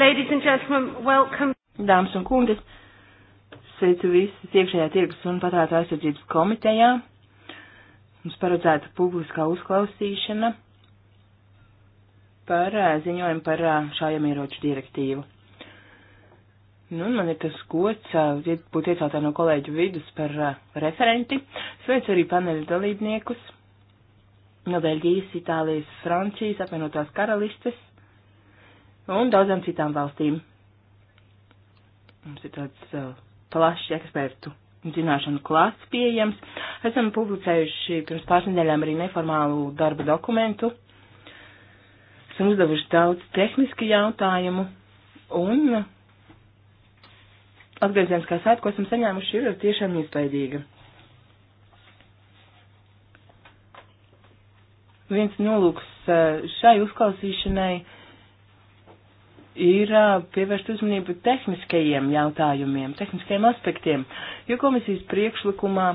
Ladies and gentlemen, welcome. Dāmas un kungi, sveicu visus iekšējā tirgus un patērētāju aizsardzības komitejā. Mums paredzēta publiskā uzklausīšana par eh, ziņojumu par eh, šājamieroču direktīvu. Nu, man ir tas gods eh, būt ieceltā no kolēģu vidus par uh, referenti. Sveicu arī paneļu dalībniekus no Beļģijas, Itālijas, Francijas, apvienotās karalistes, un daudzām citām valstīm. Mums ir tāds uh, plašs ekspertu zināšanu klāsts pieejams. Esam publicējuši pirms pāris nedēļām arī neformālu darba dokumentu. Esam uzdevuši daudz tehniski jautājumu un atgriezieniskā sēta, ko esam saņēmuši, ir tiešām iespaidīga. Viens nolūks uh, šai uzklausīšanai ir pievērst uzmanību tehniskajiem jautājumiem, tehniskajiem aspektiem, jo komisijas priekšlikumā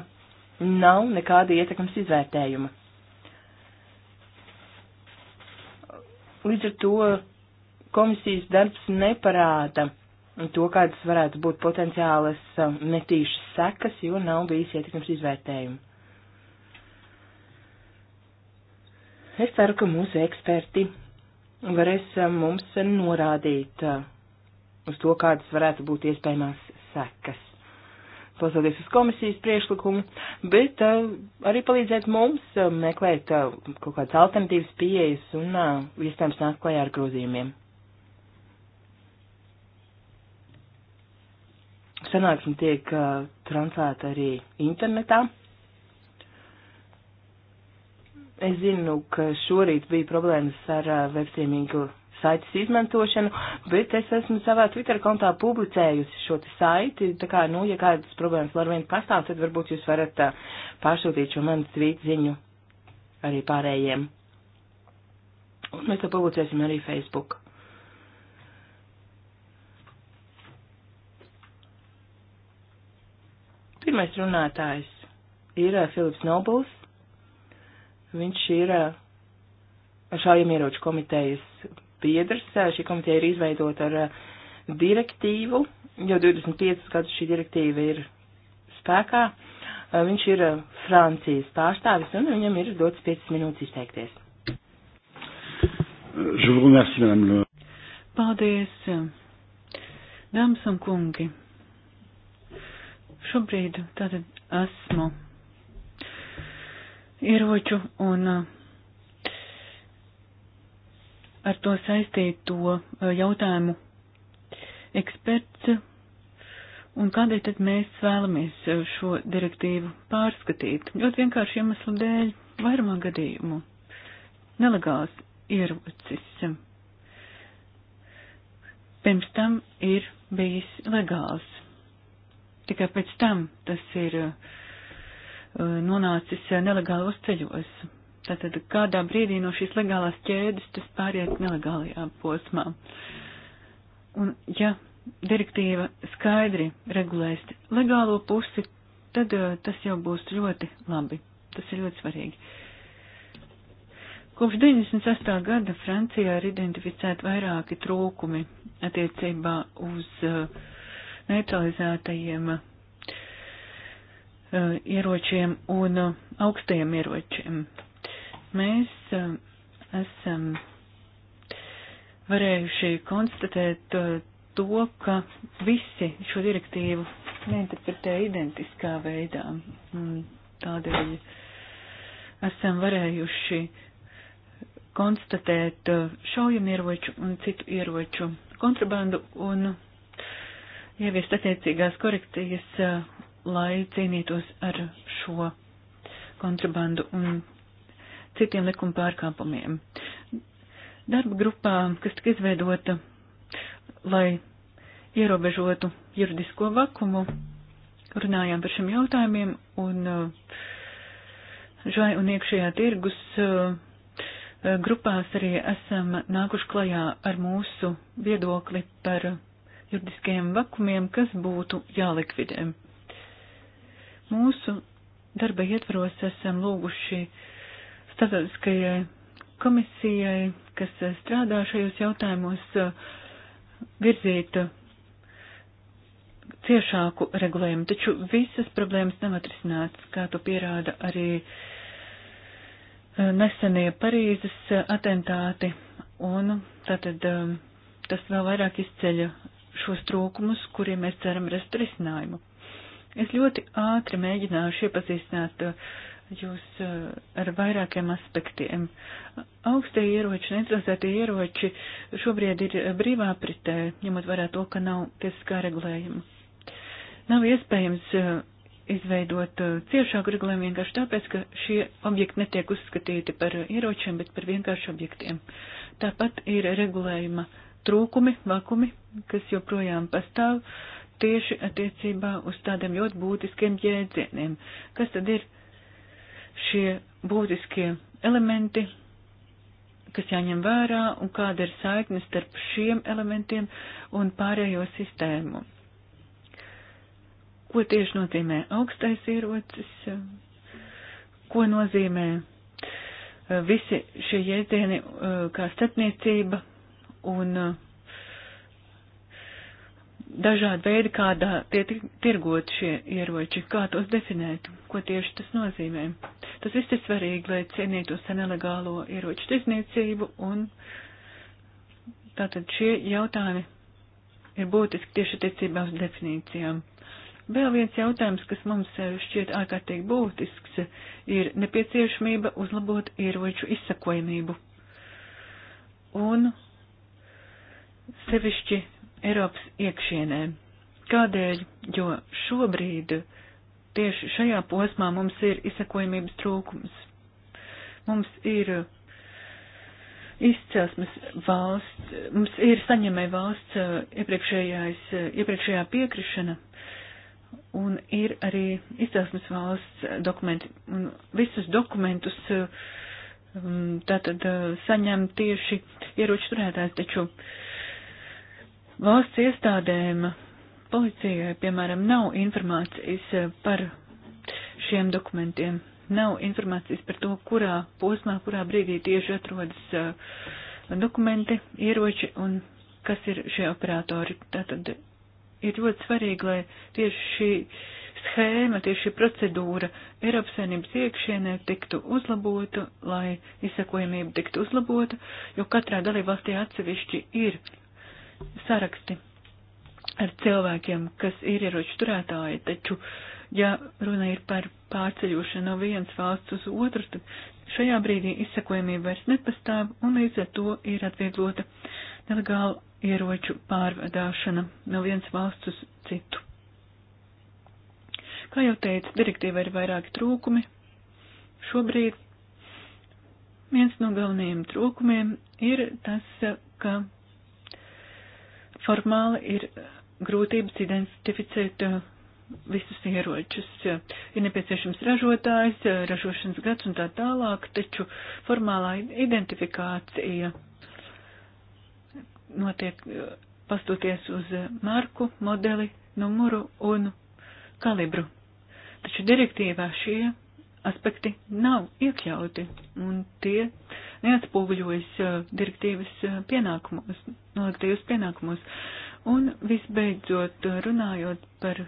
nav nekāda ietekmes izvērtējuma. Līdz ar to komisijas darbs neparāda to, kādas varētu būt potenciālas netīšas sekas, jo nav bijis ietekmes izvērtējuma. Es ceru, ka mūsu eksperti varēs eh, mums norādīt eh, uz to, kādas varētu būt iespējamās sekas. Klausoties uz komisijas priešlikumu, bet eh, arī palīdzēt mums meklēt kaut kādas alternatīvas pieejas un iespējams nākt klajā ar grozījumiem. Sanāksme tiek translēta arī internetā. Es zinu, ka šorīt bija problēmas ar uh, webstreamingu saites izmantošanu, bet es esmu savā Twitter kontā publicējusi šo saiti, tā kā, nu, ja kādas problēmas var vien pastāv, tad varbūt jūs varat uh, pārsūtīt šo manu tvītziņu arī pārējiem. Un mēs to publicēsim arī Facebook. Pirmais runātājs ir uh, Filips Nobles. Viņš ir eh, šaujamieroču komitejas biedrs. Eh, šī komiteja ir izveidota ar eh, direktīvu, jo 25 gadus šī direktīva ir spēkā. Viņš ir Francijas pārstāvis un viņam ir dots 5 minūtes izteikties. Paldies, dāmas un kungi. Šobrīd tātad esmu ieroču un eh, ar to saistīto eh, jautājumu eksperts. Un kādēļ tad mēs vēlamies eh, šo direktīvu pārskatīt? Ļoti vienkārši iemeslu dēļ vairumā gadījumu. Nelegāls ierocis pirms tam ir bijis legāls. Tikai pēc tam tas ir uh, nonācis nelegālos ceļos. Tātad kādā brīdī no šīs legālās ķēdes tas pāriet nelegālajā posmā. Un ja direktīva skaidri regulēs legālo pusi, tad eh, tas jau būs ļoti labi. Tas ir ļoti svarīgi. Kopš 96. gada Francijā ir identificēti vairāki trūkumi attiecībā uz eh, neutralizētajiem Eh, ieročiem un eh, augstajiem ieročiem. Mēs eh, esam varējuši konstatēt to, ka visi šo direktīvu neinterpretē identiskā veidā. Tādēļ esam varējuši konstatēt šaujamieroču un citu ieroču kontrabandu un ieviest attiecīgās korekcijas lai cīnītos ar šo kontrabandu un citiem likuma pārkāpumiem. Darba grupā, kas tika izveidota, lai ierobežotu juridisko vakumu, runājām par šiem jautājumiem un uh, žai un iekšējā tirgus uh, grupās arī esam nākuši klajā ar mūsu viedokli par juridiskajiem vakumiem, kas būtu jālikvidē. Mūsu darba ietvaros esam lūguši starptautiskajai komisijai, kas strādā šajos jautājumos, virzīt ciešāku regulējumu, taču visas problēmas nav atrisināts, kā to pierāda arī eh, nesenie Parīzes atentāti, un tātad eh, tas vēl vairāk izceļ šos trūkumus, kuriem mēs ceram rast risinājumu. Es ļoti ātri mēģināšu iepazīstināt uh, jūs uh, ar vairākiem aspektiem. Augstie ieroči un interesētie ieroči šobrīd ir brīvā pritē, ņemot vērā to, ka nav tiesiskā regulējuma. Nav iespējams uh, izveidot ciešāku regulējumu vienkārši tāpēc, ka šie objekti netiek uzskatīti par ieročiem, bet par vienkārši objektiem. Tāpat ir regulējuma trūkumi, vakumi, kas joprojām pastāv, tieši attiecībā uz tādiem ļoti būtiskiem jēdzieniem. Kas tad ir šie būtiskie elementi, kas jāņem vērā un kāda ir saikne starp šiem elementiem un pārējo sistēmu. Ko tieši nozīmē augstais ierocis, ko nozīmē eh, visi šie jēdzieni eh, kā starpniecība un eh, dažādi veidi, kādā tie tirgot šie ieroči, kā tos definēt, ko tieši tas nozīmē. Tas viss ir svarīgi, lai cienītos ar nelegālo ieroču tirzniecību, un tātad šie jautājumi ir būtiski tieši attiecībā uz definīcijām. Vēl viens jautājums, kas mums eh, šķiet ārkārtīgi būtisks, ir nepieciešamība uzlabot ieroču izsakojamību. Un sevišķi Eiropas iekšienē. Kādēļ? Jo šobrīd tieši šajā posmā mums ir izsakojamības trūkums. Mums ir izcelsmes valsts, mums ir saņemēja valsts eh, eh, iepriekšējā piekrišana un ir arī izcelsmes valsts dokumenti. Un visus dokumentus eh, mm, tātad saņem tieši ieroču turētājs, taču uh, Valsts iestādēm, policijai, piemēram, nav informācijas eh, par šiem dokumentiem. Nav informācijas par to, kurā posmā, kurā brīdī tieši atrodas eh, dokumenti, ieroči un kas ir šie operatori. Tātad ir ļoti svarīgi, lai tieši šī schēma, tieši šī procedūra Eiropas saimnības iekšienē tiktu uzlabota, lai izsakojamība tiktu uzlabota, jo katrā dalībvalstī atsevišķi ir saraksti ar cilvēkiem, kas ir ieroču turētāji, taču, ja runa ir par pārceļošanu no vienas valsts uz otru, tad šajā brīdī izsekojamība vairs nepastāv un līdz ar to ir atvieglota nelegāla ieroču pārvadāšana no vienas valsts uz citu. Kā jau teicu, direktīva ir vairāki trūkumi. Šobrīd viens no galvenajiem trūkumiem ir tas, ka formāli ir grūtības identificēt uh, visus ieročus. Ir nepieciešams ražotājs, uh, ražošanas gads un tā tālāk, taču formālā identifikācija notiek uh, pastoties uz marku, modeli, numuru un kalibru. Taču direktīvā šie aspekti nav iekļauti, un tie neatspoguļojas eh, direktīvas eh, pienākumos, noliktajos pienākumos. Un visbeidzot, eh, runājot par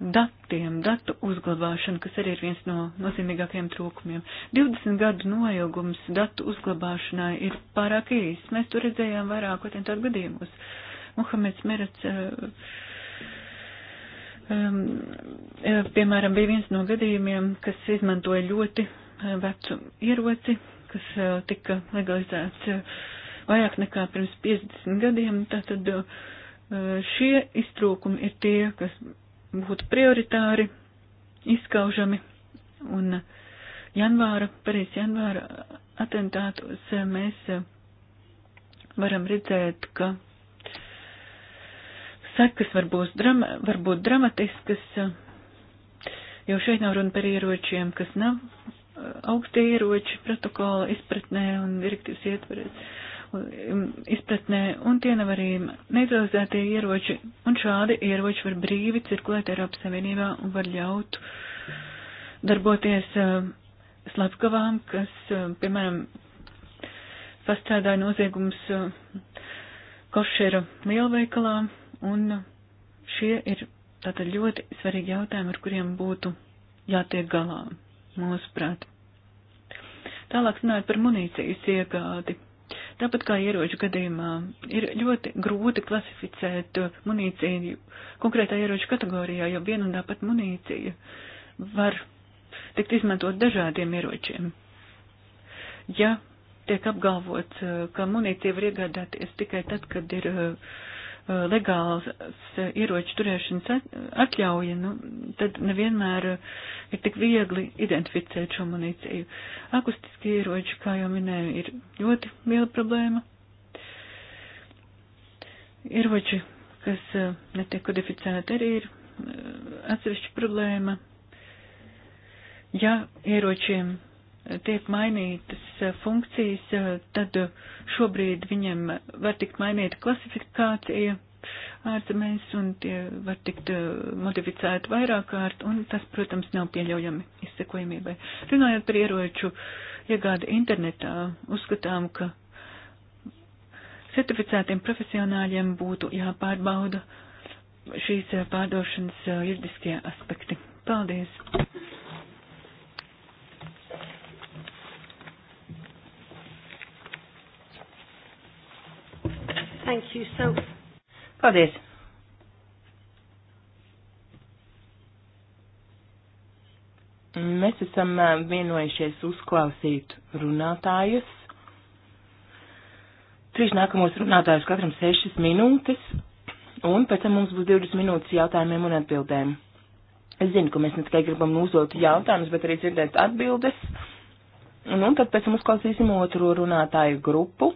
datiem, datu uzglabāšanu, kas arī ir viens no nozīmīgākajiem trūkumiem. 20 gadu noilgums datu uzglabāšanai ir pārāk īs. Mēs to redzējām vairāku atentātu gadījumus. Muhameds Merats, um, piemēram, bija viens no gadījumiem, kas izmantoja ļoti vecu ieroci, kas eh, tika legalizēts eh, vairāk nekā pirms 50 gadiem. Tātad eh, šie iztrūkumi ir tie, kas būtu prioritāri, izskaužami. Un janvāra, Parīs janvāra atentātos mēs varam redzēt, ka sekas var būt, drama, var būt dramatiskas, jo šeit nav runa par ieročiem, kas nav augstie ieroči protokola izpratnē un direktīvas ietvarēs um, izpratnē, un tie nav arī neutralizētie ieroči, un šādi ieroči var brīvi cirkulēt Eiropas Savienībā un var ļaut darboties uh, slepkavām, kas, uh, piemēram, pastrādāja noziegums uh, košera lielveikalā, un šie ir tātad ļoti svarīgi jautājumi, ar kuriem būtu jātiek galā mūsuprāt. Tālāk runājot par munīcijas iegādi. Tāpat kā ieroču gadījumā, ir ļoti grūti klasificēt munīciju konkrētā ieroču kategorijā, jo viena un tāpat munīcija var tikt izmantot dažādiem ieročiem. Ja tiek apgalvots, ka munīcija var iegādāties tikai tad, kad ir uh, Uh, legāls uh, ieroču turēšanas atļauja, nu, tad nevienmēr uh, ir tik viegli identificēt šo munīciju. Akustiskie ieroči, kā jau minēju, ir ļoti liela problēma. Ieroči, kas netiek kodificēti, arī ir atsevišķa problēma. Ja ieročiem tiek mainītas eh, funkcijas, eh, tad eh, šobrīd viņiem var tikt mainīta klasifikācija ārzemēs un tie var tikt modificēti vairāk kārt, un tas, protams, nav pieļaujami izsekojamībai. Runājot par ieroču iegādi internetā, uzskatām, ka certificētiem profesionāļiem būtu jāpārbauda šīs pārdošanas juridiskie aspekti. Paldies! Thank you. So... Paldies. Mēs esam vienojušies uzklausīt runātājus. Trīs nākamos runātājus katram sešas minūtes, un pēc tam mums būs 20 minūtes jautājumiem un atbildēm. Es zinu, ka mēs ne tikai gribam uzdot jautājumus, bet arī dzirdēt atbildes. Un, un tad pēc tam uzklausīsim otro runātāju grupu.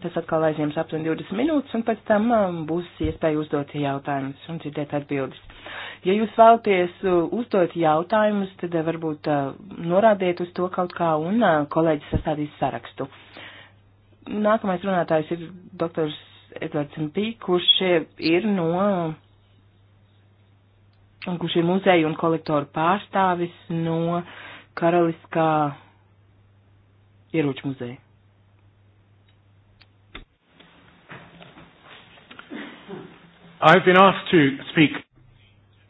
Tas atkal aizņems aptuveni 20 minūtes, un pēc tam um, būs iespēja uzdot jautājumus un dzirdēt atbildes. Ja jūs vēlaties uh, uzdot jautājumus, tad uh, varbūt uh, norādiet uz to kaut kā, un kolēģis sastādīs sarakstu. Nākamais runātājs ir dr. Edvards Mpī, kurš ir no kurš ir muzeja un kolektoru pārstāvis no Karaliskā ieroču muzeja. I've been asked to speak.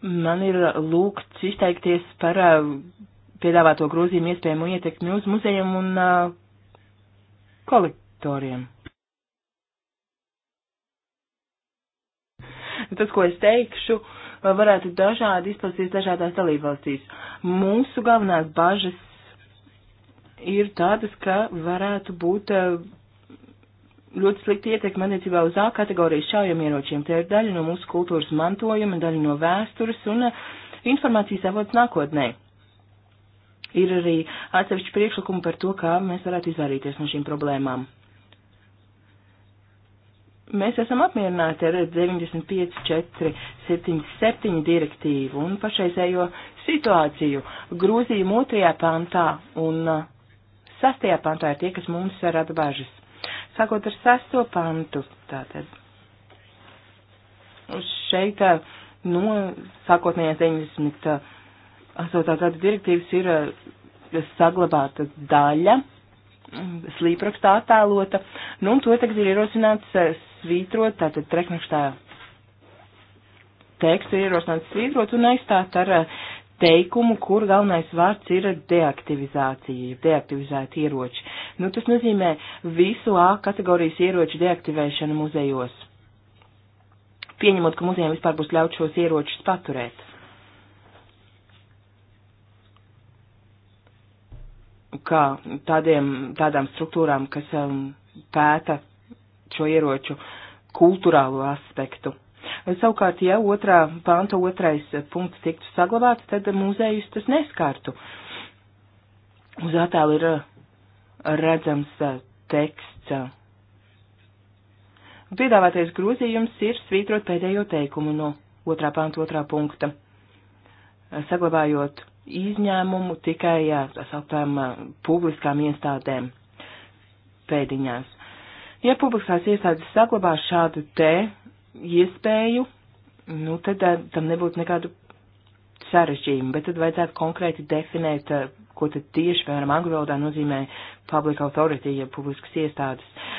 Man ir uh, lūgts izteikties par uh, piedāvāto grozījumu iespējamo ietekmi uz muzejiem un uh, kolektoriem. Tas, ko es teikšu, uh, varētu dažādi izpausties dažādās dalībvalstīs. Mūsu galvenās bažas ir tādas, ka varētu būt uh, ļoti slikti ietekmi attiecībā uz A kategorijas šaujamieročiem. Tie ir daļa no mūsu kultūras mantojuma, daļa no vēstures un uh, informācijas avots nākotnē. Ir arī atsevišķi priekšlikumi par to, kā mēs varētu izvairīties no šīm problēmām. Mēs esam apmierināti ar 95.477 direktīvu un pašreizējo situāciju grozījumu otrajā pantā un uh, sastajā pantā ir tie, kas mums rada bažas sākot ar sesto pantu. Tātad uz šeit no sākotnējās 98. gada direktīvas ir saglabāta daļa, mm, slīprakstā attēlota, nu un to tagad ir ierosināts svītrot, tātad treknakstā tekstu ir ierosināts svītrot un aizstāt ar teikumu, kur galvenais vārds ir deaktivizācija, deaktivizēta ieroči. Nu, tas nozīmē visu A kategorijas ieroču deaktivēšanu muzejos. Pieņemot, ka muzejiem vispār būs ļaut šos ieročus paturēt. Kā tādiem, tādām struktūrām, kas um, pēta šo ieroču kultūrālo aspektu. Savukārt, ja otrā panta otrais punkts tiktu saglabāts, tad mūzējus tas neskartu. Uz attēlu ir uh, redzams uh, teksts. Uh. Piedāvātais grozījums ir svītrot pēdējo teikumu no otrā panta otrā punkta, saglabājot izņēmumu tikai tā sauktām publiskām iestādēm pēdiņās. Ja publiskās iestādes saglabā šādu te iespēju, nu tad eh, tam nebūtu nekādu sarežģījumu, bet tad vajadzētu konkrēti definēt, eh, ko tad tieši, piemēram, angļu valodā nozīmē public authority, ja publiskas iestādes.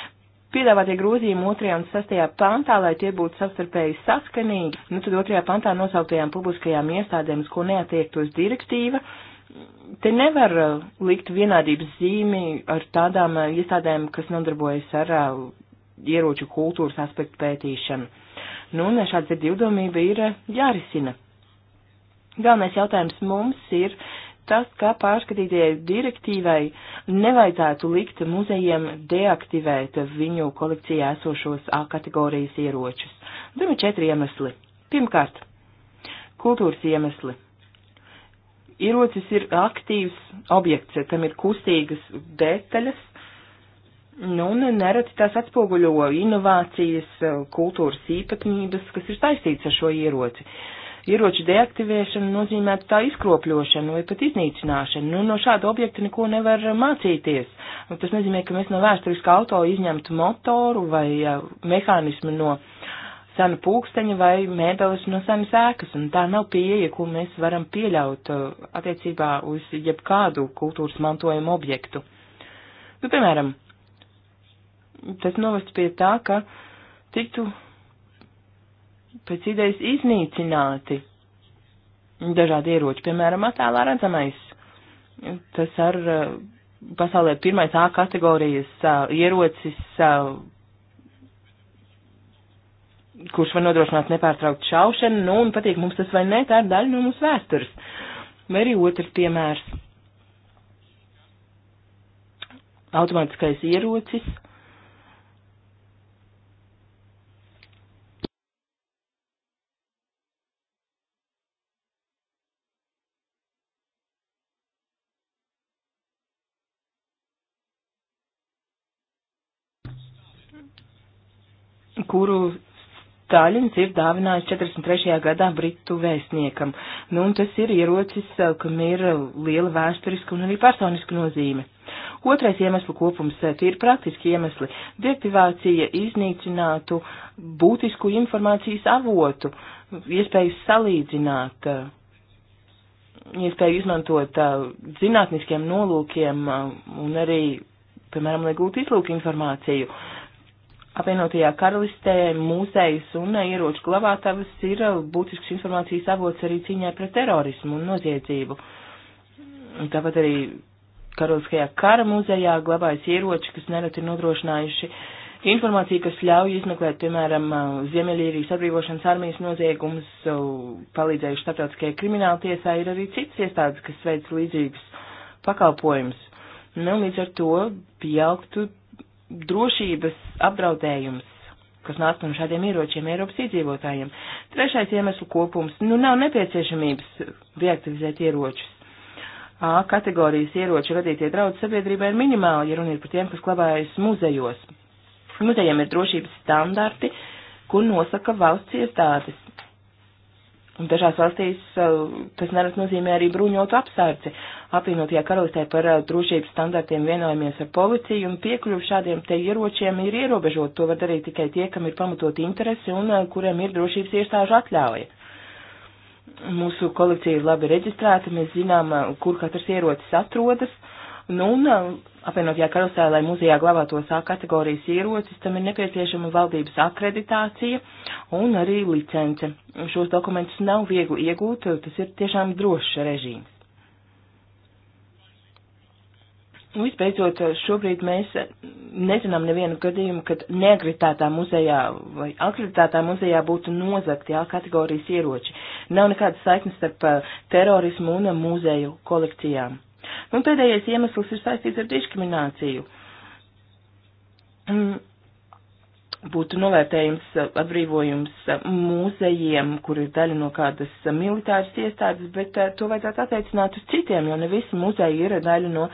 Piedāvātie grozījumi 2. un 6. pantā, lai tie būtu savstarpēji saskanīgi, nu tad 2. pantā nosauktajām publiskajām iestādēm, uz ko neatiektos direktīva, te nevar eh, likt vienādības zīmi ar tādām iestādēm, kas nodarbojas ar ieroču kultūras aspektu pētīšanu Nu, un šāda divdomība ir eh, jārisina. Galvenais jautājums mums ir tas, kā pārskatītajai direktīvai nevajadzētu likt muzejiem deaktivēt viņu kolekcijā esošos A kategorijas ieročus. Tam ir četri iemesli. Pirmkārt, kultūras iemesli. Ierocis ir aktīvs objekts, tam ir kustīgas detaļas, Nu, un nereti tās atspoguļo inovācijas, kultūras īpatnības, kas ir saistīts ar šo ieroci. Ieroču deaktivēšana nozīmē tā izkropļošanu vai pat iznīcināšanu. Nu, no šāda objekta neko nevar mācīties. Un nu, tas nozīmē, ka mēs no vēsturiskā auto izņemtu motoru vai uh, mehānismu no sena pūksteņa vai mēbeles no senas ēkas. Un tā nav pieeja, ko mēs varam pieļaut uh, attiecībā uz jebkādu kultūras mantojumu objektu. Nu, piemēram, tas novest pie tā, ka tiktu pēc idejas iznīcināti dažādi ieroči, piemēram, attēlā redzamais. Tas ar uh, pasaulē pirmais A kategorijas uh, ierocis, uh, kurš var nodrošināt nepārtraukt šaušanu, nu un patīk mums tas vai ne, tā ir daļa no mūsu vēstures. Vai arī otrs piemērs. Automātiskais ierocis, kuru Tāļins ir dāvinājis 43. gadā Britu vēstniekam. Nu, un tas ir ierocis, eh, kam ir liela vēsturiska un arī personiska nozīme. Otrais iemeslu kopums eh, - ir praktiski iemesli - deaktivācija iznīcinātu būtisku informācijas avotu, iespējas salīdzināt, eh, iespēju izmantot zinātniskiem nolūkiem un arī, piemēram, lai gūtu izlūku informāciju. Uh, apvienotajā karalistē mūzējus un ieroču glabātavas ir būtisks informācijas avots arī cīņai pret terorismu un noziedzību. Tāpat arī Karaliskajā kara muzejā glabājas ieroči, kas nereti ir nodrošinājuši informāciju, kas ļauj izmeklēt, piemēram, Ziemeļīrijas atbrīvošanas armijas noziegumus, palīdzējuši starptautiskajai krimināla tiesā, ir arī citas iestādes, kas veic līdzīgus pakalpojumus. Nu, līdz ar to pieaugtu drošības apdraudējums kas nāk no šādiem ieročiem Eiropas iedzīvotājiem. Trešais iemeslu kopums nu, - nav nepieciešamības deaktivizēt ieročus. A kategorijas ieroči radītie draudi sabiedrībai ir minimāli, ja runa ir par tiem, kas klabājas muzejos. Muzejiem ir drošības standarti, ko nosaka valsts iestādes. Dažās valstīs eh, tas nerad nozīmē arī bruņotu apsārci. Apvienotajā karalistē par eh, drošības standartiem vienojamies ar policiju un piekļuvu šādiem te ieročiem ir ierobežot. To var darīt tikai tie, kam ir pamatot interesi un eh, kuriem ir drošības iestāžu atļauja mūsu kolekcija ir labi reģistrēta, mēs zinām, kur katrs ierocis atrodas. Nu, un apvienotajā karusē, lai muzejā glabātos A kategorijas ierocis, tam ir nepieciešama valdības akreditācija un arī licence. Šos dokumentus nav viegli iegūt, tas ir tiešām drošs režīms. Nu, visbeidzot, šobrīd mēs nezinām nevienu gadījumu, kad neakreditētā muzejā vai akreditētā muzejā būtu nozagti jā, kategorijas ieroči. Nav nekādas saiknes starp eh, terorismu un muzeju kolekcijām. Un nu, pēdējais iemesls ir saistīts ar diskrimināciju. Mm. Būtu novērtējums atbrīvojums mūzejiem, kur ir daļa no kādas militāras iestādes, bet eh, to vajadzētu attiecināt uz citiem, jo ne visi muzeji ir daļa no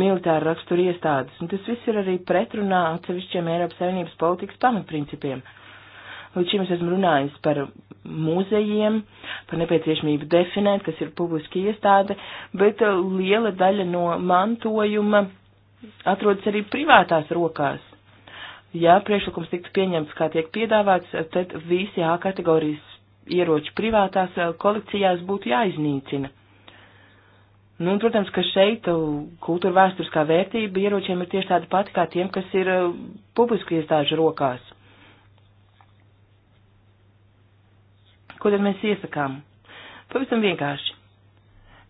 militāra rakstura iestādes. Un tas viss ir arī pretrunā atsevišķiem Eiropas Savienības politikas pamatprincipiem. Uh, Līdz šim es esmu runājis par muzejiem, par nepieciešamību definēt, kas ir publiski iestāde, bet uh, liela daļa no mantojuma atrodas arī privātās rokās. Ja priekšlikums tiktu pieņemts, kā tiek piedāvāts, uh, tad visi A kategorijas ieroči privātās uh, kolekcijās būtu jāiznīcina. Nu, un, protams, ka šeit kultūra vēsturiskā vērtība ieročiem ir tieši tāda pati kā tiem, kas ir publiski iestāžu rokās. Ko tad mēs iesakām? Pavisam vienkārši.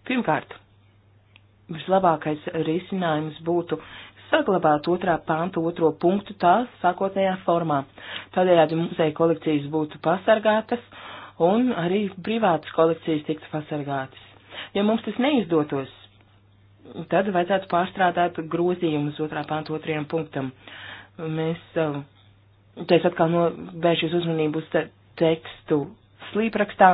Pirmkārt, vislabākais risinājums būtu saglabāt otrā panta otro punktu tās sākotnējā formā. Tādējādi muzeja kolekcijas būtu pasargātas un arī privātas kolekcijas tiktu pasargātas. Ja mums tas neizdotos, tad vajadzētu pārstrādāt grozījumus otrā panta otrajam punktam. Mēs, uh, te es atkal novēršu uzmanību uz te, tekstu slīprakstā,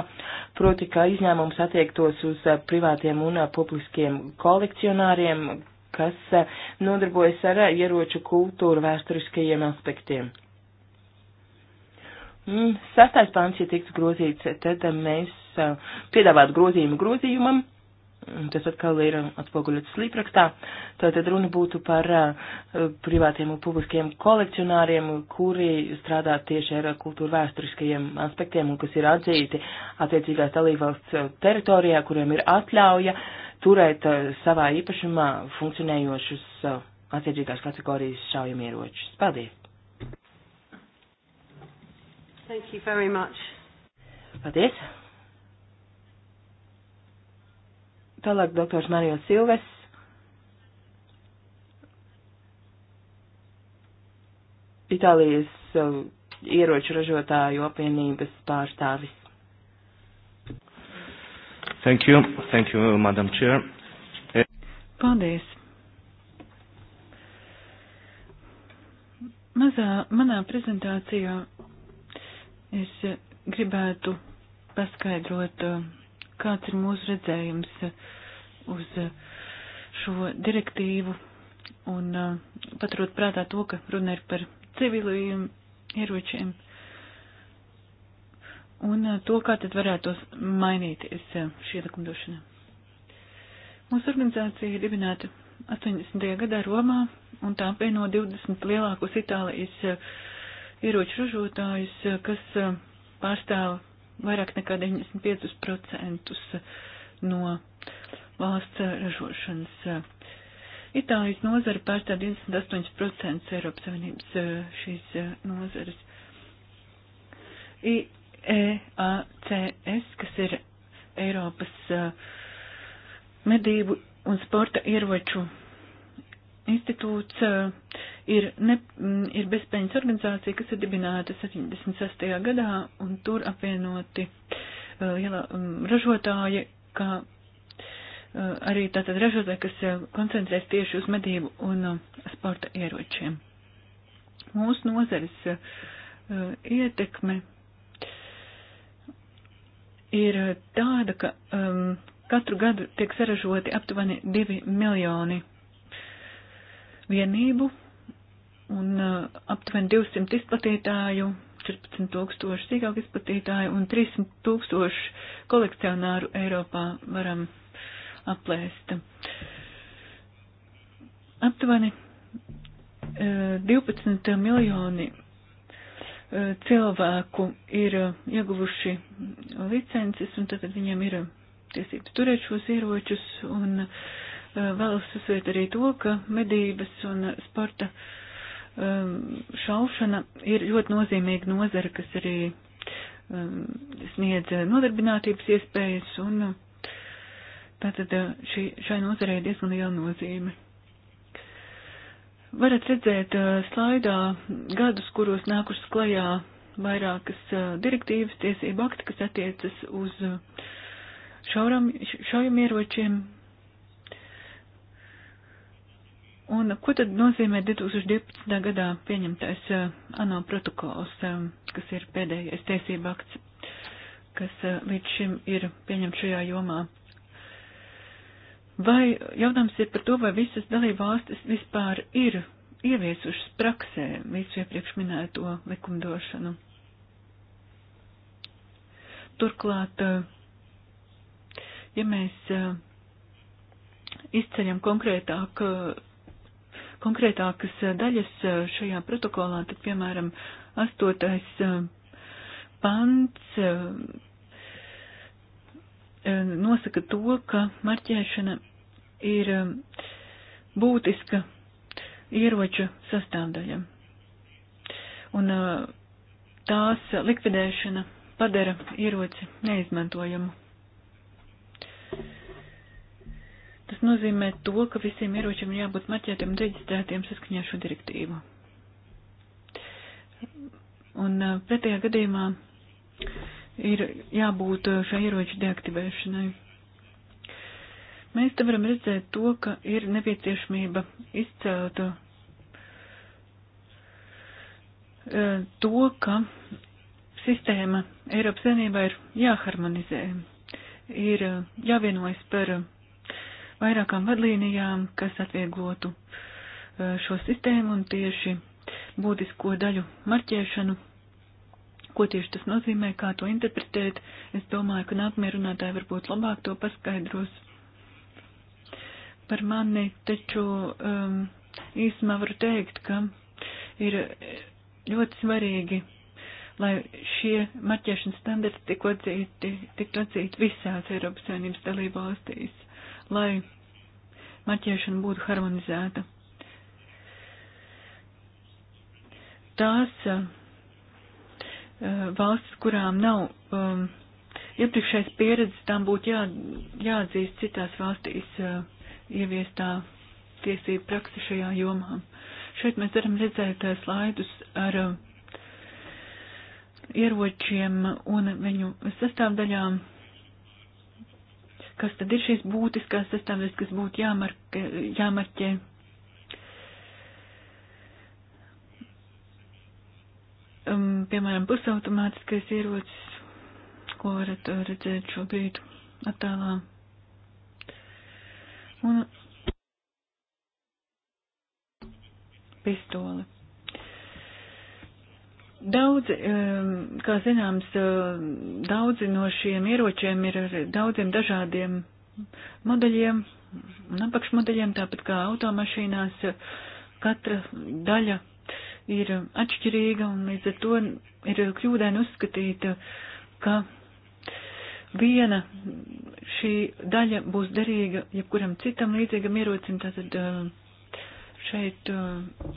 proti, ka izņēmums attiektos uz eh, privātiem un eh, publiskiem kolekcionāriem, kas eh, nodarbojas ar ieroču kultūru vēsturiskajiem aspektiem. Mm, sastais pāns, ja tiktu grozīts, tad mēs piedāvātu grozījumu grozījumam Tas atkal ir atspoguļots slīprakstā. Tātad runa būtu par privātiem un publiskiem kolekcionāriem, kuri strādā tieši ar kultūra vēsturiskajiem aspektiem un kas ir atzīti attiecīgās dalībvalsts teritorijā, kuriem ir atļauja turēt savā īpašumā funkcionējošus attiecīgās kategorijas šaujamieročus. Paldies! Thank you very much. Paldies! Tālāk doktors Mario Silves. Itālijas uh, ieroču ražotāju apvienības pārstāvis. Thank you. Thank you, Madam Chair. Eh, Paldies. Mazā, manā prezentācijā es gribētu paskaidrot uh, kāds ir mūsu redzējums eh, uz eh, šo direktīvu un eh, paturot prātā to, ka runa ir par civiliem ieročiem un to, kā tad varētu mainīties šī likumdošana. Mūsu organizācija ir dibināta 80. gadā Romā un tā apvieno 20 lielākos Itālijas ieroču ražotājus, kas pārstāv vairāk nekā 95% uh, no valsts uh, ražošanas. Uh, Itālijas nozara pārstāv 28% Eiropas Savienības šīs nozares. IEACS, kas ir Eiropas medību un sporta ieroču institūts eh, ir, ne, mm, ir bezpējas organizācija, kas ir dibināta 76. gadā, un tur apvienoti jālā, eh, mm, ražotāji, kā eh, arī tātad ražotāji, kas koncentrēs tieši uz medību un sporta ieročiem. Mūsu nozares ietekme ir tāda, ka um, katru gadu tiek saražoti aptuveni 2 miljoni vienību un uh, aptuveni 200 izplatītāju, 14 tūkstoši sīkāk izplatītāju un 300 tūkstoši kolekcionāru Eiropā varam aplēst. Aptuveni uh, 12 miljoni uh, cilvēku ir uh, ieguvuši licences un tad viņiem ir tiesības turēt šos ieročus un uh, Eh, vēlos uzsvērt arī to, ka medības un sporta ehm, šaušana ir ļoti nozīmīga nozara, kas arī ehm, sniedz nodarbinātības iespējas, un eh, tātad eh, šī, šai nozarei ir diezgan liela nozīme. Varat redzēt slaidā gadus, kuros nākušas klajā vairākas direktīvas tiesība akti, kas attiecas uz šauram, šaujamieročiem, Un ko tad nozīmē 2012. gadā pieņemtais eh, ANO protokols, eh, kas ir pēdējais tiesība akts, kas eh, līdz šim ir pieņemts šajā jomā? Vai jautājums ir par to, vai visas dalībvalstis vispār ir ieviesušas praksē visu iepriekš minēto likumdošanu? Turklāt, ja mēs izceļam konkrētāk konkrētākas daļas eh, šajā protokolā, tad, piemēram, astotais eh, pants eh, nosaka to, ka marķēšana ir būtiska ieroča sastāvdaļa. Un tās likvidēšana padara ieroci neizmantojamu. Tas nozīmē to, ka visiem ieročiem ir jābūt marķētiem un reģistrētiem saskaņā ar šo direktīvu. Un uh, pretējā gadījumā ir jābūt uh, šā ieroča deaktivēšanai. Mēs te varam redzēt to, ka ir nepieciešamība izcelt uh, to, ka sistēma Eiropas Savienībā ir jāharmonizē, ir jāvienojas par vairākām vadlīnijām, kas atvieglotu e, šo sistēmu un tieši būtisko daļu marķēšanu. Ko tieši tas nozīmē, kā to interpretēt, es domāju, ka nākamie runātāji varbūt labāk to paskaidros. Par mani taču um, īsumā varu teikt, ka ir ļoti svarīgi, lai šie marķēšanas standarti tiktu atzīti, tiktu atzīti visās Eiropas Savienības dalībvalstīs lai marķēšana būtu harmonizēta. Tās uh, valstis, kurām nav um, iepriekšējais pieredzes, tām būtu jā, jāatzīst citās valstīs uh, ieviestā tiesību praksa šajā jomā. Šeit mēs varam redzēt uh, slaidus ar uh, ieročiem un viņu sastāvdaļām kas tad ir šīs būtiskās sastāvdaļas, kas būtu jāmarke, jāmarķē. Um, piemēram, pusautomātiskais ierocis, ko varat uh, redzēt šobrīd attālā. Un pistole. Daudzi, um, kā zināms, um, daudzi no šiem ieročiem ir ar daudziem dažādiem modeļiem un apakšmodeļiem, tāpat kā automašīnās. Katra daļa ir atšķirīga un līdz ar to ir kļūdaini uzskatīt, ka viena šī daļa būs derīga jebkuram citam līdzīgam ierocim, tātad um, šeit uh,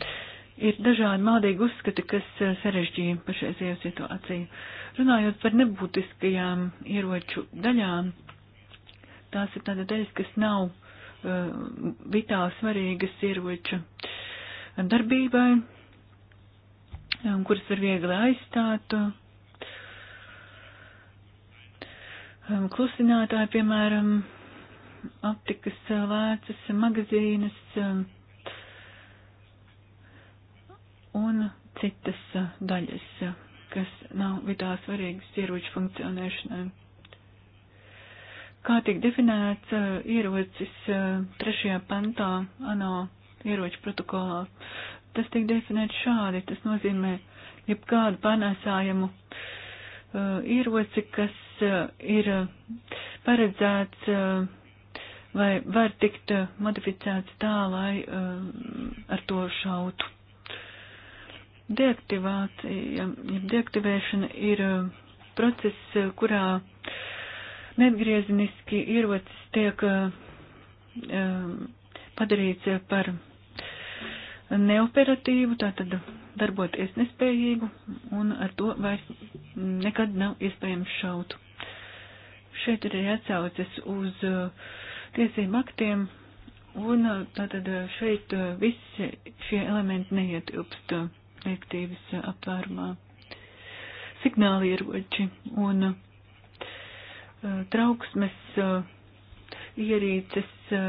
Ir dažādi mādīgi uzskati, kas eh, sarežģīja pašreizējo situāciju. Runājot par nebūtiskajām ieroču daļām, tās ir tāda daļas, kas nav uh, vitāli svarīgas ieroču darbībai, um, kuras var viegli aizstāt. Um, klusinātāji, piemēram, aptikas eh, lēcas, magazīnas, um, un citas daļas, kas nav vitāli svarīgas ieroču funkcionēšanai. Kā tiek definēts uh, ierocis uh, trešajā pantā ANO ieroču protokolā, tas tiek definēts šādi. Tas nozīmē jebkādu pārnēsājumu uh, ieroci, kas ir paredzēts vai var tikt modificēts tā, lai ar to šautu. Deaktivācija, ja deaktivēšana ir uh, process, uh, kurā neatgriezeniski ierocis tiek uh, um, padarīts par neoperatīvu, tātad darboties nespējīgu, un ar to vairs nekad nav iespējams šaut. Šeit ir arī atsaucas uz tiesību aktiem, un tātad šeit visi šie elementi neietilpst direktīvas aptvērumā. Signāli ieroči un e, trauksmes e, ierīces e,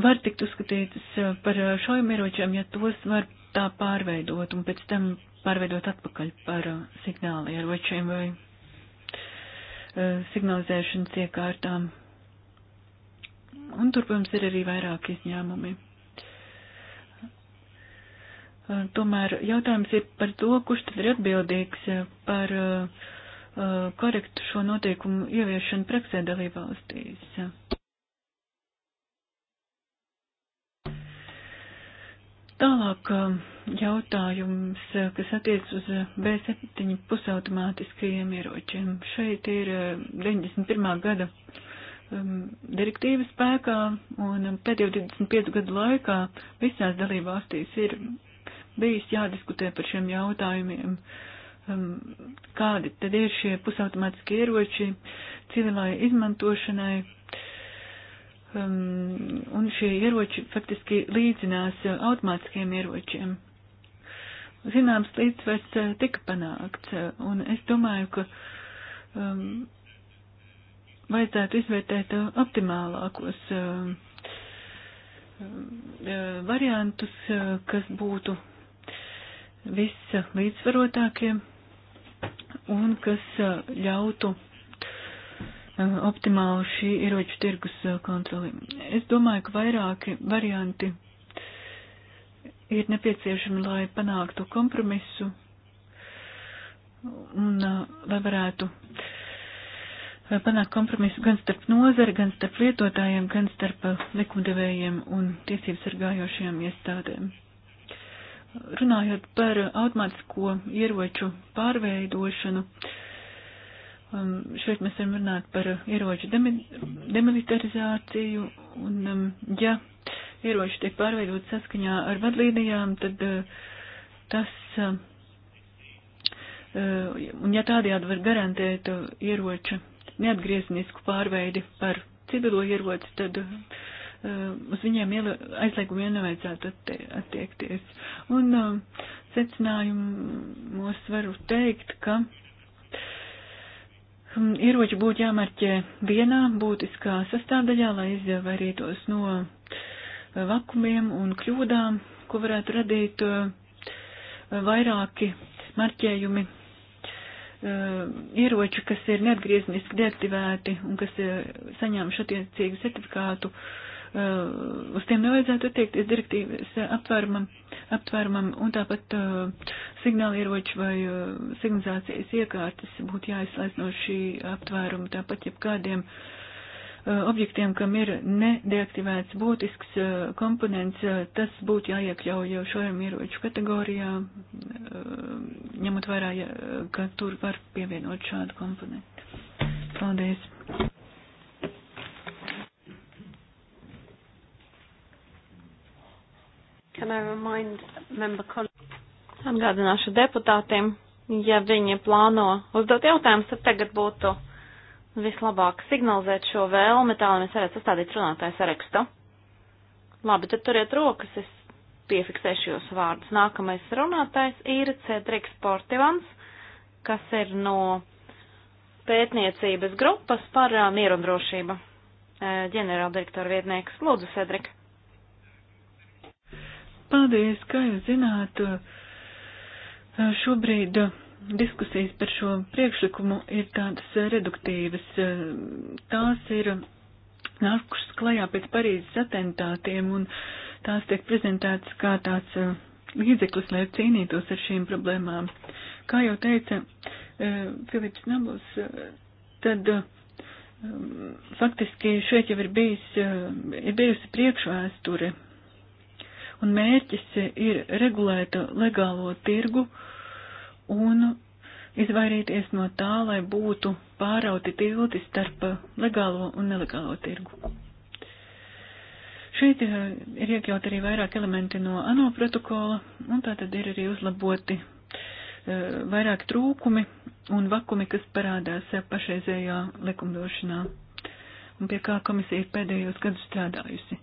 var tikt uzskatītas par šaujamieročiem, ja tos var tā pārveidot un pēc tam pārveidot atpakaļ par signāli ieročiem vai signalizēšanas iekārtām. Un tur, protams, ir arī vairāki izņēmumi. Eh, tomēr jautājums ir par to, kurš tad ir atbildīgs eh, par eh, korektu šo noteikumu ieviešanu praksē dalībvalstīs. Tālāk jautājums, kas attiec uz B7 pusautomātiskajiem ieročiem. Šeit ir 91. gada ehm, direktīva spēkā, un pēdējo 25 gadu laikā visās dalībvalstīs ir bijis jādiskutē par šiem jautājumiem. Um, kādi tad ir šie pusautomātiski ieroči civilai izmantošanai? Um, un šie ieroči faktiski līdzinās automātiskiem ieročiem. Zināms, līdzsvars uh, tika panākts, uh, un es domāju, ka um, vajadzētu izvērtēt uh, optimālākos um, variantus, kas būtu vislīdzvarotākie un kas uh, ļautu uh, optimāli šī ieroču tirgus uh, kontroli. Es domāju, ka vairāki varianti ir nepieciešami, lai panāktu kompromisu un lai varētu panākt kompromisu gan starp nozari, gan starp lietotājiem, gan starp likumdevējiem un tiesības sargājošajām iestādēm. Runājot par automātisko ieroču pārveidošanu, um, šeit mēs varam runāt par ieroču demilitarizāciju, un um, ja ieroči tiek pārveidot saskaņā ar vadlīnijām, tad uh, tas, uh, uh, un ja tādējādi var garantēt ieroča neatgrieznisku pārveidi par civilo ieroci, tad uh, Eh, uz viņiem aizliegumi nevajadzētu attie attiekties. Un eh, secinājumos varu teikt, ka hm, ieroči būtu jāmarķē vienā būtiskā sastāvdaļā, lai izvairītos no eh, vakumiem un kļūdām, ko varētu radīt vairāki marķējumi ieroči, kas ir neatgriezniski deaktivēti un kas saņēmuši attiecīgu certifikātu uh, Uh, uz tiem nevajadzētu attiekties direktīvas aptvērumam, aptvērumam un tāpat uh, signālieroči vai uh, signalizācijas iekārtas būtu jāizslēdz no šī aptvēruma, tāpat jebkādiem uh, objektiem, kam ir nedeaktivēts būtisks uh, komponents, uh, tas būtu jāiekļauj jau šojam ieroču kategorijā, uh, ņemot vērā, ja, ka tur var pievienot šādu komponentu. Paldies! Can I remind member Atgādināšu deputātiem, ja viņi plāno uzdot jautājumus, tad tagad būtu vislabāk signalizēt šo vēlmi, tā lai mēs varētu sastādīt runātāju sarakstu. Labi, tad turiet rokas, es piefiksēšu jūsu vārdus. Nākamais runātājs ir Cedriks Portivans, kas ir no pētniecības grupas par mieru un drošību. Ģenerāldirektora vietnieks Lūdzu, Cedrik. Paldies, kā jūs zināt, eh, šobrīd eh, diskusijas par šo priekšlikumu ir tādas eh, reduktīvas. Tās ir nākušas klajā pēc Parīzes atentātiem un tās tiek prezentētas kā tāds līdzeklis, lai cīnītos ar šīm problēmām. Kā jau teica Filips Nabus, tad faktiski šeit jau ir, bijis, ir bijusi priekšvēsture un mērķis ir regulēt legālo tirgu un izvairīties no tā, lai būtu pārauti tilti starp legālo un nelegālo tirgu. Šeit eh, ir iekļaut arī vairāk elementi no ANO protokola, un tā tad ir arī uzlaboti eh, vairāk trūkumi un vakumi, kas parādās pašreizējā likumdošanā, un pie kā komisija pēdējos gadus strādājusi.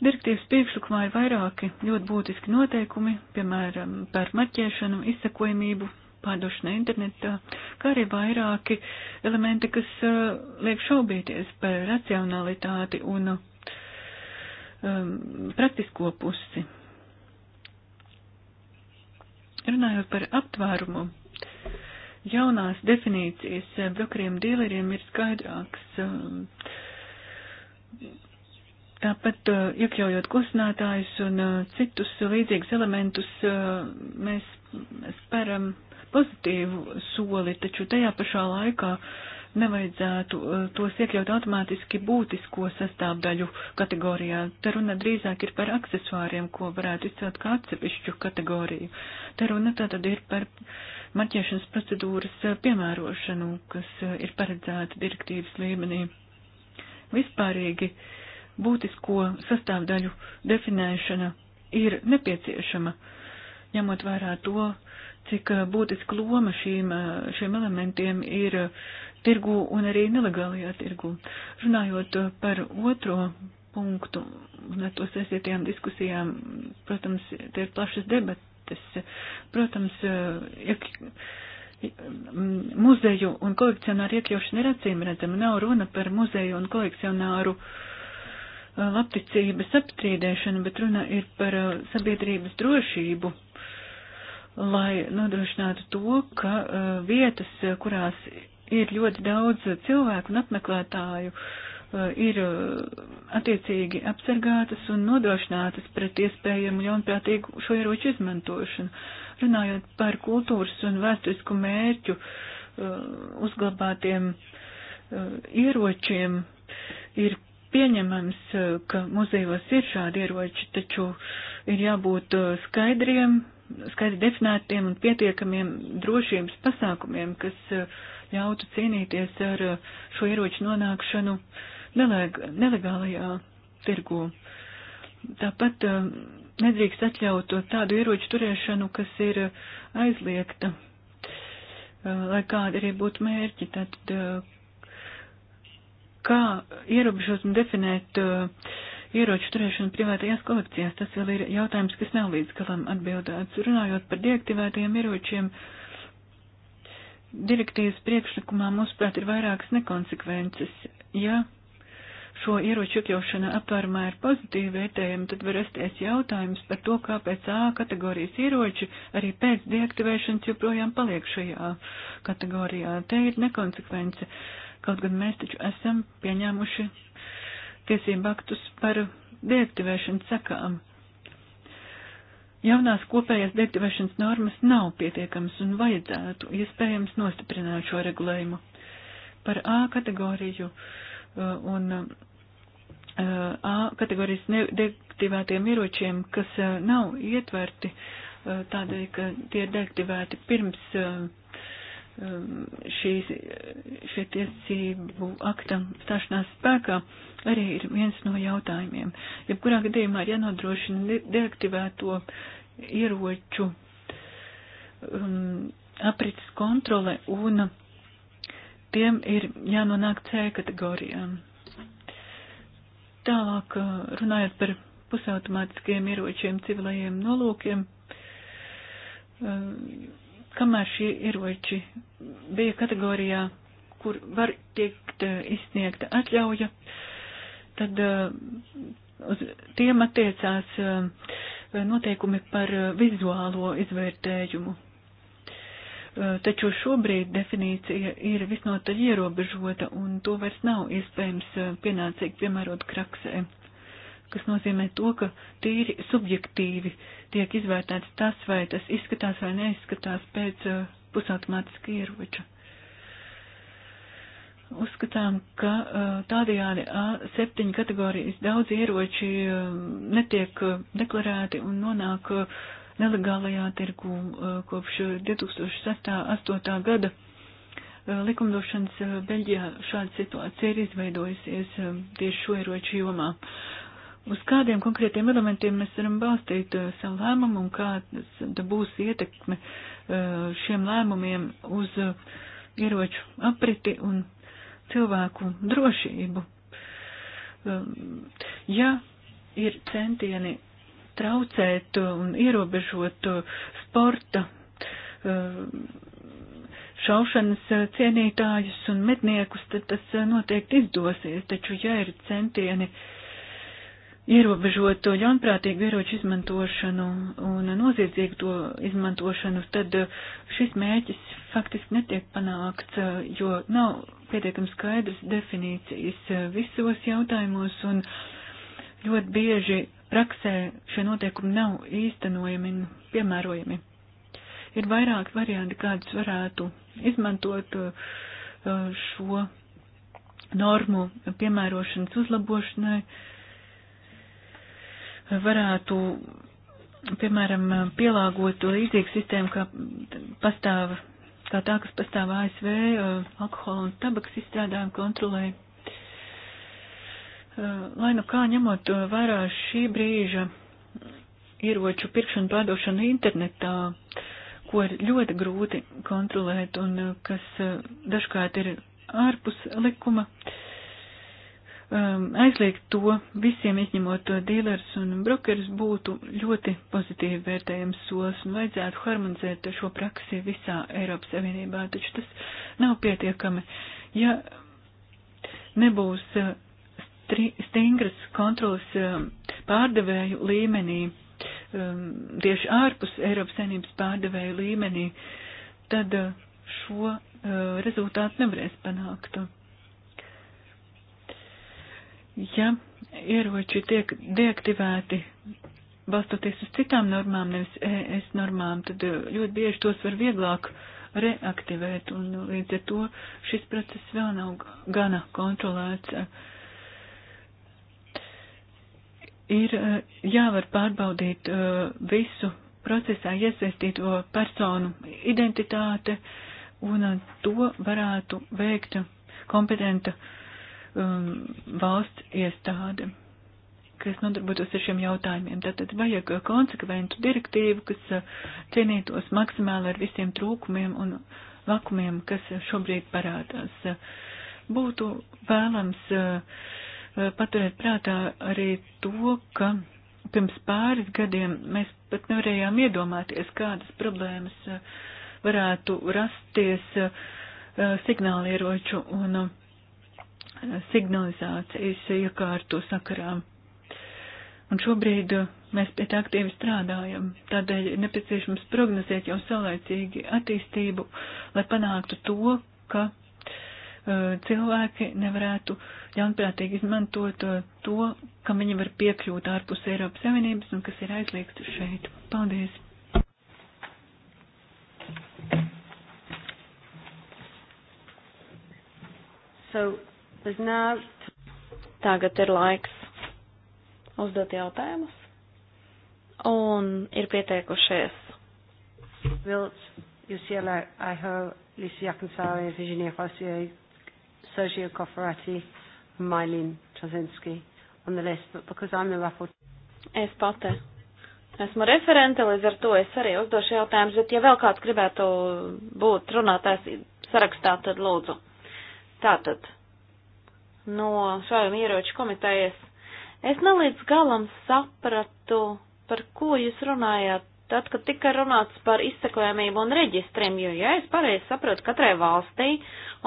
Direktīvas priekšlikumā ir vairāki ļoti būtiski noteikumi, piemēram, par marķēšanu, izsakojamību, pārdošanu internetā, kā arī vairāki elementi, kas uh, liek šaubīties par racionalitāti un um, praktisko pusi. Runājot par aptvērumu, jaunās definīcijas brokeriem dīleriem ir skaidrāks. Um, Tāpat eh, iekļaujot klusinātājus un eh, citus līdzīgus elementus, eh, mēs speram pozitīvu soli, taču tajā pašā laikā nevajadzētu tos iekļaut automātiski būtisko sastāvdaļu kategorijā. Te runa drīzāk ir par aksesuāriem, ko varētu izcelt kā atsevišķu kategoriju. Te runa tātad ir par marķēšanas procedūras piemērošanu, kas ir paredzēta direktīvas līmenī. Vispārīgi uh, būtisko sastāvdaļu definēšana ir nepieciešama, ņemot vērā to, cik uh, būtiska loma šīm, uh, šiem elementiem ir uh, tirgu un arī nelegālajā tirgu. Runājot par otro punktu, un ar to saistītajām diskusijām, protams, tie ir plašas debates. Protams, iek, muzeju un kolekcionāru iekļaušana ir acīm redzama. Nav runa par muzeju un kolekcionāru uh, Uh, labticības apstrīdēšanu, bet runa ir par uh, sabiedrības drošību, lai nodrošinātu to, ka uh, vietas, kurās ir ļoti daudz cilvēku un apmeklētāju, ir attiecīgi apsargātas un nodrošinātas pret iespējamu ļaunprātīgu šo ieroču izmantošanu. Runājot par kultūras un vēsturisku mērķu uzglabātiem ieročiem, ir pieņemams, eh, ka muzejos ir šādi ieroči, taču ir jābūt eh, skaidriem, skaidri definētiem un pietiekamiem drošības pasākumiem, kas eh, ļautu cīnīties ar šo ieroču nonākšanu neleg nelegālajā tirgu. Tāpat nedrīkst atļaut tādu ieroču turēšanu, kas ir aizliegta, lai kāda arī būtu mērķi. Tātad, kā ierobežot un definēt uh, ieroču turēšanu privātajās kolekcijās. Tas vēl ir jautājums, kas nav līdz galam atbildēts. Runājot par deaktivētajiem ieročiem, direktīvas priekšlikumā, mūsuprāt, ir vairākas nekonsekvences. Ja šo ieroču iekļaušana aptvērumā ir pozitīvi vērtējama, tad var rasties jautājums par to, kāpēc A kategorijas ieroči arī pēc deaktivēšanas joprojām paliek šajā kategorijā. Te ir nekonsekvence. Uh, Kaut gan mēs taču esam pieņēmuši tiesību aktus par deaktivēšanas sakām. Jaunās kopējās deaktivēšanas normas nav pietiekamas un vajadzētu iespējams nostiprināt šo regulējumu. Par A kategoriju uh, un uh, A kategorijas deaktivētiem ieročiem, kas uh, nav ietverti tādēļ, ka tie ir deaktivēti pirms Um, šīs, šie tiesību aktam stāšanās spēkā arī ir viens no jautājumiem. Jebkurā gadījumā ir jānodrošina deaktivēto ieroču um, aprits kontrole un tiem ir jānonāk C kategorijām. Tālāk uh, runājot par pusautomātiskiem ieročiem civilajiem nolūkiem, um, kamēr šie ieroči bija kategorijā, kur var tikt eh, izsniegta atļauja, tad eh, uz tiem attiecās eh, noteikumi par vizuālo izvērtējumu. Taču šobrīd definīcija ir visnotaļ ierobežota, un to vairs nav iespējams pienācīgi piemērot kraksē kas nozīmē to, ka tīri subjektīvi tiek izvērtēts tas, vai tas izskatās vai neizskatās pēc uh, pusautomātiska ieroča. Uzskatām, ka uh, tādajādi A7 kategorijas daudz ieroči uh, netiek uh, deklarēti un nonāk uh, nelegālajā tirgu uh, kopš 2008. gada uh, likumdošanas uh, Beļģijā šāda situācija ir izveidojusies um, tieši šo ieroču jomā uz kādiem konkrētiem elementiem mēs varam balstīt uh, savu lēmumu un kāda būs ietekme uh, šiem lēmumiem uz uh, ieroču apriti un cilvēku drošību. Um, ja ir centieni traucēt un ierobežot sporta šaušanas cienītājus un medniekus, tad tas noteikti izdosies, taču ja ir centieni uh, ierobežot to ļaunprātīgu ieroču izmantošanu un noziedzīgu to izmantošanu, tad uh, šis mērķis faktiski netiek panākts, uh, jo nav pietiekami skaidrs definīcijas uh, visos jautājumos un ļoti bieži praksē šie noteikumi nav īstenojami un piemērojami. Ir vairāki varianti, kādus varētu izmantot šo normu piemērošanas uzlabošanai varētu, piemēram, pielāgot to līdzīgu sistēmu, kā pastāv, kā tā, kas pastāv ASV, uh, alkohola un tabaks izstrādājumu kontrolē. Uh, lai nu kā ņemot vērā šī brīža ieroču pirkšanu pārdošanu internetā, ko ir ļoti grūti kontrolēt un uh, kas dažkārt ir ārpus likuma, uh, um, aizliegt to visiem izņemot dīlers un brokerus būtu ļoti pozitīvi vērtējams solis un vajadzētu harmonizēt šo praksi visā Eiropas Savienībā, taču tas nav pietiekami. Ja nebūs uh, stri, stingras kontrolas um, pārdevēju līmenī, um, tieši ārpus Eiropas Savienības pārdevēju līmenī, tad uh, šo uh, rezultātu nevarēs panākt ja ieroči tiek deaktivēti balstoties uz citām normām, nevis ES normām, tad eh, ļoti bieži tos var vieglāk reaktivēt, un līdz ar to šis process vēl nav gana kontrolēts. Ir eh, jāvar pārbaudīt eh, visu procesā iesaistīto personu identitāte, un to varētu veikt kompetenta uh, um, valsts iestāde, kas nodarbotos ar šiem jautājumiem. Tātad vajag uh, konsekventu direktīvu, kas uh, cienītos maksimāli ar visiem trūkumiem un lakumiem, kas šobrīd parādās. Būtu vēlams uh, uh, paturēt prātā arī to, ka pirms pāris gadiem mēs pat nevarējām iedomāties, kādas problēmas uh, varētu rasties signālieroču un signalizācijas iekārtu sakarā. Un šobrīd uh, mēs pie tā aktīvi strādājam, tādēļ ir nepieciešams prognozēt jau saulēcīgi attīstību, lai panāktu to, ka uh, cilvēki nevarētu ļaunprātīgi izmantot uh, to, kam viņi var piekļūt ārpus Eiropas Savienības un kas ir aizliegts šeit. Paldies! So Tagad ir laiks uzdot jautājumus. Un ir pieteikušies. Vilts, Jusiela Aiho, Lucija Kansāre, Virginia Rossier, Sergio Cofferati un Mailin Trazinski on the list, but because I'm the rapporteur. Es pati esmu referente, līdz ar to es arī uzdošu jautājumus, bet ja vēl kāds gribētu būt runātājs sarakstā, tad lūdzu. Tātad no šādiem ieroču komitejas. Es nelīdz galam sapratu, par ko jūs runājāt, tad, kad tika runāts par izsekojamību un reģistriem, jo, ja es pareizi sapratu, katrai valstī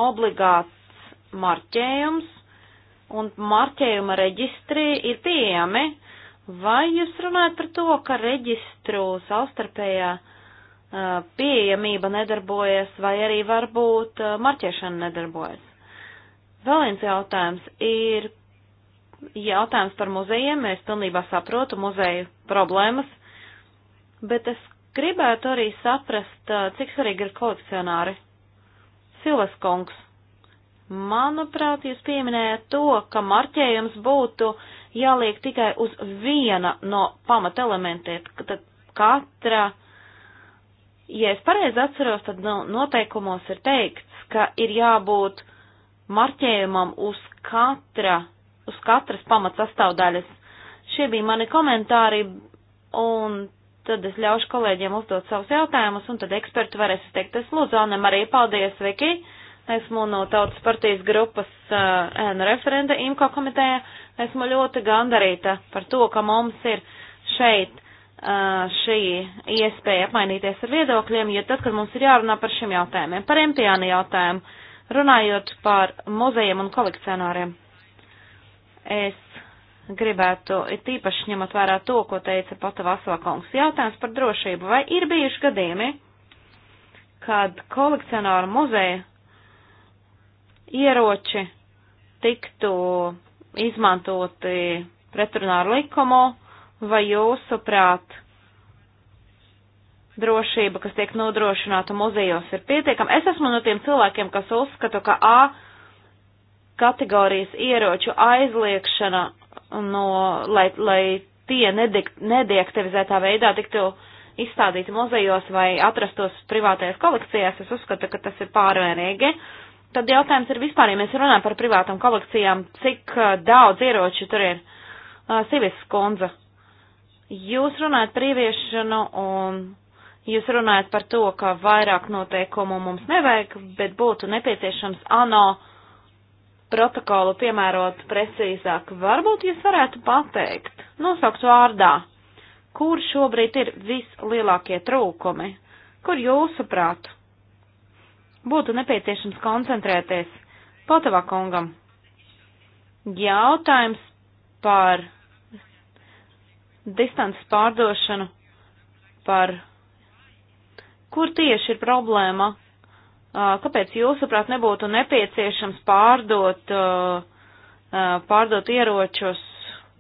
obligāts marķējums un marķējuma reģistri ir pieejami. Vai jūs runājat par to, ka reģistru savstarpējā uh, pieejamība nedarbojas, vai arī varbūt uh, marķēšana nedarbojas? Vēl viens jautājums ir jautājums par muzejiem. Es pilnībā saprotu muzeju problēmas, bet es gribētu arī saprast, cik svarīgi ir kolekcionāri. Silas kungs, manuprāt, jūs pieminējat to, ka marķējums būtu jāliek tikai uz viena no pamatelementiem, tad katra, ja es pareizi atceros, tad nu, noteikumos ir teikts, ka ir jābūt marķējumam uz, katra, uz katras pamatsastāvdaļas. Šie bija mani komentāri, un tad es ļaušu kolēģiem uzdot savus jautājumus, un tad eksperti varēs teikt, es lūdzu, Anem, arī paldies, Viki. Esmu no Tautas partijas grupas uh, eh, referenta IMKO komitejā. Esmu ļoti gandarīta par to, ka mums ir šeit uh, šī iespēja apmainīties ar viedokļiem, jo tad, kad mums ir jārunā par šiem jautājumiem, par Empiāna jautājumu, uh, Runājot par muzejiem un kolekcionāriem, es gribētu it īpaši ņemot vērā to, ko teica pata Vasokungs. Jautājums par drošību. Vai ir bijuši gadījumi, kad kolekcionāru muzeja ieroči tiktu izmantoti pretrunā ar likumu, vai jūsuprāt drošība, kas tiek nodrošināta muzejos, ir pietiekama. Es esmu no tiem cilvēkiem, kas uzskata, ka A kategorijas ieroču aizliekšana, no, lai, lai tie nediektivizētā veidā tiktu izstādīti muzejos vai atrastos privātajās kolekcijās, es uzskatu, ka tas ir pārvērīgi. Tad jautājums ir vispār, ja mēs runājam par privātām kolekcijām, cik uh, daudz ieroču tur ir uh, Sivis skundze. Jūs runājat par ieviešanu un Jūs runājat par to, ka vairāk noteikumu mums nevajag, bet būtu nepieciešams ANO protokolu piemērot precīzāk. Varbūt jūs varētu pateikt, nosaukt vārdā, kur šobrīd ir vislielākie trūkumi, kur jūsuprāt būtu nepieciešams koncentrēties Potavā kungam. Jautājums par distances pārdošanu, par Kur tieši ir problēma? Kāpēc jūsuprāt nebūtu nepieciešams pārdot, pārdot ieročus,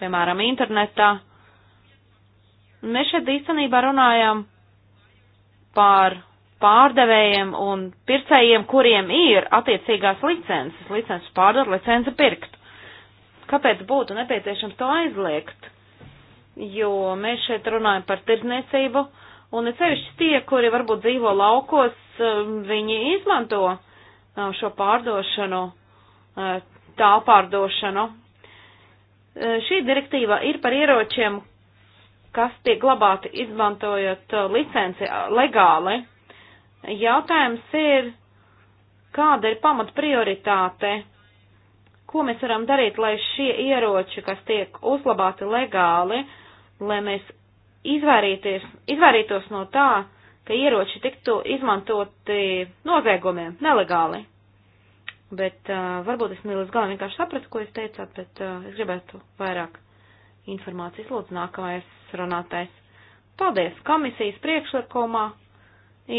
piemēram, internetā? Mēs šeit īstenībā runājam par pārdevējiem un pircējiem, kuriem ir attiecīgās licences, licences pārdot, licence pirkt. Kāpēc būtu nepieciešams to aizliegt? Jo mēs šeit runājam par tirdzniecību, uh, Un ir sevišķi tie, kuri varbūt dzīvo laukos, um, viņi izmanto uh, šo pārdošanu, uh, tālpārdošanu. Uh, šī direktīva ir par ieročiem, kas tiek glabāti izmantojot licenci legāli. Jautājums ir, kāda ir pamat prioritāte, ko mēs varam darīt, lai šie ieroči, kas tiek uzlabāti legāli, lai mēs izvairītos no tā, ka ieroči tiktu izmantoti noziegumiem, nelegāli. Bet uh, varbūt es nelīdz galam vienkārši sapratu, ko jūs teicāt, bet uh, es gribētu vairāk informācijas. Lūdzu, nākamais runātais. Paldies! Komisijas priekšlikumā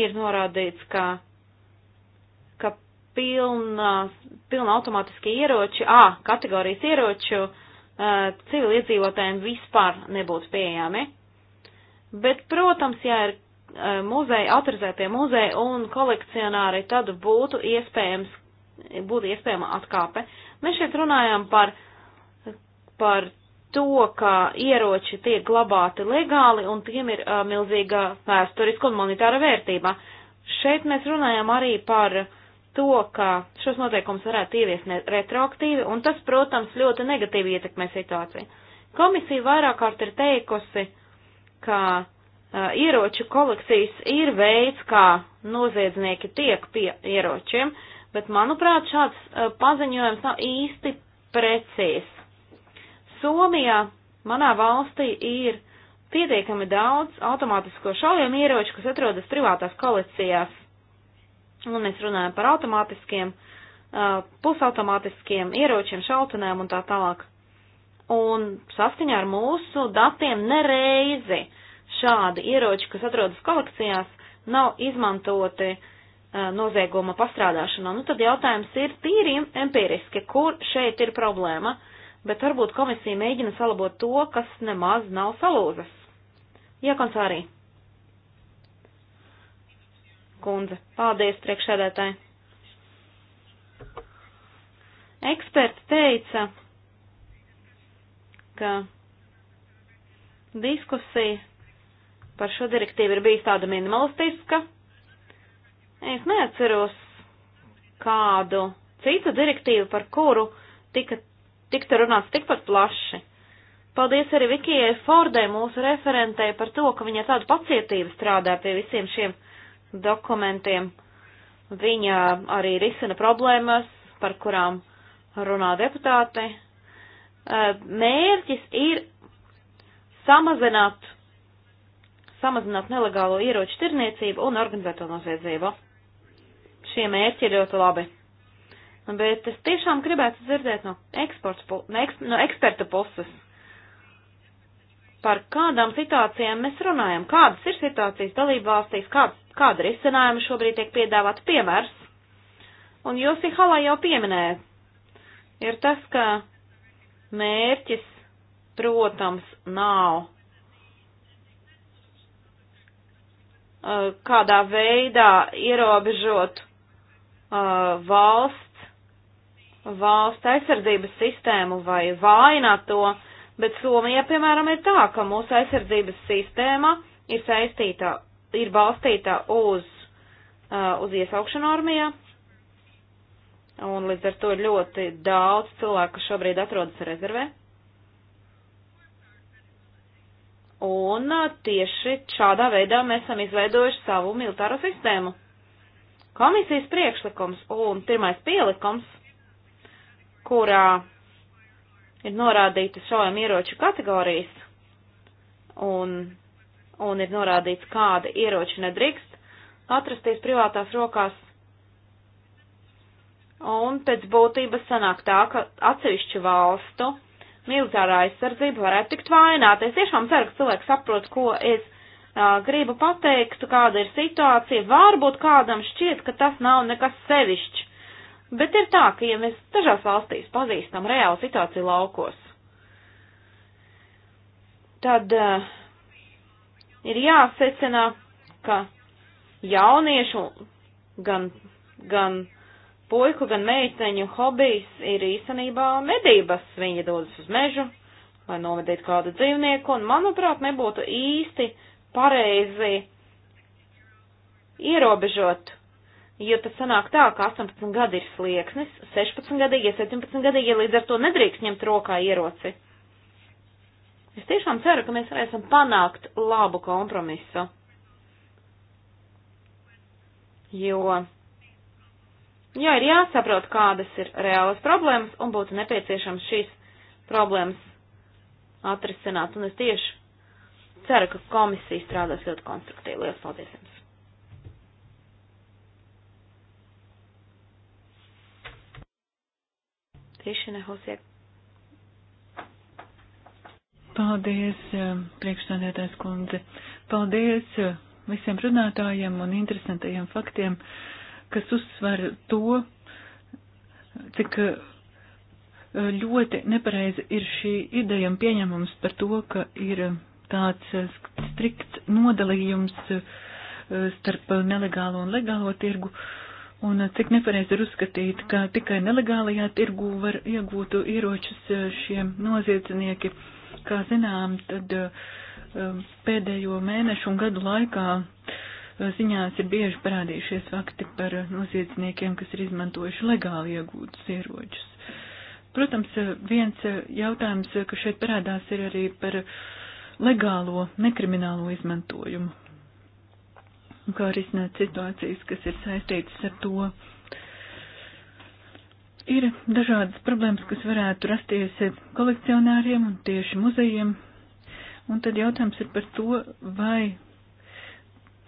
ir norādīts, ka, ka pilna, pilna automātiskie ieroči, A kategorijas ieroču uh, civiliedzīvotājiem vispār nebūtu pieejami. Bet, protams, ja ir e, muzeja, autorizētie muzeja un kolekcionāri, tad būtu iespējams, būtu iespējama atkāpe. Mēs šeit runājam par, par to, ka ieroči tiek glabāti legāli un tiem ir uh, milzīga vēsturiska un monetāra vērtība. Šeit mēs runājam arī par to, ka šos noteikumus varētu ieviest retroaktīvi, un tas, protams, ļoti negatīvi ietekmē situāciju. Komisija vairāk kārt ir teikusi, uh, ka uh, ieroču kolekcijas ir veids, kā noziedznieki tiek pie ieročiem, bet, manuprāt, šāds uh, paziņojums nav īsti precīzs. Somijā, manā valstī, ir pietiekami daudz automātisko šaujam ieroču, kas atrodas privātās kolekcijās. Un mēs runājam par automātiskiem, uh, pusautomātiskiem ieročiem, šautenēm un tā tālāk. Un saskaņā ar mūsu datiem nereizi šādi ieroči, kas atrodas kolekcijās, nav izmantoti uh, nozieguma pastrādāšanā. Nu, tad jautājums ir tīri empiriski, kur šeit ir problēma, bet varbūt komisija mēģina salabot to, kas nemaz nav salūzas. Iekons arī. Kundze, paldies priekšsēdētāji. Eksperts teica, ka diskusija par šo direktīvu ir bijis tāda minimalistiska. Es neatceros kādu citu direktīvu, par kuru tika, tiktu runāts tikpat plaši. Paldies arī Vikijai Fordai, mūsu referentei, par to, ka viņa tādu pacietību strādā pie visiem šiem dokumentiem. Viņa arī risina problēmas, par kurām runā deputāti, Eh, mērķis ir samazināt, samazināt nelegālo ieroču tirniecību un organizēto noziedzību. Šie mērķi ir ļoti labi. Bet es tiešām gribētu dzirdēt no, eksports, no, eks, no eksperta puses, par kādām situācijām mēs runājam, kādas ir situācijas dalību valstīs, kāda, kāda risinājuma šobrīd tiek piedāvāta piemērs. Un Josi Halā jau pieminēja, ir tas, ka Mērķis, protams, nav uh, kādā veidā ierobežot uh, valsts, valsts aizsardzības sistēmu vai vājināt to, bet Somijā, piemēram, ir tā, ka mūsu aizsardzības sistēma ir saistīta, ir balstīta uz, uh, uz iesaukšanu armijā, un līdz ar to ļoti daudz cilvēku šobrīd atrodas rezervē. Un tieši šādā veidā mēs esam izveidojuši savu militāro sistēmu. Komisijas priekšlikums un pirmais pielikums, kurā ir norādītas šaujam ieroču kategorijas un, un ir norādīts, kāda ieroči nedrīkst atrasties privātās rokās, Un pēc būtības sanāk tā, ka atsevišķu valstu militārā aizsardzība varētu tikt vaināta. Es tiešām ceru, ka cilvēki saprot, ko es uh, gribu pateikt, kāda ir situācija. Varbūt kādam šķiet, ka tas nav nekas sevišķs. Bet ir tā, ka ja mēs dažās valstīs pazīstam reālu situāciju laukos, tad uh, ir jāsecina, ka jauniešu gan, gan uh, puiku, gan meiteņu hobijs ir īstenībā medības. Viņi dodas uz mežu, lai novedītu kādu dzīvnieku, un, manuprāt, nebūtu īsti pareizi ierobežot, jo tad sanāk tā, ka 18 gadi ir slieksnis, 16 gadīgi, 17 gadīgi, līdz ar to nedrīkst ņemt rokā ieroci. Es tiešām ceru, ka mēs varēsim panākt labu kompromisu. Jo jo ir jāsaprot, kādas ir reālas problēmas un būtu nepieciešams šīs problēmas atrisināt. Un es tieši ceru, ka komisija strādās ļoti konstruktīvi. Lielas paldies jums! Tieši nehosiek. Paldies, eh, priekšstādētājs kundze. Paldies eh, visiem runātājiem un interesantajiem faktiem kas uzsver to, cik uh, ļoti nepareizi ir šī ideja un pieņemums par to, ka ir uh, tāds uh, strikts nodalījums starp nelegālo un legālo tirgu. Un cik nepareizi ir uzskatīt, ka tikai nelegālajā tirgu var iegūt ieročus šie noziedznieki. Kā zinām, tad um, pēdējo mēnešu un gadu laikā uh, ziņās ir bieži parādījušies fakti par noziedzniekiem, kas ir izmantojuši legāli iegūtus ieročus. Protams, viens jautājums, kas šeit parādās, ir arī par legālo, nekriminālo izmantojumu. Kā arī snēt situācijas, kas ir saistītas ar to. Ir dažādas problēmas, kas varētu rasties kolekcionāriem un tieši muzejiem. Un tad jautājums ir par to, vai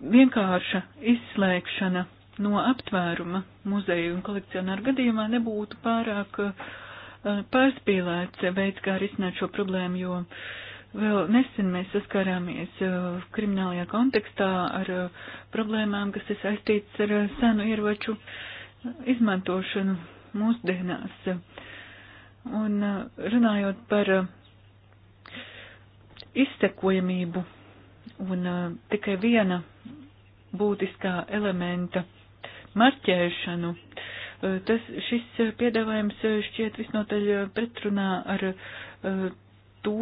vienkārša izslēgšana no aptvēruma muzeju un kolekcionāru gadījumā nebūtu pārāk eh, pārspīlēts veids, kā risināt šo problēmu, jo vēl nesen mēs saskārāmies eh, kriminālajā kontekstā ar eh, problēmām, kas ir saistītas ar senu ieroču izmantošanu mūsdienās. Un runājot par izsekojamību Un uh, tikai viena būtiskā elementa marķēšanu. Uh, tas, šis uh, piedāvājums uh, šķiet visnotaļ uh, pretrunā ar uh, to,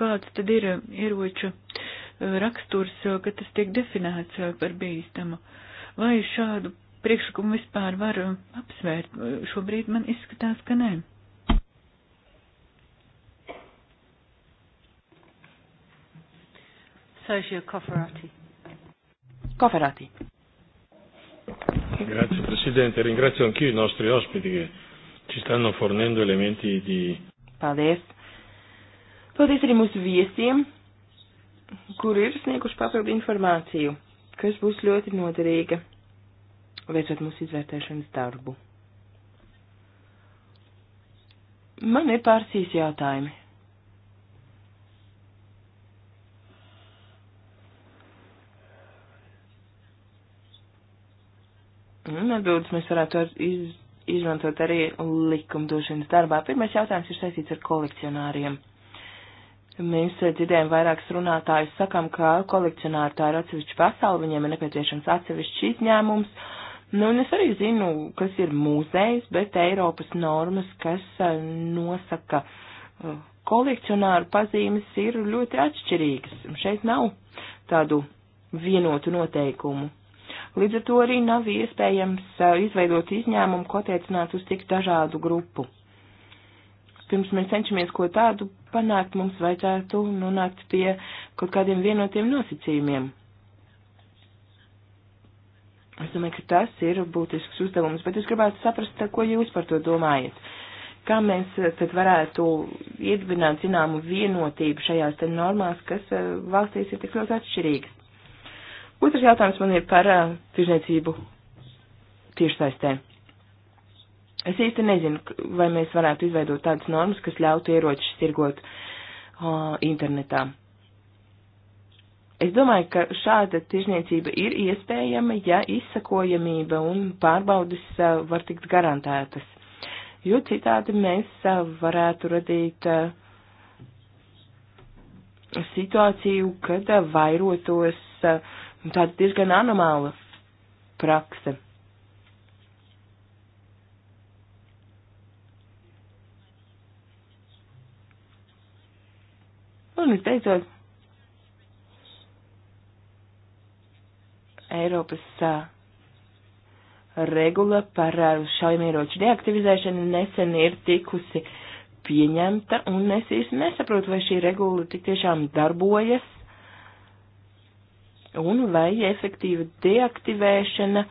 kāds tad ir ieroča raksturs, ka tas tiek definēts par bīstamu. Vai šādu priekšlikumu vispār var apsvērt? Šobrīd man izskatās, ka nē. Sergio Cofferati. Cofferati. Grazie Presidente, ringrazio anch'io i nostri ospiti che ci stanno fornendo elementi di. Paldies! Paldies arī mūsu viesiem, kuri ir snieguši papildu informāciju, kas būs ļoti noderīga, veicot mūsu izvērtēšanas darbu. Man ir pārsīs jautājumi. Nu, atbildes mēs varētu ar iz, izmantot arī likumdošanas darbā. Pirmais jautājums ir saistīts ar kolekcionāriem. Mēs dzirdējām vairākus runātājus sakām, ka kolekcionāri tā ir atsevišķa pasaule, viņiem ir nepieciešams atsevišķs izņēmums. Nu, un es arī zinu, kas ir mūzejs, bet Eiropas normas, kas e, nosaka e, kolekcionāru pazīmes, ir ļoti atšķirīgas. Šeit nav tādu vienotu noteikumu. Līdz ar to arī nav iespējams eh, izveidot izņēmumu, ko attiecināt uz tik dažādu grupu. Pirms mēs cenšamies ko tādu panākt, mums vajadzētu nonākt pie kaut kādiem vienotiem nosacījumiem. Es domāju, ka tas ir būtisks uzdevums, bet es gribētu saprast, ko jūs par to domājat kā mēs eh, tad varētu iedibināt zināmu vienotību šajās te normās, kas eh, valstīs ir tik ļoti atšķirīgas. Otrs jautājums man ir par uh, tirzniecību tiešsaistē. Es īsti nezinu, vai mēs varētu izveidot tādas normas, kas ļautu ieročus tirgot uh, internetā. Es domāju, ka šāda tirzniecība ir iespējama, ja izsakojamība un pārbaudas eh, var tikt garantētas, jo citādi mēs eh, varētu radīt situāciju, kad vairotos Tāda diezgan anomāla prakse. Un visbeidzot, Eiropas uh, regula par uh, šaujamieroču deaktivizēšanu nesen ir tikusi pieņemta, un es īsti nesaprotu, vai šī regula tik tiešām darbojas un vai efektīva deaktivēšana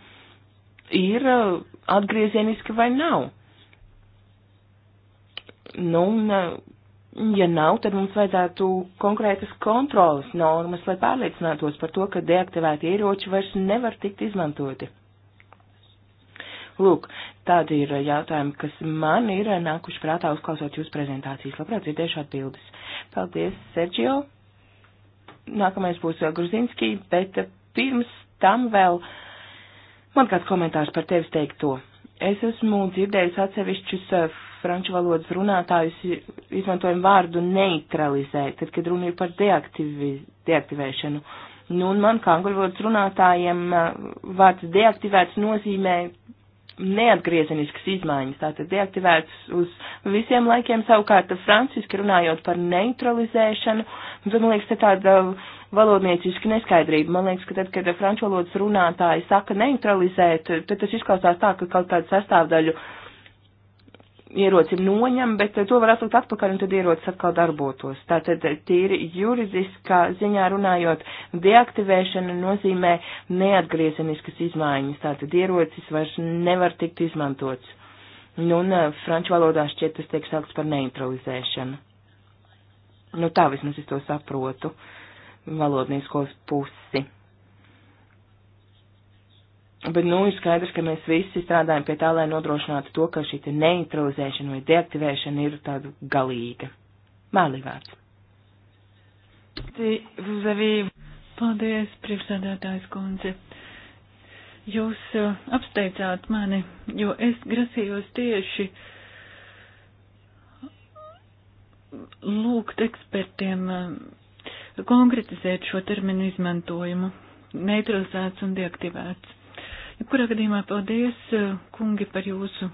ir uh, atgriezieniska vai nav. Nu, un, uh, ja nav, tad mums vajadzētu konkrētas kontrolas normas, lai pārliecinātos par to, ka deaktivēti ieroči vairs nevar tikt izmantoti. Lūk, tādi ir jautājumi, kas man ir nākuši prātā uzklausot jūsu prezentācijas. Labprāt, dzirdēšu atbildes. Paldies, Sergio! nākamais būs uh, Gruzinski, bet uh, pirms tam vēl man kāds komentārs par tevis teikto. Es esmu dzirdējis atsevišķus uh, franču valodas runātājus izmantojumu vārdu neutralizēt, tad, kad runa ir par deaktivi, deaktivēšanu. Nu, un man kā angļu valodas runātājiem vārds deaktivēts nozīmē neatgriezeniskas izmaiņas, tātad deaktivētas uz visiem laikiem. Savukārt, franciski runājot par neutralizēšanu, tad, man liekas, te tāda valodnieciska neskaidrība. Man liekas, ka tad, kad franču valodas runātāji saka neutralizēt, tad tas izklausās tā, ka kaut kādu sastāvdaļu uh, ieroci noņem, bet eh, to var atlikt atpakaļ un tad ierocis atkal darbotos. Tātad eh, tīri juridiskā ziņā runājot, deaktivēšana nozīmē neatgriezeniskas izmaiņas, tātad ierocis vairs nevar tikt izmantots. Nu, un eh, franču valodā šķiet tas tiek saukts par neutralizēšanu. Nu, tā vismaz es to saprotu valodnieskos pusi. Bet, nu, ir skaidrs, ka mēs visi strādājam pie tā, lai nodrošinātu to, ka šī neutralizēšana vai deaktivēšana ir tāda galīga. Mēlī vārds. Paldies, priekšsēdētājs kundze. Jūs uh, apsteidzāt mani, jo es grasījos tieši lūgt ekspertiem uh, konkretizēt šo terminu izmantojumu - neutralizēts un deaktivēts. Kurā gadījumā paldies, eh, kungi, par jūsu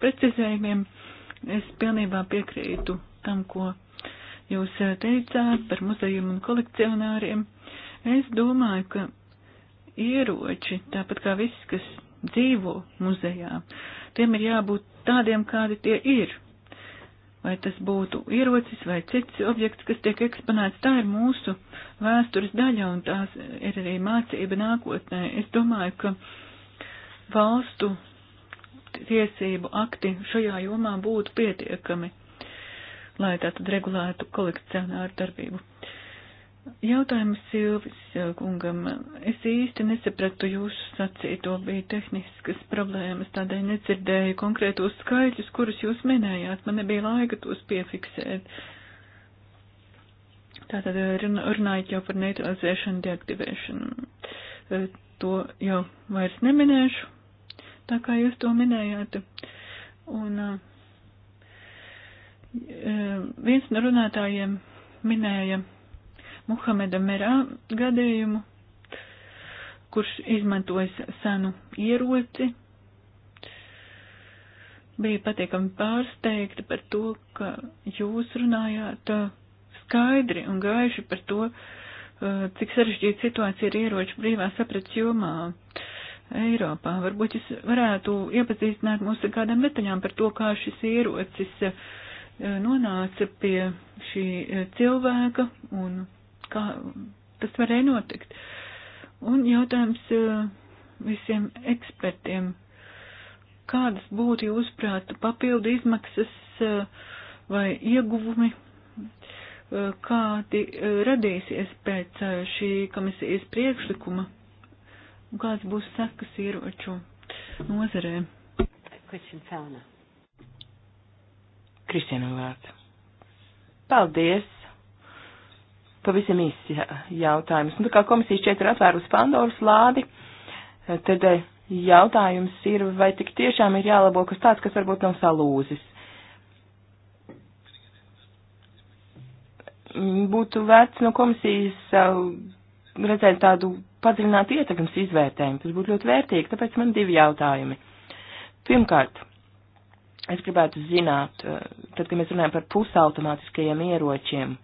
precizējumiem. Es pilnībā piekrītu tam, ko jūs eh, teicāt par muzejiem un kolekcionāriem. Es domāju, ka ieroči, tāpat kā viss, kas dzīvo muzejā, tiem ir jābūt tādiem, kādi tie ir. Vai tas būtu ierocis vai cits objekts, kas tiek eksponēts, tā ir mūsu vēstures daļa un tās ir arī mācība nākotnē. Es domāju, ka valstu tiesību akti šajā jomā būtu pietiekami, lai tātad regulētu kolekcionāru darbību. Jautājums Silvis kungam. Es īsti nesapratu jūsu sacīto, bija tehniskas problēmas, tādēļ nedzirdēju konkrētos skaidrus, kurus jūs minējāt. Man nebija laika tos piefiksēt. Tātad eh, runājot jau par neutralizēšanu, deaktivēšanu. Eh, to jau vairs neminēšu tā kā jūs to minējāt. Un viens no runātājiem minēja Muhameda Merā gadījumu, kurš izmantojis senu ieroci. Bija patiekami pārsteigta par to, ka jūs runājāt skaidri un gaiši par to, cik sarežģīta situācija ir ieroču brīvā saprats jomā. Uh, Eiropā. Varbūt jūs varētu iepazīstināt mūs ar kādām detaļām par to, kā šis ierocis eh, nonāca pie šī eh, cilvēka un kā tas varēja notikt. Un jautājums eh, visiem ekspertiem, kādas būtu jūsuprāt papildu izmaksas vai ieguvumi, kādi radīsies pēc šī komisijas priekšlikuma? un kāds būs sekas ieroču nozarē. Kristiāna Felna. Kristiāna Vārta. Paldies! Pavisam īsts jautājums. Nu, tā kā komisija šķiet ir atvērusi Pandoras lādi, tad eh, jautājums ir, vai tik tiešām ir jālabo kas tāds, kas varbūt nav salūzis. Mm, būtu vērts no komisijas redzēt tādu padziļinātu ietekmes izvērtējumu. Tas būtu ļoti vērtīgi, tāpēc man divi jautājumi. Pirmkārt, es gribētu zināt, eh, tad, kad mēs runājam par pusautomātiskajiem ieročiem,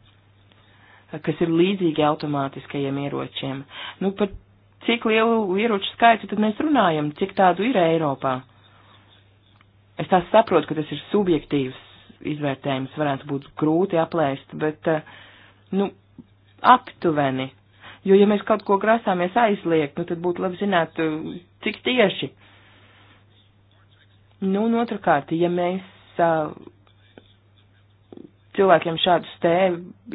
eh, kas ir līdzīgi automātiskajiem ieročiem, nu par cik lielu ieroču skaitu tad mēs runājam, cik tādu ir Eiropā? Es tā saprotu, ka tas ir subjektīvs izvērtējums, varētu būt grūti aplēst, bet, eh, nu, aptuveni Jo, ja mēs kaut ko grasāmies aizliegt, nu, tad būtu labi zināt, eh, cik tieši. Nu, un otrkārt, ja mēs uh, cilvēkiem šādus te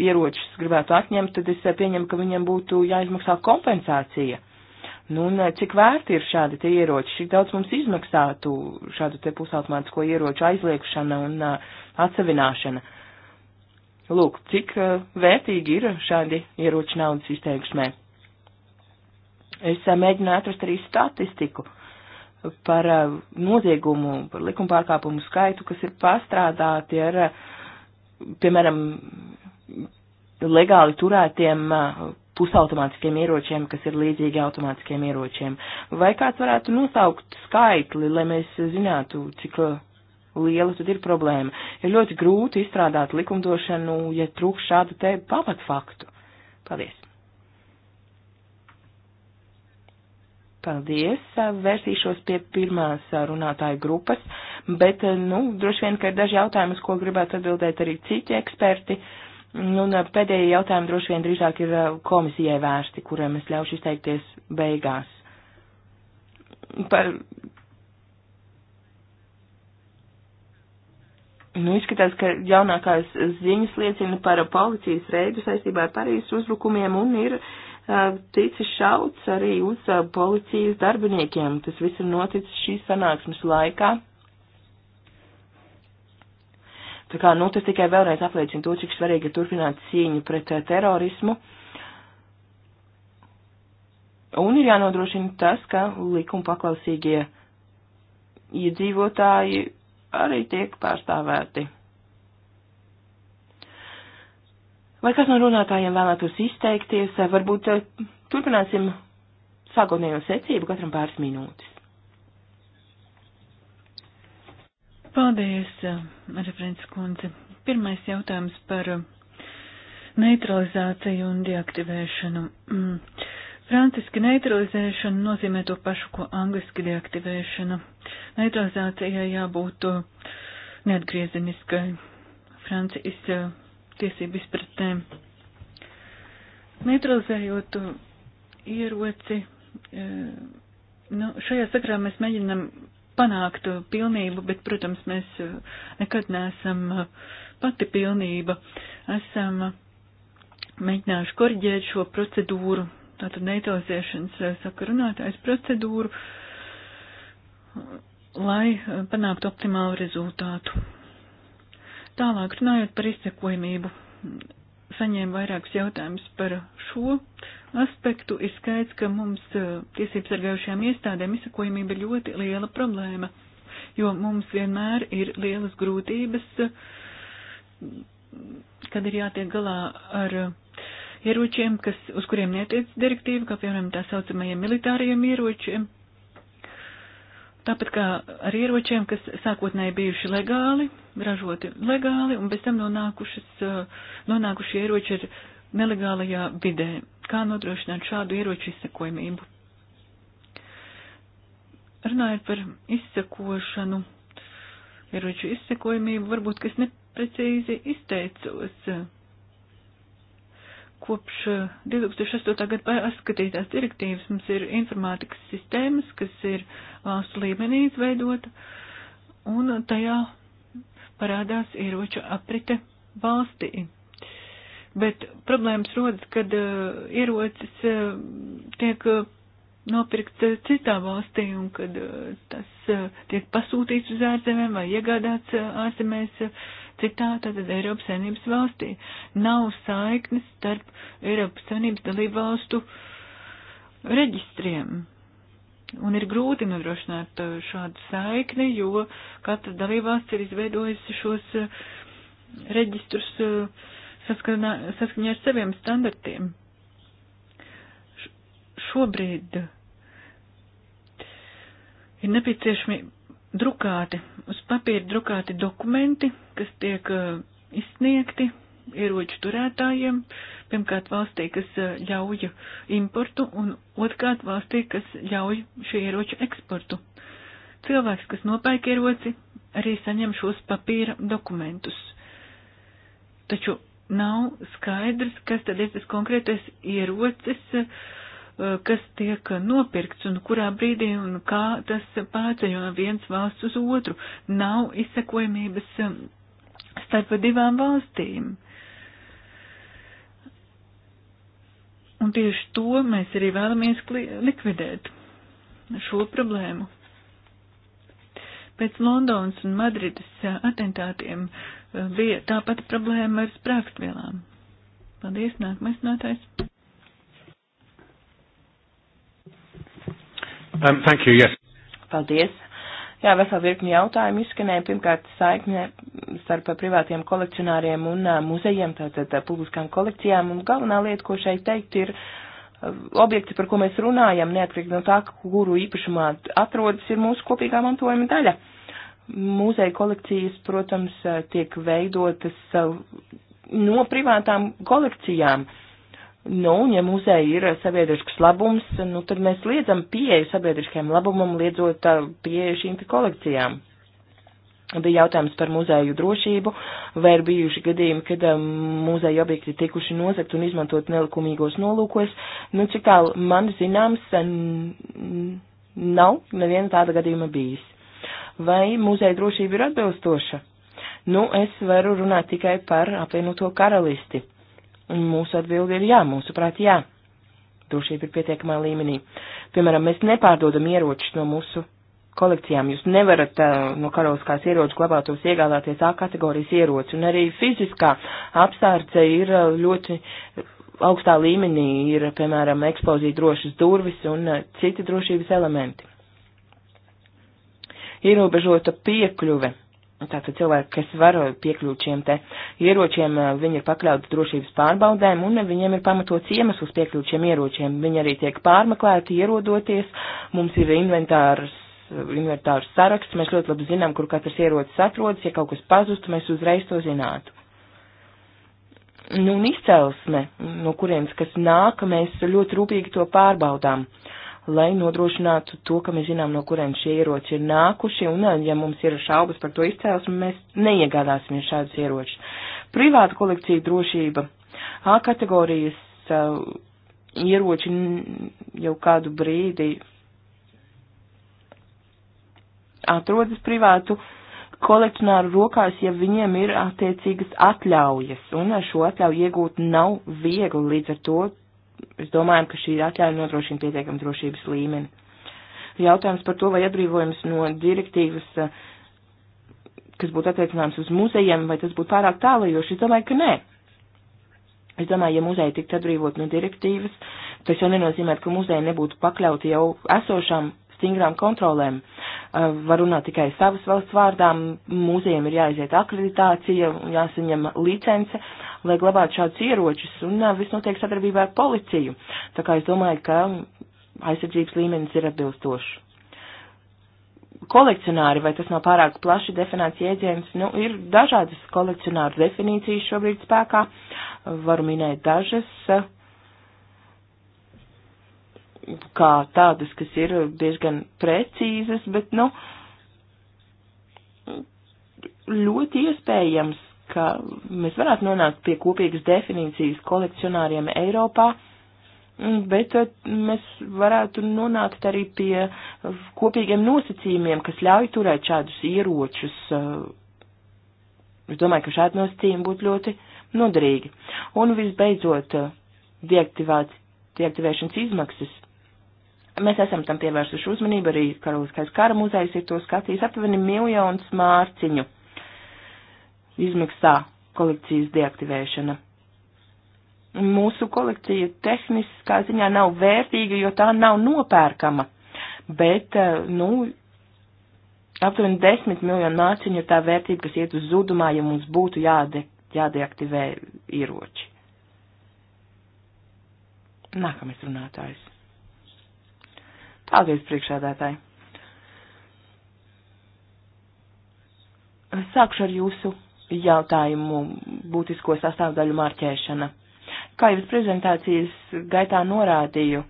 ieročus gribētu atņemt, tad es uh, pieņemu, ka viņiem būtu jāizmaksā kompensācija. Nu, un cik vērti ir šādi tie ieroči, cik daudz mums izmaksātu šādu te pusautomātisko ieroču aizliekšana un uh, atsevināšana. Uh, Lūk, cik uh, vērtīgi ir šādi ieroči naudas izteiksmē. Es uh, eh, mēģināju atrast arī statistiku par uh, noziegumu, par likumpārkāpumu skaitu, kas ir pastrādāti ar, piemēram, legāli turētiem pusautomātiskiem ieročiem, kas ir līdzīgi automātiskiem ieročiem. Vai kāds varētu nosaukt skaitli, lai mēs zinātu, cik liela tad ir problēma. Ir ļoti grūti izstrādāt likumdošanu, ja trūks šādu te pamatfaktu. Paldies! Paldies! Vērsīšos pie pirmās runātāju grupas, bet, nu, droši vien, ka ir daži jautājumi, uz ko gribētu atbildēt arī citi eksperti. Nu, un pēdējie jautājumi droši vien drīzāk ir uh, komisijai vērsti, kuriem es ļaušu izteikties beigās. Par Nu, izskatās, ka jaunākās ziņas liecina par policijas reidu saistībā ar Parīzes uzbrukumiem un ir uh, ticis šauts arī uz uh, policijas darbiniekiem. Tas viss ir noticis šīs sanāksmes laikā. Tā kā, nu, tas tikai vēlreiz apliecina to, cik svarīgi ir turpināt cīņu pret uh, terorismu. Un ir jānodrošina tas, ka likuma paklausīgie iedzīvotāji arī tiek pārstāvēti. Vai kas no runātājiem vēlētos izteikties? Varbūt eh, turpināsim sākotnējo secību katram pāris minūtes. Paldies, referents kundze. Pirmais jautājums par neutralizāciju un deaktivēšanu. Mm. Franciski neutralizēšana nozīmē to pašu, ko angliski deaktivēšana. Neutralizācijai jābūt uh, neatgriezeniskai Francijas uh, tiesību izpratnē. Neutralizējot uh, ieroci, nu, šajā sakrā mēs mēģinam panākt pilnību, bet, protams, mēs nekad neesam pati pilnība. Esam mēģinājuši korģēt šo procedūru, tātad neitoziešanas eh, sakarunātājs procedūru, lai eh, panāktu optimālu rezultātu. Tālāk runājot par izsekojamību, saņēmu vairākus jautājumus par šo aspektu. Ir skaidrs, ka mums eh, tiesības sargājušajām iestādēm izsekojamība ir ļoti liela problēma, jo mums vienmēr ir lielas grūtības, kad ir jātiek galā ar ieročiem, kas, uz kuriem netiec direktīva, kā piemēram tā saucamajiem militāriem ieročiem. Tāpat kā ar ieročiem, kas sākotnēji bijuši legāli, ražoti legāli, un bez tam nonākušas, nonākuši ieroči ir nelegālajā vidē. Kā nodrošināt šādu ieroču izsekojamību? Runājot par izsekošanu, ieroču izsekojamību, varbūt, ka es neprecīzi izteicos. Kopš 2008. Eh, gada paskatītās eh, direktīvas mums ir informātikas sistēmas, kas ir valstu līmenī izveidota, un tajā parādās ieroču aprite valstī. Bet problēmas rodas, kad uh, ierocis uh, tiek uh, nopirkts uh, citā valstī un kad uh, tas uh, tiek pasūtīts uz ārzemēm vai iegādāts uh, ārzemēs. Uh, citā tātad Eiropas Savienības valstī. Nav saiknes starp Eiropas Savienības dalību valstu reģistriem. Un ir grūti nodrošināt uh, šādu saikni, jo katra dalībvalsts ir izveidojusi šos uh, reģistrus uh, saskaņā ar saviem standartiem. Šobrīd ir nepieciešami drukāti, uz papīra drukāti dokumenti, kas tiek uh, izsniegti ieroču turētājiem, pirmkārt valstī, kas uh, ļauj importu, un otrkārt valstī, kas ļauj šī ieroču eksportu. Cilvēks, kas nopērk ieroci, arī saņem šos papīra dokumentus. Taču nav skaidrs, kas tad ir tas konkrētais ierocis, uh, Eh, kas tiek nopirkts un kurā brīdī un kā tas pārceļo no vienas valsts uz otru. Nav izsekojamības eh, starp divām valstīm. Un tieši to mēs arī vēlamies likvidēt, šo problēmu. Pēc Londonas un Madridas eh, atentātiem bija tā pati problēma ar sprākstvielām. Paldies, nākamais nātais. Um, thank you, yes. Paldies. Jā, vesela virkni jautājumu izskanēja. Pirmkārt, saikne starp privātiem kolekcionāriem un uh, muzejiem, tātad uh, publiskām kolekcijām. Un galvenā lieta, ko šeit teikt, ir uh, objekti, par ko mēs runājam, neatkarīgi no tā, kuru īpašumā atrodas, ir mūsu kopīgā mantojuma daļa. Muzeja kolekcijas, protams, uh, tiek veidotas uh, no privātām kolekcijām. Uh, Nu, ja muzeja ir sabiedrisks labums, nu, tad mēs liedzam pieeju sabiedriskajam labumam, liedzot uh, pieeju šīm kolekcijām. Bija jautājums par muzeju drošību, vai ir bijuši gadījumi, kad um, muzeja objekti tikuši nozagt un izmantot nelikumīgos nolūkos. Nu, cik tālu man zināms, nav neviena tāda gadījuma bijis. Vai muzeja drošība ir atbilstoša? Nu, es varu runāt tikai par apvienoto karalisti Un mūsu atbildi ir jā, mūsuprāt, jā. Drošība ir pietiekamā līmenī. Piemēram, mēs nepārdodam ieročus no mūsu kolekcijām. Jūs nevarat uh, no karaliskās ieroču glabātos iegādāties A kategorijas ieroci, un arī fiziskā apsārce ir uh, ļoti augstā līmenī, ir, piemēram, eksplozija drošas durvis un uh, citi drošības elementi. Ierobežota piekļuve Nu, tātad cilvēki, kas var piekļūt šiem te ieročiem, eh, viņi ir pakļauti drošības pārbaudēm un viņiem ir pamatots iemesls piekļūt šiem ieročiem. Viņi arī tiek pārmeklēti, ierodoties. Mums ir inventārs, inventārs saraksts, mēs ļoti labi zinām, kur katrs ierocis atrodas. Ja kaut kas pazustu, mēs uzreiz to zinātu. Nu, un izcelsme, no kurienes kas nāk, mēs ļoti rūpīgi to pārbaudām. Uh, lai nodrošinātu to, ka mēs zinām, no kuriem šie ieroči ir nākuši, un uh, ja mums ir šaubas par to izcēlesmi, mēs neiegādāsim šādus ieročus. Privāta kolekcija drošība. A kategorijas uh, ieroči jau kādu brīdi atrodas privātu kolekcionāru rokās, ja viņiem ir attiecīgas atļaujas, un uh, šo atļauju iegūt nav viegli, līdz ar to es domājam, ka šī atļauja nodrošina pietiekam drošības līmeni. Jautājums par to, vai atbrīvojums no direktīvas, eh, kas būtu attiecināms uz muzejiem, vai tas būtu pārāk tālajoši, es domāju, ka nē. Es domāju, ja muzeja tiktu atbrīvot no direktīvas, tas jau nenozīmē, ka muzeja nebūtu pakļauti jau esošām stingrām kontrolēm. Eh, var runāt tikai savas valsts vārdām, mūzijiem ir jāiziet akreditācija, jāsaņem licence, lai glabātu šādus ieročus, un viss notiek sadarbībā ar policiju. Tā kā es domāju, ka aizsardzības līmenis ir atbilstošs. Kolekcionāri, vai tas nav pārāk plaši definēts jēdziens, nu, ir dažādas kolekcionāru definīcijas šobrīd spēkā, varu minēt dažas, kā tādas, kas ir diezgan precīzas, bet, nu, ļoti iespējams, ka mēs varētu nonākt pie kopīgas definīcijas kolekcionāriem Eiropā, bet uh, mēs varētu nonākt arī pie kopīgiem nosacījumiem, kas ļauj turēt šādus ieročus. Uh, es domāju, ka šādi nosacījumi būtu ļoti noderīgi. Un visbeidzot, uh, deaktivēšanas izmaksas. Mēs esam tam pievērsuši uzmanību, arī Karaliskais kara muzejs ir to skatījis aptuveni miljonus mārciņu. Uh, izmaksā kolekcijas deaktivēšana. Mūsu kolekcija tehniskā ziņā nav vērtīga, jo tā nav nopērkama, bet, eh, nu, aptuveni desmit miljonu nāciņu ir tā vērtība, kas iet uz zudumā, ja mums būtu jāde, jādeaktivē ieroči. Nākamais runātājs. Paldies, priekšādātāji. Sākšu ar jūsu jautājumu būtisko sastāvdaļu marķēšana. Kā jau es prezentācijas gaitā norādīju,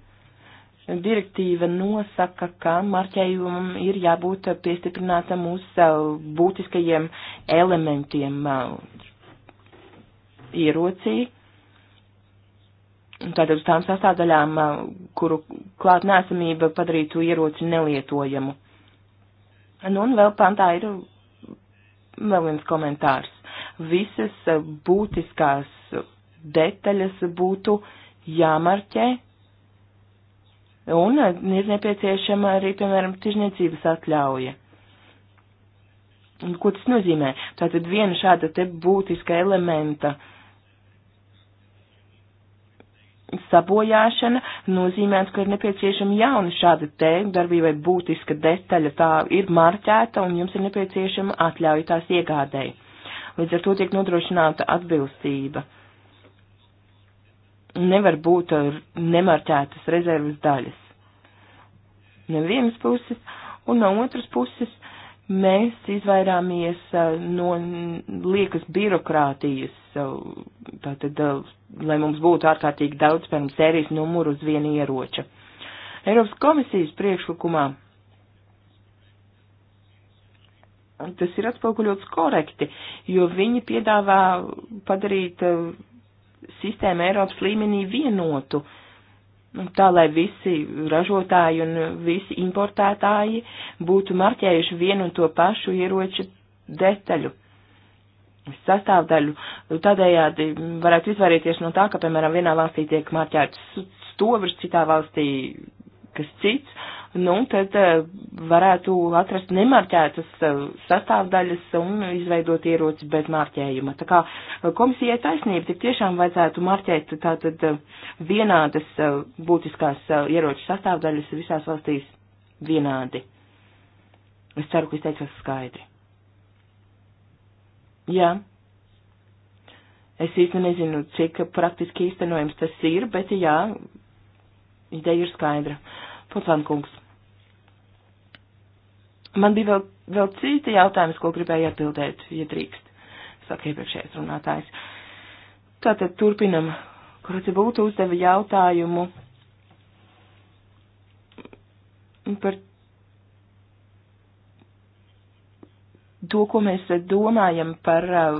direktīva nosaka, ka marķējumam ir jābūt piestiprinātam uz eh, būtiskajiem elementiem eh, ierocī, tātad uz tām sastāvdaļām, eh, kuru klāt nesamība padarītu ieroci nelietojamu. Nu, un vēl pantā ir Vēl viens komentārs. Visas būtiskās detaļas būtu jāmarķē, un ir nepieciešama arī, piemēram, tirzniecības atļauja. Un ko tas nozīmē? Tātad viena šāda te būtiska elementa uh, sabojāšana nozīmētu, ka ir nepieciešama jauna šāda te darbībai būtiska detaļa, tā ir marķēta un jums ir nepieciešama atļauja tās iegādēji. Līdz ar to tiek nodrošināta atbilstība. Nevar būt nemarķētas rezervas daļas. No vienas puses, un no otras puses mēs izvairāmies uh, no liekas birokrātijas, uh, tātad, uh, lai mums būtu ārkārtīgi daudz, piemēram, sērijas numuru uz vienu ieroča. Eiropas komisijas priekšlikumā tas ir atspoguļots korekti, jo viņi piedāvā padarīt sistēmu Eiropas līmenī vienotu. Uh, Nu, tā lai visi ražotāji un visi importētāji būtu marķējuši vienu un to pašu ieroču detaļu sastāvdaļu. Nu, tādējādi varētu izvairīties no tā, ka, piemēram, vienā valstī tiek marķēts stovrs, citā valstī kas cits, nu, tad eh, varētu atrast nemarķētas eh, sastāvdaļas un izveidot ieroci bez marķējuma. Tā kā eh, komisijai taisnība tik tiešām vajadzētu marķēt tātad vienādas būtiskās ieroču sastāvdaļas visās valstīs vienādi. Es ceru, ka izteicos skaidri. Jā. Es īsti nezinu, cik praktiski īstenojams tas ir, bet jā, ideja ir skaidra. Potvānkungs. Man bija vēl, vēl citi jautājums, ko gribēju atbildēt, ja drīkst, saka iepriekšējais runātājs. Tātad turpinam, kur te būtu uzdeva jautājumu par to, ko mēs domājam par uh,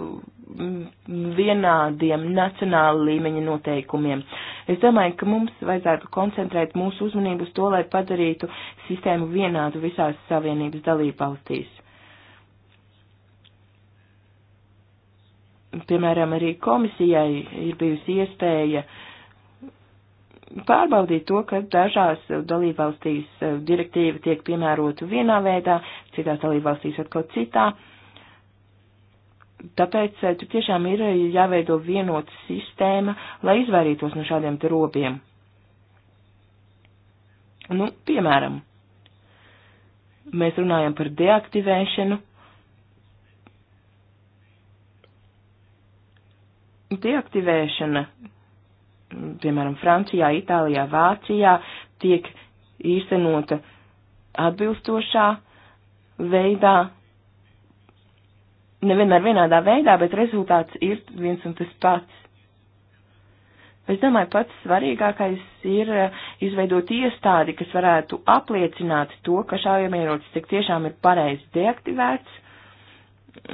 vienādiem nacionāla līmeņa noteikumiem. Es domāju, ka mums vajadzētu koncentrēt mūsu uzmanību uz to, lai padarītu sistēmu vienādu visās Savienības dalībvalstīs. Piemēram, arī komisijai ir bijusi iespēja pārbaudīt to, ka dažās dalībvalstīs direktīva tiek piemērota vienā veidā, citās dalībvalstīs atkal citā. Uh, Tāpēc eh, tur tiešām ir eh, jāveido vienota sistēma, lai izvairītos no šādiem te robiem. Nu, piemēram, mēs runājam par deaktivēšanu. Deaktivēšana, piemēram, Francijā, Itālijā, Vācijā tiek īstenota atbilstošā veidā, nevienmēr vienādā veidā, bet rezultāts ir viens un tas pats. Es domāju, pats svarīgākais ir eh, izveidot iestādi, kas varētu apliecināt to, ka šaujamierocis tik tiešām ir pareizi deaktivēts.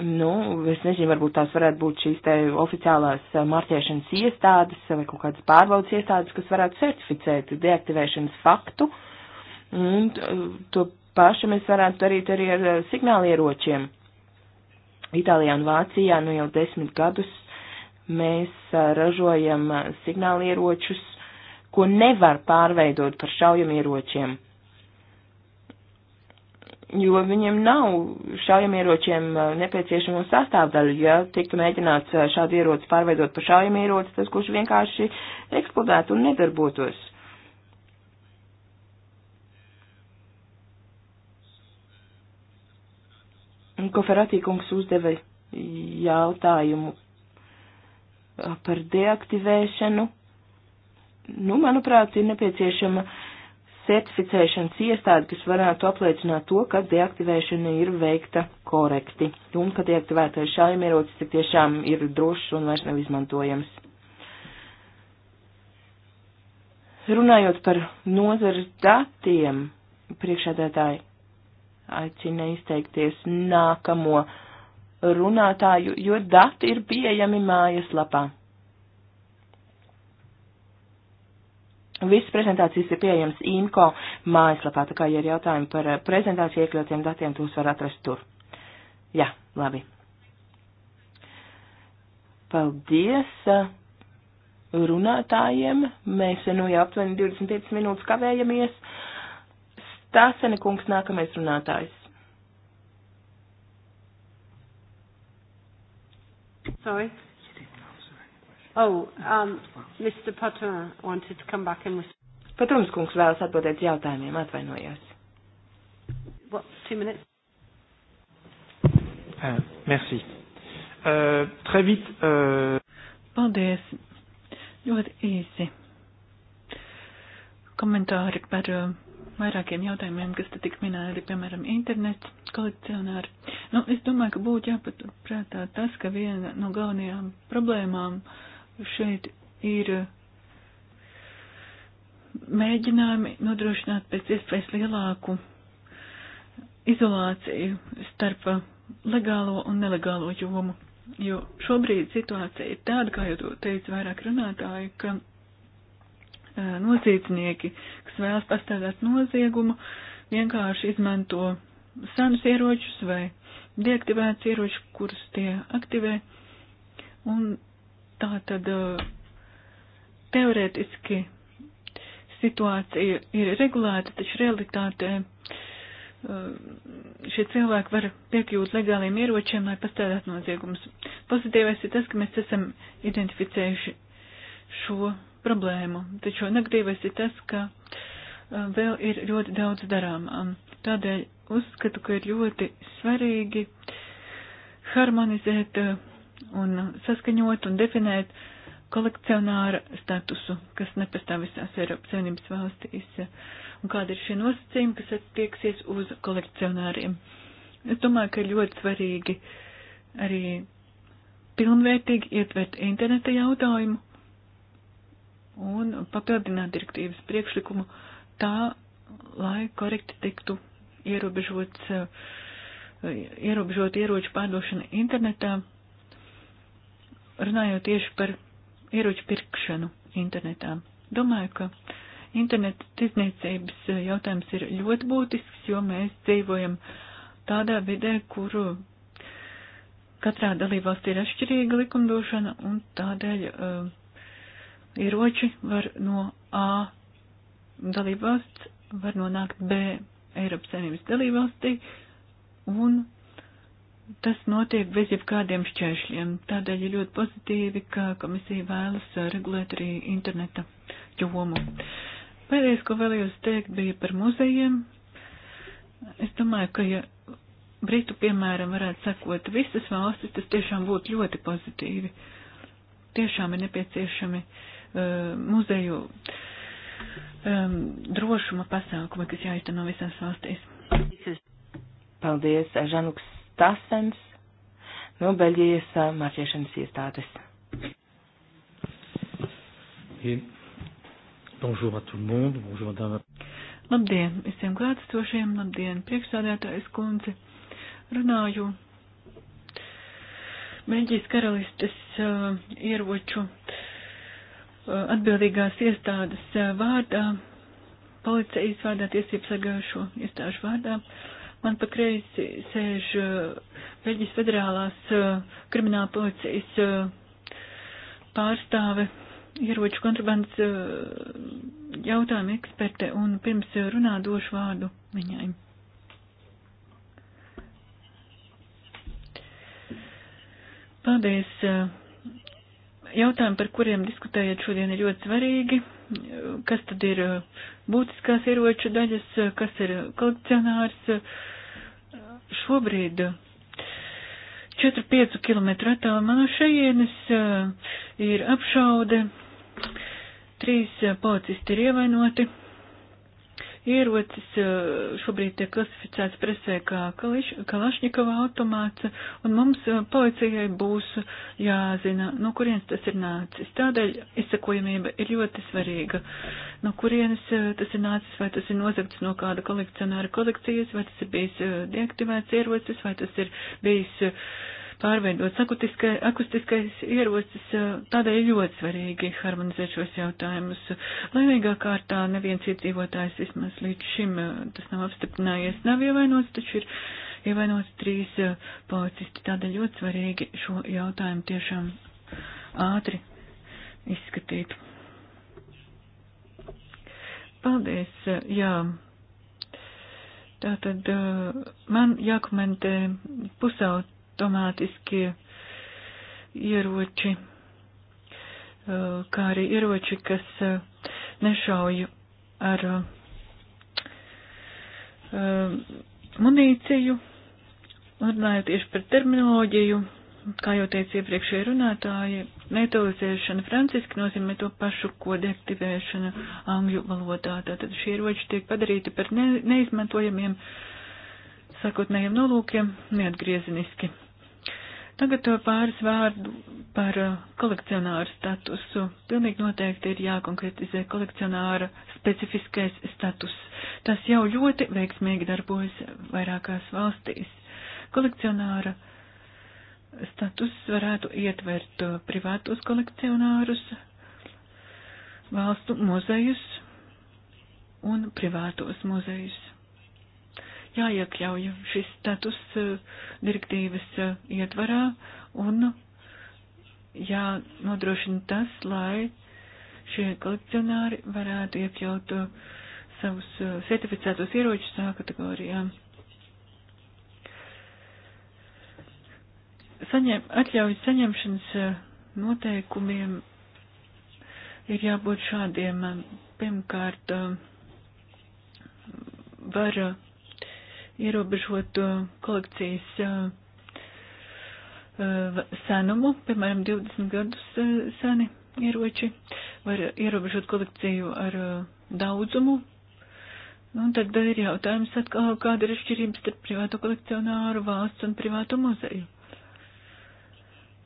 Nu, es nezinu, varbūt tās varētu būt šīs te oficiālās eh, marķēšanas iestādes vai kaut kādas pārbaudas iestādes, kas varētu certificēt deaktivēšanas faktu. Un eh, to pašu mēs varētu darīt arī ar signālieročiem. ieročiem Itālijā un Vācijā nu jau desmit gadus mēs ražojam signālieročus, ko nevar pārveidot par šaujamieročiem, jo viņiem nav šaujamieročiem nepieciešamo sastāvdaļu. Ja tiktu mēģināts šādu ieroci pārveidot par šaujamieroci, tas kurš vienkārši eksplodētu un nedarbotos. Koferatī kungs uzdeva jautājumu par deaktivēšanu. Nu, manuprāt, ir nepieciešama certificēšanas iestāde, kas varētu apliecināt to, ka deaktivēšana ir veikta korekti un ka deaktivētais šaimierocis tik tiešām ir drošs un vairs nav izmantojams. Runājot par nozares datiem, priekšādētāji aicina izteikties nākamo runātāju, jo dati ir pieejami mājaslapā. Visas prezentācijas ir pieejamas INCO mājaslapā, tā kā, ja ir jautājumi par eh, prezentāciju iekļautiem datiem, tos var atrast tur. Jā, labi. Paldies eh, runātājiem. Mēs nu jau aptuveni 25 minūtes kavējamies. Tāsene kungs nākamais runātājs. Sorry. Oh, um, Mr. Patron wanted to come back and respond. Patrons kungs vēlas atbildēt jautājumiem, atvainojos. What, two minutes? Uh, merci. Uh, très vite. Uh... Paldies. Ļoti īsi. Komentāri par uh, vairākiem jautājumiem, kas te tik minēti, piemēram, internets, kolekcionāri. Nu, es domāju, ka būtu jāpaturprātā tas, ka viena no galvenajām problēmām šeit ir uh, mēģinājumi nodrošināt pēc iespējas lielāku izolāciju starp uh, legālo un nelegālo jomu. Jo šobrīd situācija ir tāda, kā jau to teica vairāk runātāji, ka noziedznieki, kas vēlas pastāvēt noziegumu, vienkārši izmanto senus ieročus vai deaktivēts ieroči, kurus tie aktivē. Un tā tad teorētiski situācija ir regulēta, taču realitātē šie cilvēki var piekļūt legāliem ieročiem, lai pastādātu noziegumus. Pozitīvais ir tas, ka mēs esam identificējuši šo problēmu, taču negatīvais ir tas, ka uh, vēl ir ļoti daudz darām. Tādēļ uzskatu, ka ir ļoti svarīgi harmonizēt uh, un saskaņot un definēt kolekcionāra statusu, kas nepastāv visās Eiropas Savienības valstīs, un kāda ir šie nosacījumi, kas attieksies uz kolekcionāriem. Es domāju, ka ir ļoti svarīgi arī pilnvērtīgi ietvert interneta jautājumu, un papildināt direktīvas priekšlikumu tā, lai korekti tiktu ierobežots, eh, ierobežot ieroču pārdošana internetā, runājot tieši par ieroču pirkšanu internetā. Domāju, ka interneta tirdzniecības jautājums ir ļoti būtisks, jo mēs dzīvojam tādā vidē, kuru katrā dalībvalstī ir atšķirīga likumdošana, un tādēļ uh, ieroči var no A dalībvalsts var nonākt B Eiropas Savienības dalībvalstī un tas notiek bez jebkādiem šķēršļiem. Tādēļ ir ļoti pozitīvi, ka komisija vēlas regulēt arī interneta jomu. Pēdējais, ko vēlējos teikt, bija par muzejiem. Es domāju, ka ja Britu, piemēram, varētu sekot visas valstis, tas tiešām būtu ļoti pozitīvi. Tiešām ir nepieciešami uh, Um, muzeju um, drošuma pasākumi, kas jāizteno visās valstīs. Paldies, Žanuks Stasens no Beļģijas uh, mācīšanas iestādes. Et bonjour à tout le monde, bonjour madame. Labdien visiem klātesošiem, labdien priekšsādētājs kundze. Runāju Beļģijas karalistes uh, ieroču atbildīgās iestādes eh, vārdā, policijas vārdā, tiesības sagājušo iestāžu vārdā. Man pa kreisi sēž Beļģijas eh, federālās eh, krimināla policijas pārstāve ieroču kontrabandas jautājuma eksperte un pirms runā došu vārdu viņai. Paldies, jautājumi, par kuriem diskutējat šodien, ir ļoti svarīgi. Kas tad ir uh, būtiskās ieroču daļas, uh, kas ir kolekcionārs? Uh, šobrīd 4-5 km attālumā no šejienes ir apšaude, trīs policisti ir ievainoti ierocis eh, šobrīd tiek klasificēts presē kā kališ, Kalašņikava automāts, un mums eh, policijai būs jāzina, no kurienes tas ir nācis. Tādēļ izsakojamība ir ļoti svarīga. No kurienes eh, tas ir nācis, vai tas ir nozagts no kāda kolekcionāra kolekcijas, vai tas ir bijis deaktivēts ierocis, vai tas ir bijis pārveidot sakutiskai, akustiskais ierocis, tādēļ ir ļoti svarīgi harmonizēt šos jautājumus. Laimīgā kārtā neviens iedzīvotājs vismaz līdz šim tas nav apstiprinājies, nav ievainots, taču ir ievainots trīs policisti, tādēļ ļoti svarīgi šo jautājumu tiešām ātri izskatīt. Paldies, jā. Tātad man jākomentē pusaut automātiskie ieroči, eh, kā arī ieroči, kas eh, nešauj ar eh, munīciju, runājot tieši par terminoloģiju, kā jau teica iepriekšēji runātāji, neutralizēšana franciski nozīmē to pašu, ko deaktivēšana angļu valodā. Tātad šie ieroči tiek padarīti par ne, neizmantojamiem sākotnējiem nolūkiem neatgriezeniski. Tagad pāris vārdu par uh, kolekcionāru statusu. Pilnīgi noteikti ir jākonkretizē kolekcionāra specifiskais status. Tas jau ļoti veiksmīgi darbojas vairākās valstīs. Kolekcionāra status varētu ietvert uh, privātos kolekcionārus, valstu muzejus un privātos muzejus jāiekļauj šis status eh, direktīvas eh, ietvarā un jānodrošina tas, lai šie kolekcionāri varētu iekļaut eh, savus certificētos ieročus A kategorijā. Saņem, atļaujas saņemšanas noteikumiem ir jābūt šādiem. Pirmkārt, var ierobežotu uh, kolekcijas uh, uh, senumu, piemēram, 20 gadus seni ieroči, var ierobežot kolekciju ar daudzumu. Nu, un tad ir jautājums atkal, kāda ir atšķirība starp privāto kolekcionāru, valsts un privāto muzeju.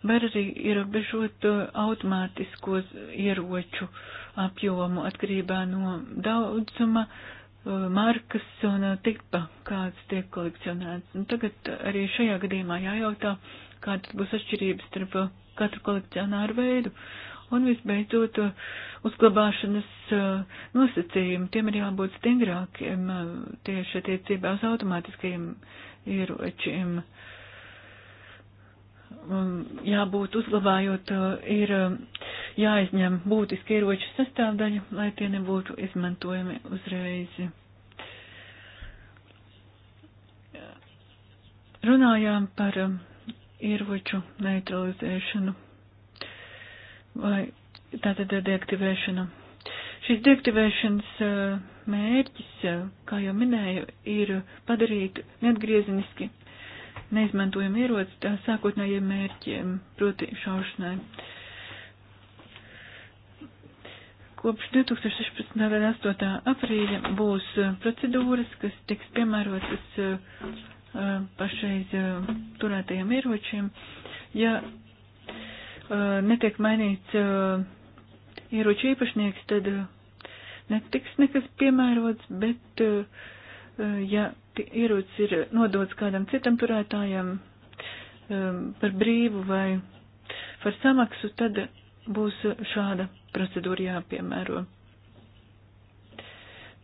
Var arī ierobežot automātiskos ieroču apjomu atkarībā no daudzuma, uh, Uh, markas un uh, tipa, kāds tiek kolekcionēts. Un tagad arī šajā gadījumā jājautā, kāda būs atšķirības starp uh, katru kolekcionāru veidu. Un visbeidzot, uzglabāšanas nosacījumi, tiem ir jābūt stingrākiem tieši attiecībā uz automātiskajiem ieročiem. Uh, Um, jābūt uzglabājot, uh, ir um, jāizņem būtiski ieroču sastāvdaļa, lai tie nebūtu izmantojami uzreiz. Runājām par um, ieroču neutralizēšanu vai tātad deaktivēšanu. Šis deaktivēšanas uh, mērķis, uh, kā jau minēju, ir padarīt neatgriezeniski neizmantojam ieroci tā sākotnējiem mērķiem, proti šaušanai. Kopš 2016. gada 8. aprīļa būs uh, procedūras, kas tiks piemērotas uh, uh, pašreiz turētajiem ieročiem. Ja netiek mainīts ieroču īpašnieks, tad netiks nekas piemērots, bet ja ierocis ir nodots kādam citam turētājam um, par brīvu vai par samaksu, tad būs šāda procedūra jāpiemēro.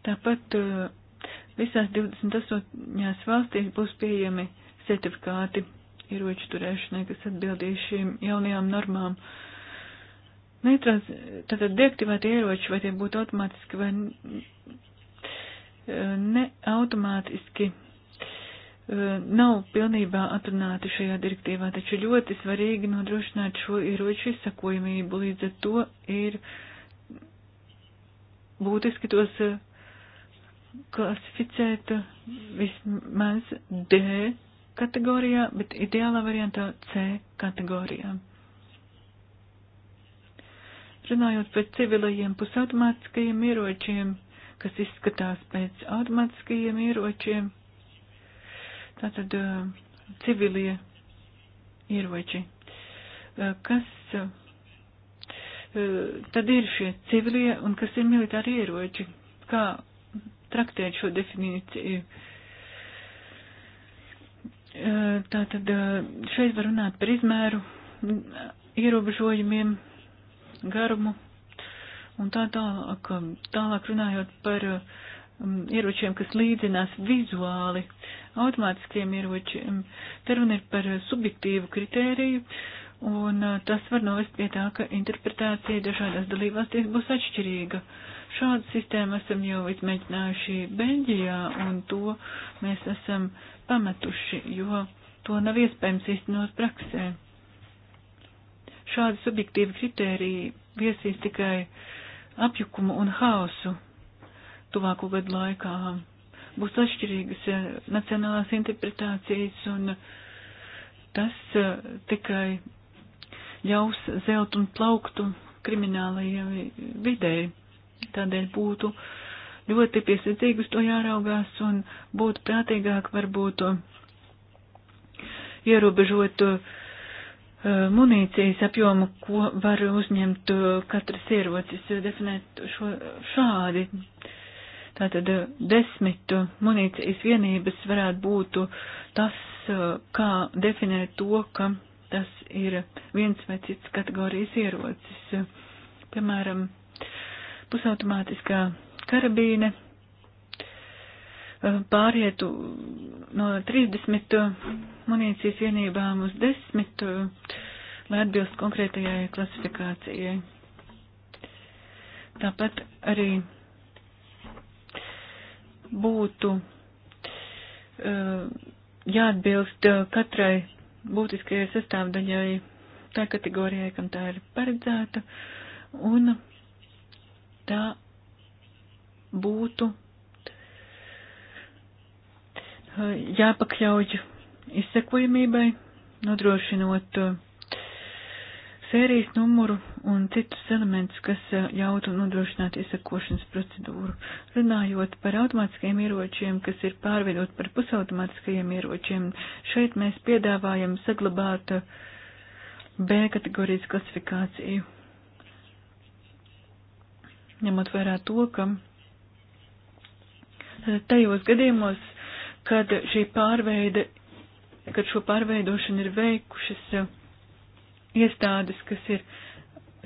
Tāpat uh, visās 28 valstīs būs pieejami certifikāti ieroču turēšanai, kas atbildīs šīm jaunajām normām. Neitrans, tātad deaktivēti ieroči, vai tie būtu automātiski vai ne automātiski eh, nav pilnībā atrunāti šajā direktīvā, taču ļoti svarīgi nodrošināt šo ieroču izsakojamību, līdz ar to ir būtiski tos eh, klasificēt vismaz D kategorijā, bet ideālā variantā C kategorijā. Runājot par civilajiem pusautomātiskajiem ieročiem, kas izskatās pēc automatiskajiem ieročiem. Tātad uh, civilie ieroči. Uh, kas uh, tad ir šie civilie un kas ir militāri ieroči? Kā traktēt šo definīciju? Tātad šeit var runāt par izmēru, ierobežojumiem, garumu un tā tālāk, um, tālāk runājot par um, ieročiem, kas līdzinās vizuāli automātiskiem ieročiem. Te runa ir par subjektīvu kritēriju, un uh, tas var novest pie tā, ka interpretācija dažādās dalībvalstīs būs atšķirīga. Šādu sistēmu esam jau izmēģinājuši Beļģijā, un to mēs esam pametuši, jo to nav iespējams īstenot praksē. Šādi subjektīvi kritēriji viesīs tikai uh, apjukumu un hausu tuvāko gadu laikā. Būs atšķirīgas nacionālās interpretācijas un tas eh, tikai ļaus zelt un plauktu kriminālajai videi. Tādēļ būtu ļoti piesardzīgi uz to jāraugās un būtu prātīgāk varbūt ierobežot uh, Uh, munīcijas apjomu, ko var uzņemt uh, katras ierocis, uh, definēt šo šādi. Tātad desmit munīcijas vienības varētu būt tas, kā definēt to, ka tas ir viens vai cits kategorijas ierocis. Piemēram, pusautomātiskā karabīne Eh, pārietu no 30 eh, munīcijas vienībām uz 10, eh, lai atbilst konkrētajai klasifikācijai. Tāpat arī būtu jāatbilst katrai būtiskajai sastāvdaļai, tā kategorijai, kam tā ir paredzēta, un tā būtu jāpakļauj izsekojamībai, nodrošinot uh, sērijas numuru un citus elementus, kas uh, ļautu nodrošināt izsekošanas procedūru. Runājot par automātiskajiem ieročiem, kas ir pārveidot par pusautomātiskajiem ieročiem, šeit mēs piedāvājam saglabāt uh, B kategorijas klasifikāciju. Ņemot vērā to, ka tajos gadījumos kad šī pārveide, kad šo pārveidošanu ir veikušas uh, iestādes, kas ir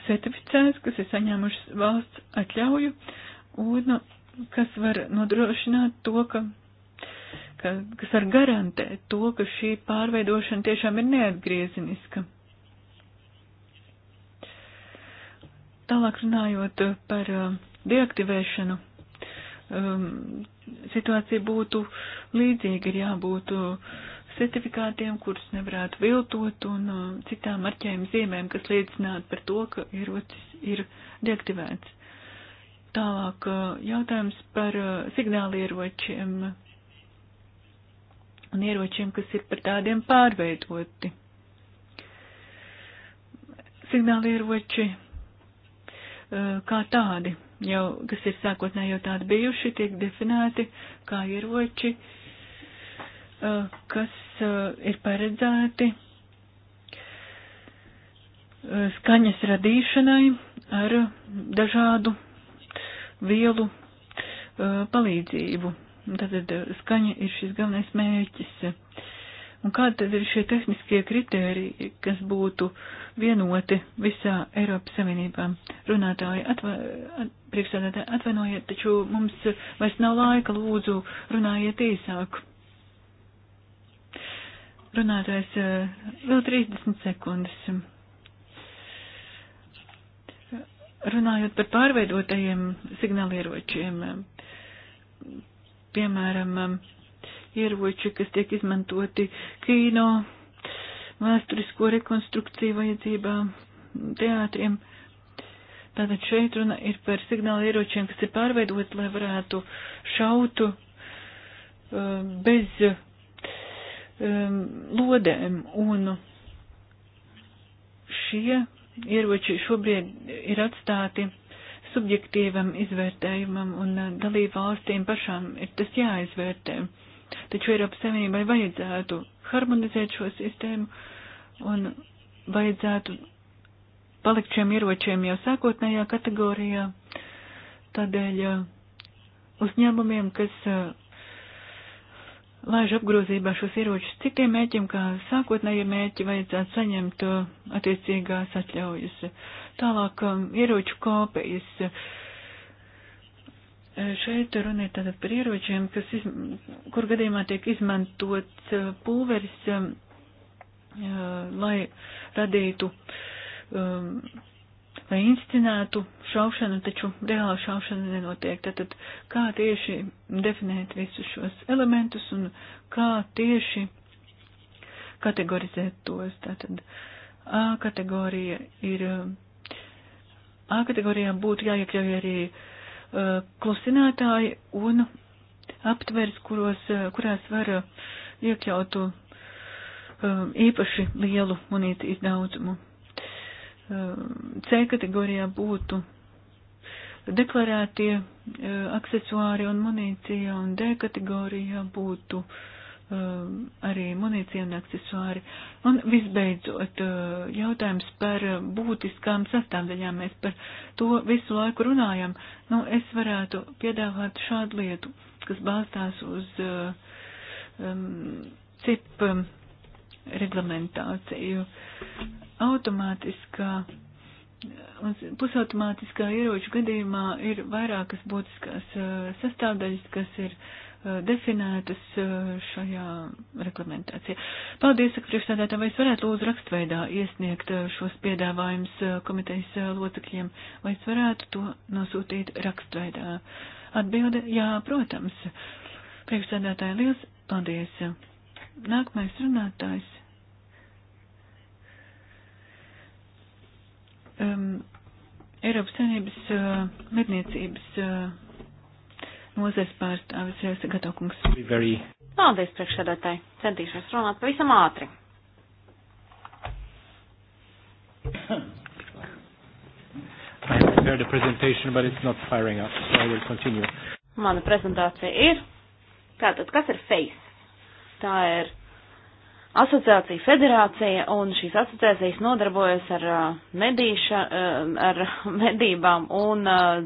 certificētas, kas ir saņēmušas valsts atļauju un uh, kas var nodrošināt to, ka, ka, kas var garantēt to, ka šī pārveidošana tiešām ir neatgriezeniska. Tālāk runājot par uh, deaktivēšanu um, situācija būtu līdzīga, ir jābūt uh, certifikātiem, kurus nevarētu viltot un uh, citām marķējuma zīmēm, kas liecinātu par to, ka ierocis ir deaktivēts. Tālāk uh, jautājums par uh, signālieročiem un ieročiem, kas ir par tādiem pārveidoti. Signālieroči uh, kā tādi jau, kas ir sākotnēji jau tādi bijuši, tiek definēti kā ieroči, kas ir paredzēti skaņas radīšanai ar dažādu vielu palīdzību. Tātad skaņa ir šis galvenais mērķis. Un kādi tad ir šie tehniskie kritēriji, kas būtu vienoti visā Eiropas Savienībā? Runātāji, atva, at, priekšsēdētāji, atvainojiet, taču mums vairs nav laika, lūdzu, runājiet īsāk. Runātājs, eh, vēl 30 sekundes. Runājot par pārveidotajiem signālieročiem, piemēram, ieroči, kas tiek izmantoti kīno, vēsturisko rekonstrukciju vajadzībām, teātriem. Tātad šeit runa ir par signāla ieročiem, kas ir pārveidot, lai varētu šautu um, bez um, lodēm. Un šie ieroči šobrīd ir atstāti subjektīvam izvērtējumam, un uh, dalību valstīm pašām ir tas jāizvērtē. Uh, Taču Eiropas Savienībai vajadzētu harmonizēt šo sistēmu un vajadzētu palikt šiem ieročiem jau sākotnējā kategorijā. Tādēļ uh, uzņēmumiem, kas uh, laiž apgrozībā šos ieročus citiem mēķiem, kā sākotnējie mēķi, vajadzētu saņemt uh, attiecīgās atļaujas. Tālāk um, ieroču kopijas Šeit runa ir tātad par ieročiem, kas, iz, kur gadījumā tiek izmantots eh, pulveris, eh, lai radītu, eh, lai inscenētu šaušanu, taču reāla šaušana nenotiek. Tātad, kā tieši definēt visus šos elementus un kā tieši kategorizēt tos. Tātad, A kategorija ir. A kategorijā būtu jāiekļauj arī uh, Eh, klusinātāji un aptvers, kuros, eh, kurās var eh, iekļautu īpaši lielu munīcijas daudzumu. C kategorijā būtu deklarētie aksesuāri un munīcija, un D kategorijā būtu uh, um, arī munīcija un aksesuāri. Un visbeidzot, uh, jautājums par uh, būtiskām sastāvdaļām. Mēs par to visu laiku runājam. Nu, es varētu piedāvāt šādu lietu, kas balstās uz uh, um, cip um, reglamentāciju. Automātiskā un pusautomātiskā ieroču gadījumā ir vairākas būtiskās uh, sastāvdaļas, kas ir uh, Eh, definētas eh, šajā reglamentācijā. Paldies, saka priekšstādātā, vai es varētu lūdzu rakstveidā iesniegt eh, šos piedāvājums komitejas locekļiem, vai es varētu to nosūtīt rakstveidā? Atbilde, jā, protams. Priekšstādātāja, liels paldies. Nākamais runātājs. Um, Eiropas Savienības uh, medniecības uh, nozars pārstāvis Rēsa Gatokungs. Very... Paldies, priekšsēdētāji. Centīšos runāt pavisam ātri. I prepared a presentation, but it's not firing up, so I will continue. Mana prezentācija ir. Tātad, kas ir FACE? Tā ir asociācija federācija, un šīs asociācijas nodarbojas ar, uh, medīša, uh, ar medībām un uh,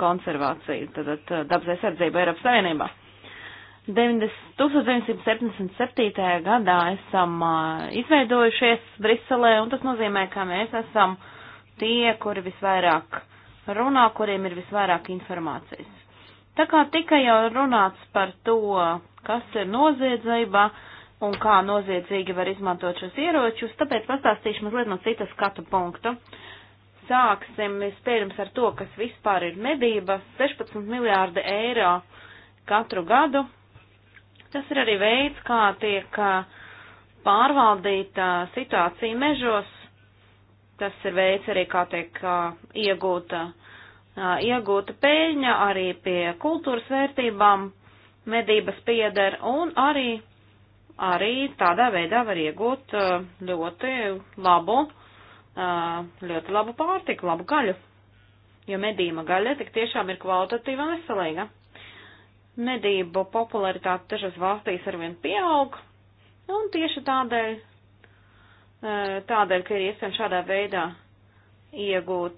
konservāciju, tātad dabas aizsardzību Eiropas Savienībā. 1977. gadā esam izveidojušies Briselē, un tas nozīmē, ka mēs esam tie, kuri visvairāk runā, kuriem ir visvairāk informācijas. Tā kā tika jau runāts par to, kas ir noziedzība un kā noziedzīgi var izmantot šos ieročus, tāpēc pastāstīšu mazliet no citas skatu punktu. Uh, Sāksim vispirms ar to, kas vispār ir medības - 16 miljārdi eiro katru gadu. Tas ir arī veids, kā tiek pārvaldīta situācija mežos. Tas ir veids arī, kā tiek iegūta, iegūta peļņa arī pie kultūras vērtībām. Medības pieder un arī, arī tādā veidā var iegūt ļoti labu uh, Ah, ļoti labu pārtiku, labu gaļu, jo medījuma gaļa tik tiešām ir kvalitatīva un veselīga. Medību popularitāte dažas valstīs arvien pieaug, un tieši tādēļ, eh, tādēļ, ka ir iespējams šādā veidā iegūt,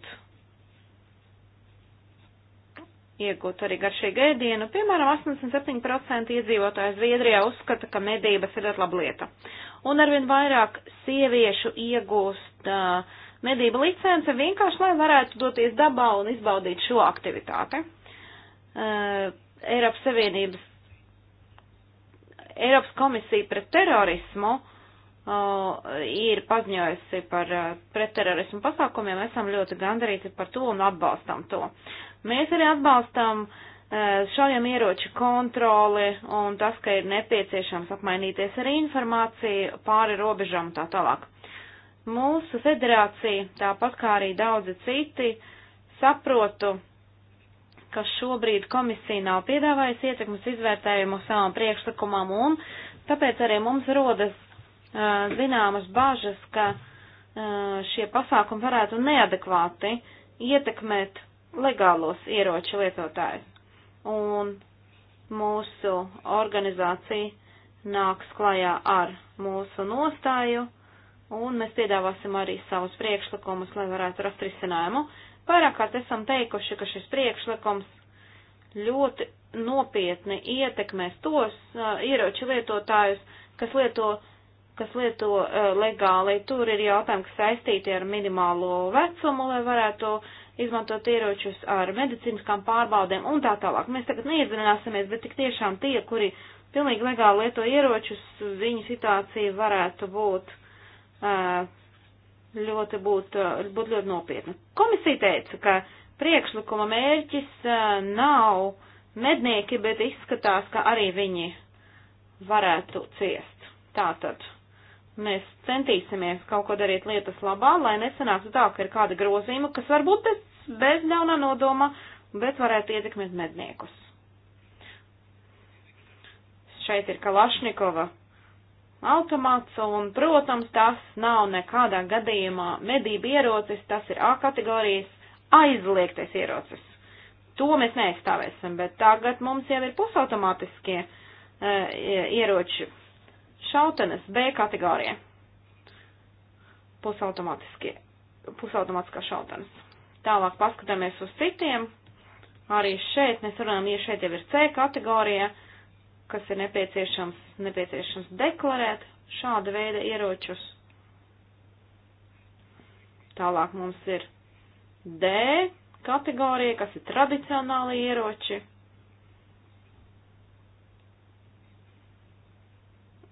iegūt arī garšīgu ēdienu. Piemēram, 87% iedzīvotāju Zviedrijā uzskata, ka medības ir ļoti laba lieta un arvien vairāk sieviešu iegūst uh, medību licenci vienkārši, lai varētu doties dabā un izbaudīt šo aktivitāti. Uh, Eiropas Savienības, Eiropas komisija pret terorismu uh, ir paziņojusi par uh, pretterorismu pasākumiem, esam ļoti gandarīti par to un atbalstam to. Mēs arī atbalstam uh, Eh, šaujam ieroču kontroli un tas, ka ir nepieciešams apmainīties ar informāciju pāri robežām un tā tālāk. Mūsu federācija, tāpat kā arī daudzi citi, saprotu, ka šobrīd komisija nav piedāvājusi ietekmes izvērtējumu savam priekšlikumam un tāpēc arī mums rodas uh, zināmas bažas, ka uh, šie pasākumi varētu neadekvāti ietekmēt legālos ieroču lietotājus un mūsu organizācija nāks klajā ar mūsu nostāju, un mēs piedāvāsim arī savus priekšlikumus, lai varētu rast risinājumu. Vairāk kārt esam teikuši, ka šis priekšlikums ļoti nopietni ietekmēs tos uh, ieroču lietotājus, kas lieto, kas lieto uh, legāli. Tur ir jautājumi, kas saistīti ar minimālo vecumu, lai varētu uh, izmantot ieročus ar medicīniskām pārbaudēm un tā tālāk. Mēs tagad neiedzināsimies, bet tik tiešām tie, kuri pilnīgi legāli lieto ieročus, viņu situācija varētu būt ļoti, būt, būt ļoti nopietna. Komisija teica, ka priekšlikuma mērķis nav mednieki, bet izskatās, ka arī viņi varētu ciest. Tātad Mēs centīsimies kaut ko darīt lietas labā, lai nesanāktu tā, ka ir kāda grozījuma, kas varbūt bez, bez ļaunā nodoma, bet varētu ietekmēt medniekus. Šeit ir Kalašnikova automāts, un, protams, tas nav nekādā gadījumā medību ierocis, tas ir A kategorijas aizliegtais ierocis. To mēs neaizstāvēsim, bet tagad mums jau ir pusautomātiskie e, ieroči šautenes B kategorija. Pusautomātiskie, pusautomātiskā šautenes. Tālāk paskatāmies uz citiem. Arī šeit mēs runājam, ja šeit jau ir C kategorija, kas ir nepieciešams, nepieciešams deklarēt šāda veida ieročus. Tālāk mums ir D kategorija, kas ir tradicionāli ieroči.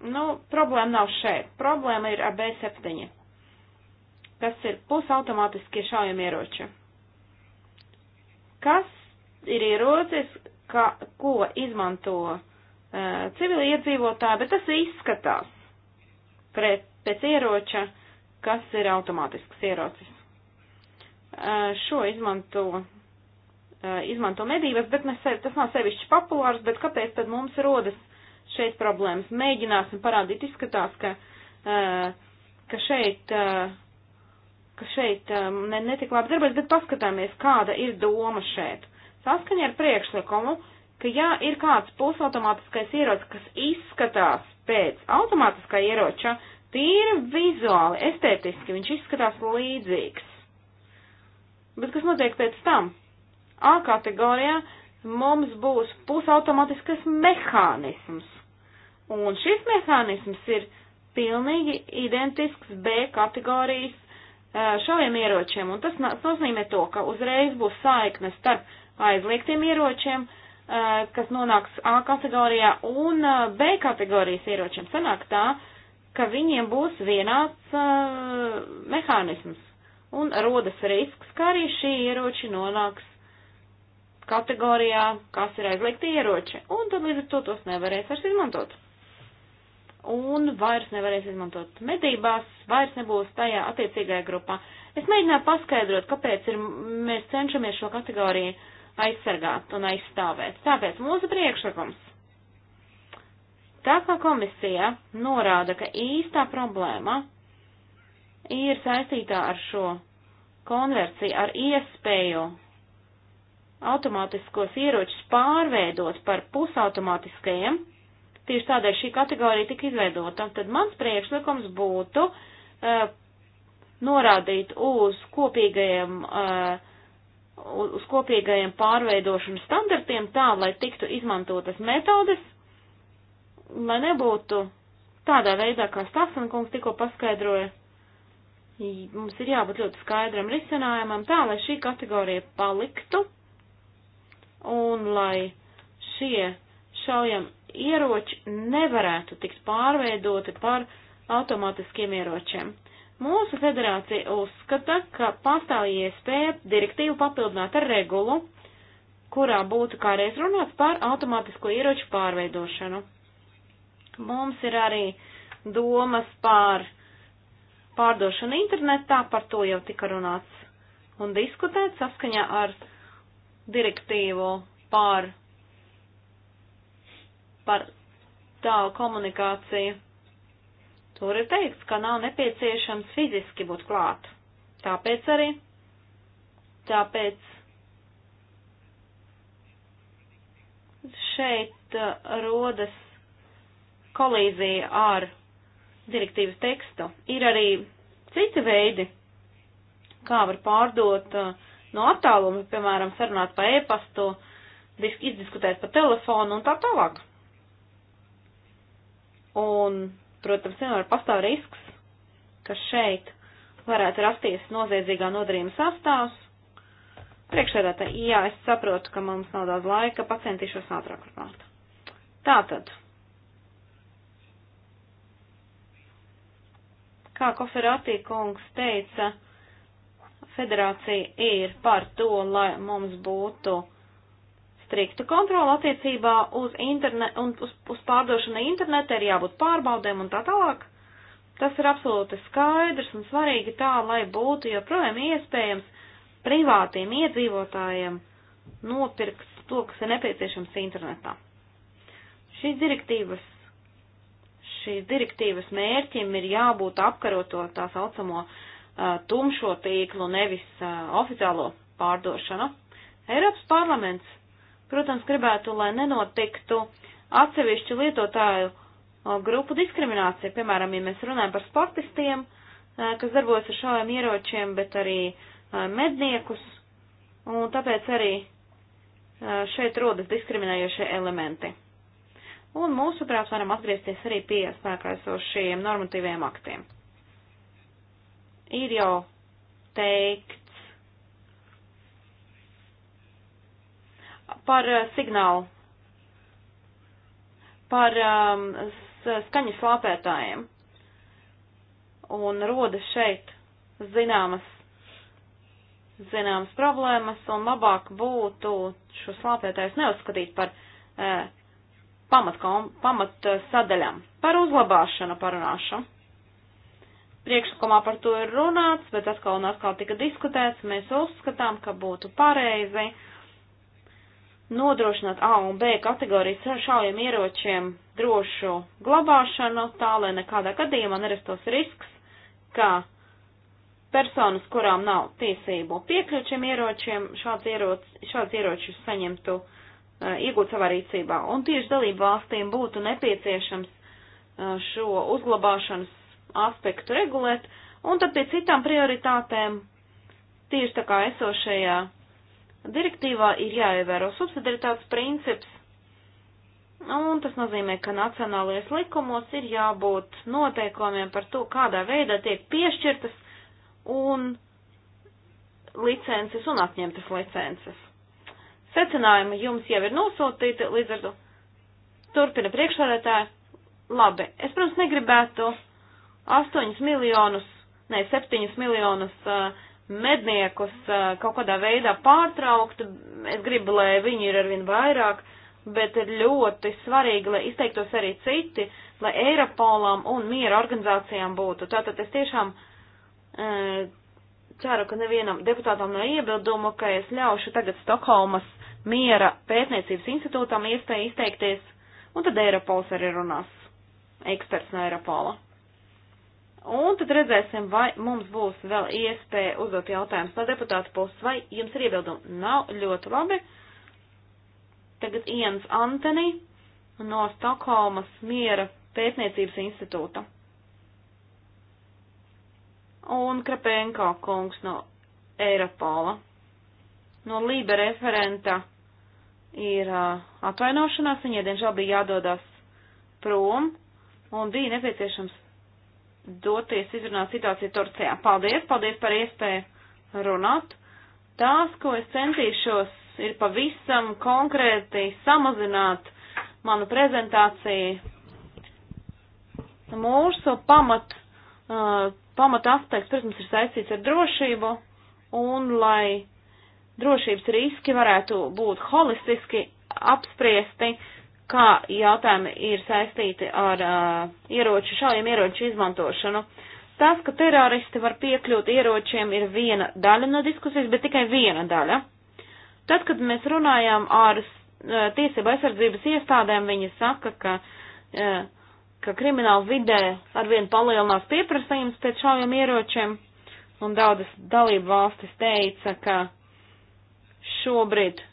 Nu, problēma nav šeit. Problēma ir ar B7, kas ir pusautomātiskie šaujamieroči. Kas ir ierocis, ka, ko izmanto uh, civili iedzīvotāji, bet tas izskatās pret, pēc ieroča, kas ir automātisks ierocis. Uh, šo izmanto, uh, izmanto medības, bet ne, tas nav sevišķi populārs, bet kāpēc tad mums rodas šeit problēmas. Mēģināsim parādīt, izskatās, ka, eh, ka šeit, eh, ka šeit eh, ne, netik labi darbojas, bet paskatāmies, kāda ir doma šeit. Saskaņa ar priekšlikumu, ka ja ir kāds pusautomātiskais ierocis, kas izskatās pēc automātiskā ieroča, tīri vizuāli, estētiski viņš izskatās līdzīgs. Bet kas notiek pēc tam? A kategorijā mums būs pusautomātiskais mehānisms. Un šis mehānisms ir pilnīgi identisks B kategorijas šaujam ieročiem, un tas nozīmē to, ka uzreiz būs saikne starp aizliegtiem ieročiem, kas nonāks A kategorijā un B kategorijas ieročiem. Sanāk tā, ka viņiem būs vienāds uh, mehānisms un rodas risks, ka arī šī ieroči nonāks kategorijā, kas ir aizliegti ieroči, un tad līdz ar to tos nevarēs vairs izmantot un vairs nevarēs izmantot medībās, vairs nebūs tajā attiecīgajā grupā. Es mēģināju paskaidrot, kāpēc ir, mēs cenšamies šo kategoriju aizsargāt un aizstāvēt. Tāpēc mūsu priekšlikums. Tā kā komisija norāda, ka īstā problēma ir saistītā ar šo konversiju, ar iespēju automātiskos ieročus pārveidot par pusautomātiskajiem, Tieši tādēļ šī kategorija tika izveidota. Tad mans priekšlikums būtu uh, norādīt uz kopīgajiem, uh, uz kopīgajiem pārveidošanas standartiem tā, lai tiktu izmantotas metodes, lai nebūtu tādā veidā, kā Stāstankungs tikko paskaidroja. Mums ir jābūt ļoti skaidram risinājumam tā, lai šī kategorija paliktu un lai šie šaujam ieroči nevarētu tikt pārveidoti par automatiskiem ieročiem. Mūsu federācija uzskata, ka pastāv iespēja direktīvu papildināt ar regulu, kurā būtu kādreiz runāts par automātisko ieroču pārveidošanu. Mums ir arī domas par pārdošanu internetā, par to jau tika runāts un diskutēts saskaņā ar direktīvu pār par tālu komunikāciju. Tur ir teikts, ka nav nepieciešams fiziski būt klāt. Tāpēc arī, tāpēc šeit uh, rodas kolīzija ar direktīvas tekstu. Ir arī citi veidi, kā var pārdot uh, no attāluma, piemēram, sarunāt pa e-pastu, izdiskutēt pa telefonu un tā tālāk. Un, protams, vienmēr pastāv risks, ka šeit varētu rasties noziedzīgā nodarījuma sastāvs. Priekšsēdētāji, jā, es saprotu, ka mums nav daudz laika, pacientīšos ātrāk runāt. Tātad. Kā Koferātī kungs teica, federācija ir par to, lai mums būtu strikta kontrola attiecībā uz, interne, un uz, uz pārdošanai internetā, ir jābūt pārbaudēm un tā tālāk. Tas ir absolūti skaidrs un svarīgi tā, lai būtu joprojām iespējams privātiem iedzīvotājiem nopirkt to, kas ir nepieciešams internetā. Šīs direktīvas, šīs direktīvas mērķim ir jābūt apkaroto tā saucamo uh, tumšo tīklu, nevis uh, oficiālo pārdošanu. Eiropas parlaments Protams, gribētu, lai nenotiktu atsevišķu lietotāju grupu diskriminācija, piemēram, ja mēs runājam par sportistiem, e, kas darbojas ar šaujam ieročiem, bet arī e, medniekus, un tāpēc arī e, šeit rodas diskriminējošie elementi. Un mūsuprāt, varam atgriezties arī pie spēkā esošajiem normatīviem aktiem. Ir jau teikt, par eh, signālu, par um, skaņas lāpētājiem. Un rodas šeit zināmas, zināmas problēmas, un labāk būtu šos lāpētājus neuzskatīt par uh, pamat, pamat eh, sadaļām. Par uzlabāšanu parunāšu. Priekšlikumā par to ir runāts, bet atkal un atkal tika diskutēts. Mēs uzskatām, ka būtu pareizi uh, nodrošināt A un B kategorijas šaujam ieročiem drošu glabāšanu, tā lai nekādā gadījumā nerastos risks, ka personas, kurām nav tiesību piekļūt šiem ieročiem, šāds, ieroč, šāds ieročus saņemtu, eh, iegūt savā rīcībā. Un tieši dalību valstīm būtu nepieciešams eh, šo uzglabāšanas aspektu regulēt, un tad pie citām prioritātēm, tieši tā kā esošajā Direktīvā ir jāievēro subsidiaritātes princips, un tas nozīmē, ka nacionālajos likumos ir jābūt noteikumiem par to, kādā veidā tiek piešķirtas un licences un atņemtas licences. Secinājumi jums jau ir nosūtīti, līdz ar to turpina priekšsādētāji. Labi, es, protams, negribētu 8 miljonus, ne 7 miljonus uh, medniekus kaut kādā veidā pārtraukt. Es gribu, lai viņi ir arvien vairāk, bet ir ļoti svarīgi, lai izteiktos arī citi, lai Eiropolām un miera organizācijām būtu. Tātad es tiešām ceru, ka nevienam deputātam nav no iebildumu, ka es ļaušu tagad Stokholmas miera pētniecības institūtam iespēju izteikties, un tad Eiropols arī runās. Eksperts no Eiropola. Un tad redzēsim, vai mums būs vēl iespēja uzdot jautājumus no deputāta puses, vai jums ir iebildumi. Nav ļoti labi. Tagad Iens Antoni no Stokholmas miera pētniecības institūta. Un Krapenko kungs no Eiropola. No Lība referenta ir uh, atvainošanās, viņai diemžēl bija jādodas prom un bija nepieciešams doties izrunāt situāciju Turcijā. Paldies, paldies par iespēju runāt. Tās, ko es centīšos, ir pavisam konkrēti samazināt manu prezentāciju. Mūsu pamat, uh, pamat aspekts, protams, ir saistīts ar drošību un lai drošības riski varētu būt holistiski apspriesti, uh, kā jautājumi ir saistīti ar uh, ieroču, šaujam ieroču izmantošanu. Tas, ka teroristi var piekļūt ieročiem, ir viena daļa no diskusijas, bet tikai viena daļa. Tad, kad mēs runājām ar uh, tiesību aizsardzības iestādēm, viņi saka, ka, uh, ka krimināla vidē arvien palielinās pieprasījums pēc šaujam ieročiem, un daudzas dalību valstis teica, ka šobrīd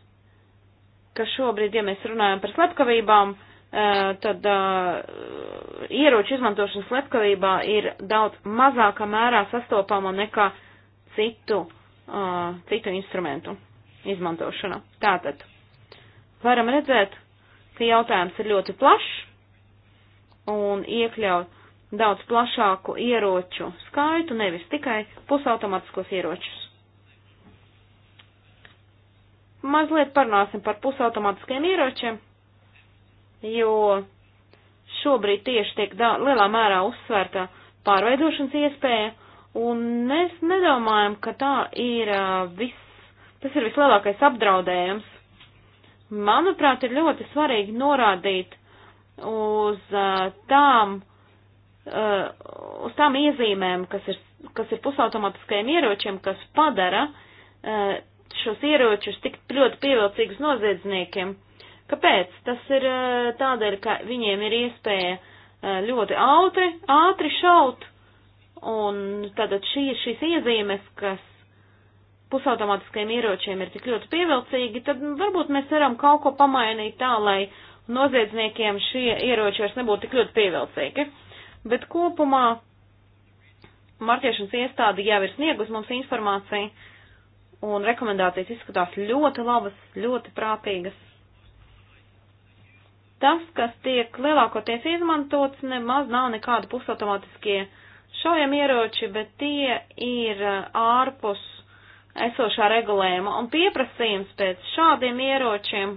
ka šobrīd, ja mēs runājam par slepkavībām, eh, tad uh, ieroču izmantošana slepkavībā ir daudz mazākā mērā sastopama nekā citu, uh, citu instrumentu izmantošana. Tātad varam redzēt, ka jautājums ir ļoti plašs un iekļauj daudz plašāku ieroču skaitu, nevis tikai pusautomātiskos ieročus mazliet parunāsim par pusautomātiskiem ieročiem, jo šobrīd tieši tiek da, lielā mērā uzsvērta pārveidošanas iespēja, un mēs nedomājam, ka tā ir vis, tas ir vislielākais apdraudējums. Manuprāt, ir ļoti svarīgi norādīt uz uh, tām, uh, uz tām iezīmēm, kas ir, kas ir pusautomātiskajiem ieročiem, kas padara uh, šos ieročus tik ļoti pievilcīgus noziedzniekiem. Kāpēc? Tas ir tādēļ, ka viņiem ir iespēja ļoti ātri, ātri šaut, un tātad šī, šīs iezīmes, kas pusautomātiskiem ieročiem ir tik ļoti pievilcīgi, tad varbūt mēs varam kaut ko pamainīt tā, lai noziedzniekiem šie ieroči vairs nebūtu tik ļoti pievilcīgi. Bet kopumā marķēšanas iestāde jau ir sniegus mums informāciju, un rekomendācijas izskatās ļoti labas, ļoti prātīgas. Tas, kas tiek lielākoties izmantots, nemaz nav nekādi pusautomātiskie šaujam ieroči, bet tie ir uh, ārpus esošā regulējuma, un pieprasījums pēc šādiem ieročiem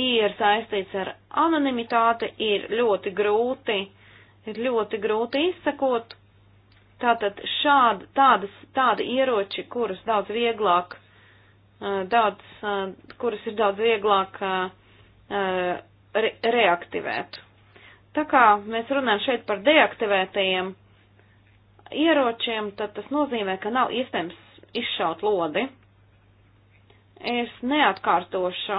ir saistīts ar anonimitāti, ir ļoti grūti, ir ļoti grūti izsekot, Tātad šāda, tādas, tāda ieroči, kurus daudz vieglāk, daudz, kurus ir daudz vieglāk re, reaktivēt. Tā kā mēs runājam šeit par deaktivētajiem ieročiem, tad tas nozīmē, ka nav iespējams izšaut lodi. Es neatkārtošu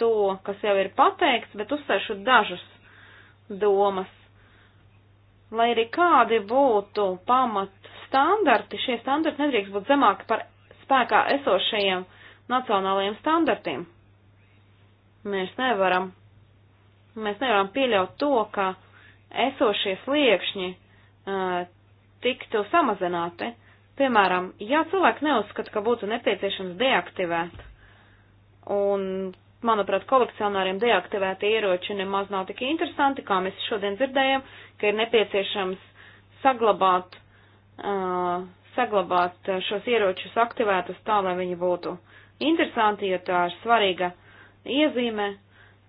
to, kas jau ir pateikts, bet uzsveršu dažus domas lai arī kādi būtu pamat standarti, šie standarti nedrīkst būt zemāki par spēkā esošajiem nacionālajiem standartiem. Mēs nevaram, mēs nevaram pieļaut to, ka esošie sliekšņi uh, tiktu samazināti. Piemēram, ja cilvēki neuzskata, ka būtu nepieciešams deaktivēt un manuprāt, kolekcionāriem deaktivēti ieroči nemaz nav tik interesanti, kā mēs šodien dzirdējam, ka ir nepieciešams saglabāt, uh, saglabāt šos ieročus aktivētus tā, lai viņi būtu interesanti, jo tā ir svarīga iezīme.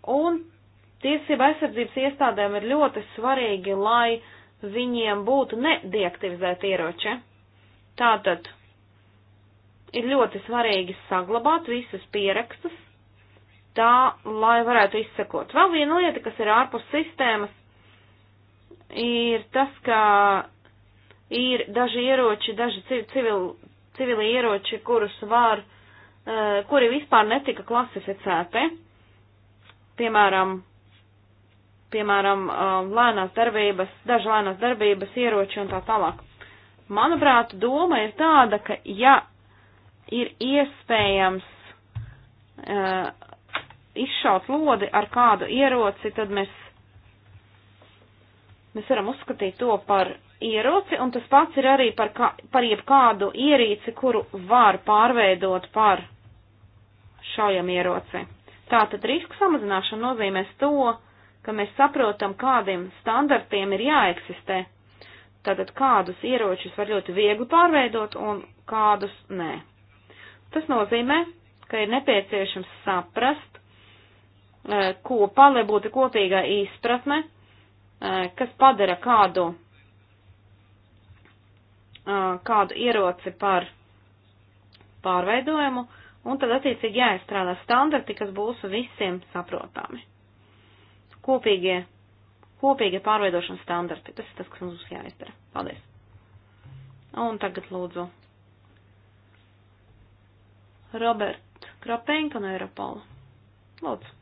Un tiesība aizsardzības iestādēm ir ļoti svarīgi, lai viņiem būtu nedeaktivizēti ieroči. Tātad ir ļoti svarīgi saglabāt visus pierakstus, tā, lai varētu izsekot. Vēl viena lieta, kas ir ārpus sistēmas, ir tas, ka ir daži ieroči, daži civil, civili ieroči, kurus var, eh, kuri vispār netika klasificēti. Piemēram, piemēram, eh, lēnās darbības, daži lēnās darbības ieroči un tā tālāk. Manuprāt, doma ir tāda, ka ja ir iespējams eh, izšaut lodi ar kādu ieroci, tad mēs, mēs varam uzskatīt to par ieroci, un tas pats ir arī par, kā, par jebkādu ierīci, kuru var pārveidot par šaujam ieroci. Tātad risku samazināšana nozīmēs to, ka mēs saprotam, kādiem standartiem ir jāeksistē. Tātad kādus ieročus var ļoti viegli pārveidot un kādus nē. Tas nozīmē, ka ir nepieciešams saprast, Eh, kopā, lai būtu kopīga izpratne, eh, kas padara kādu, eh, kādu ieroci par pārveidojumu, un tad attiecīgi jāizstrādā standarti, kas būs visiem saprotami. Kopīgie, kopīgie pārveidošanas standarti, tas ir tas, kas mums jāizdara. Paldies! Un tagad lūdzu Robert Krapenko no Eiropola. Lūdzu.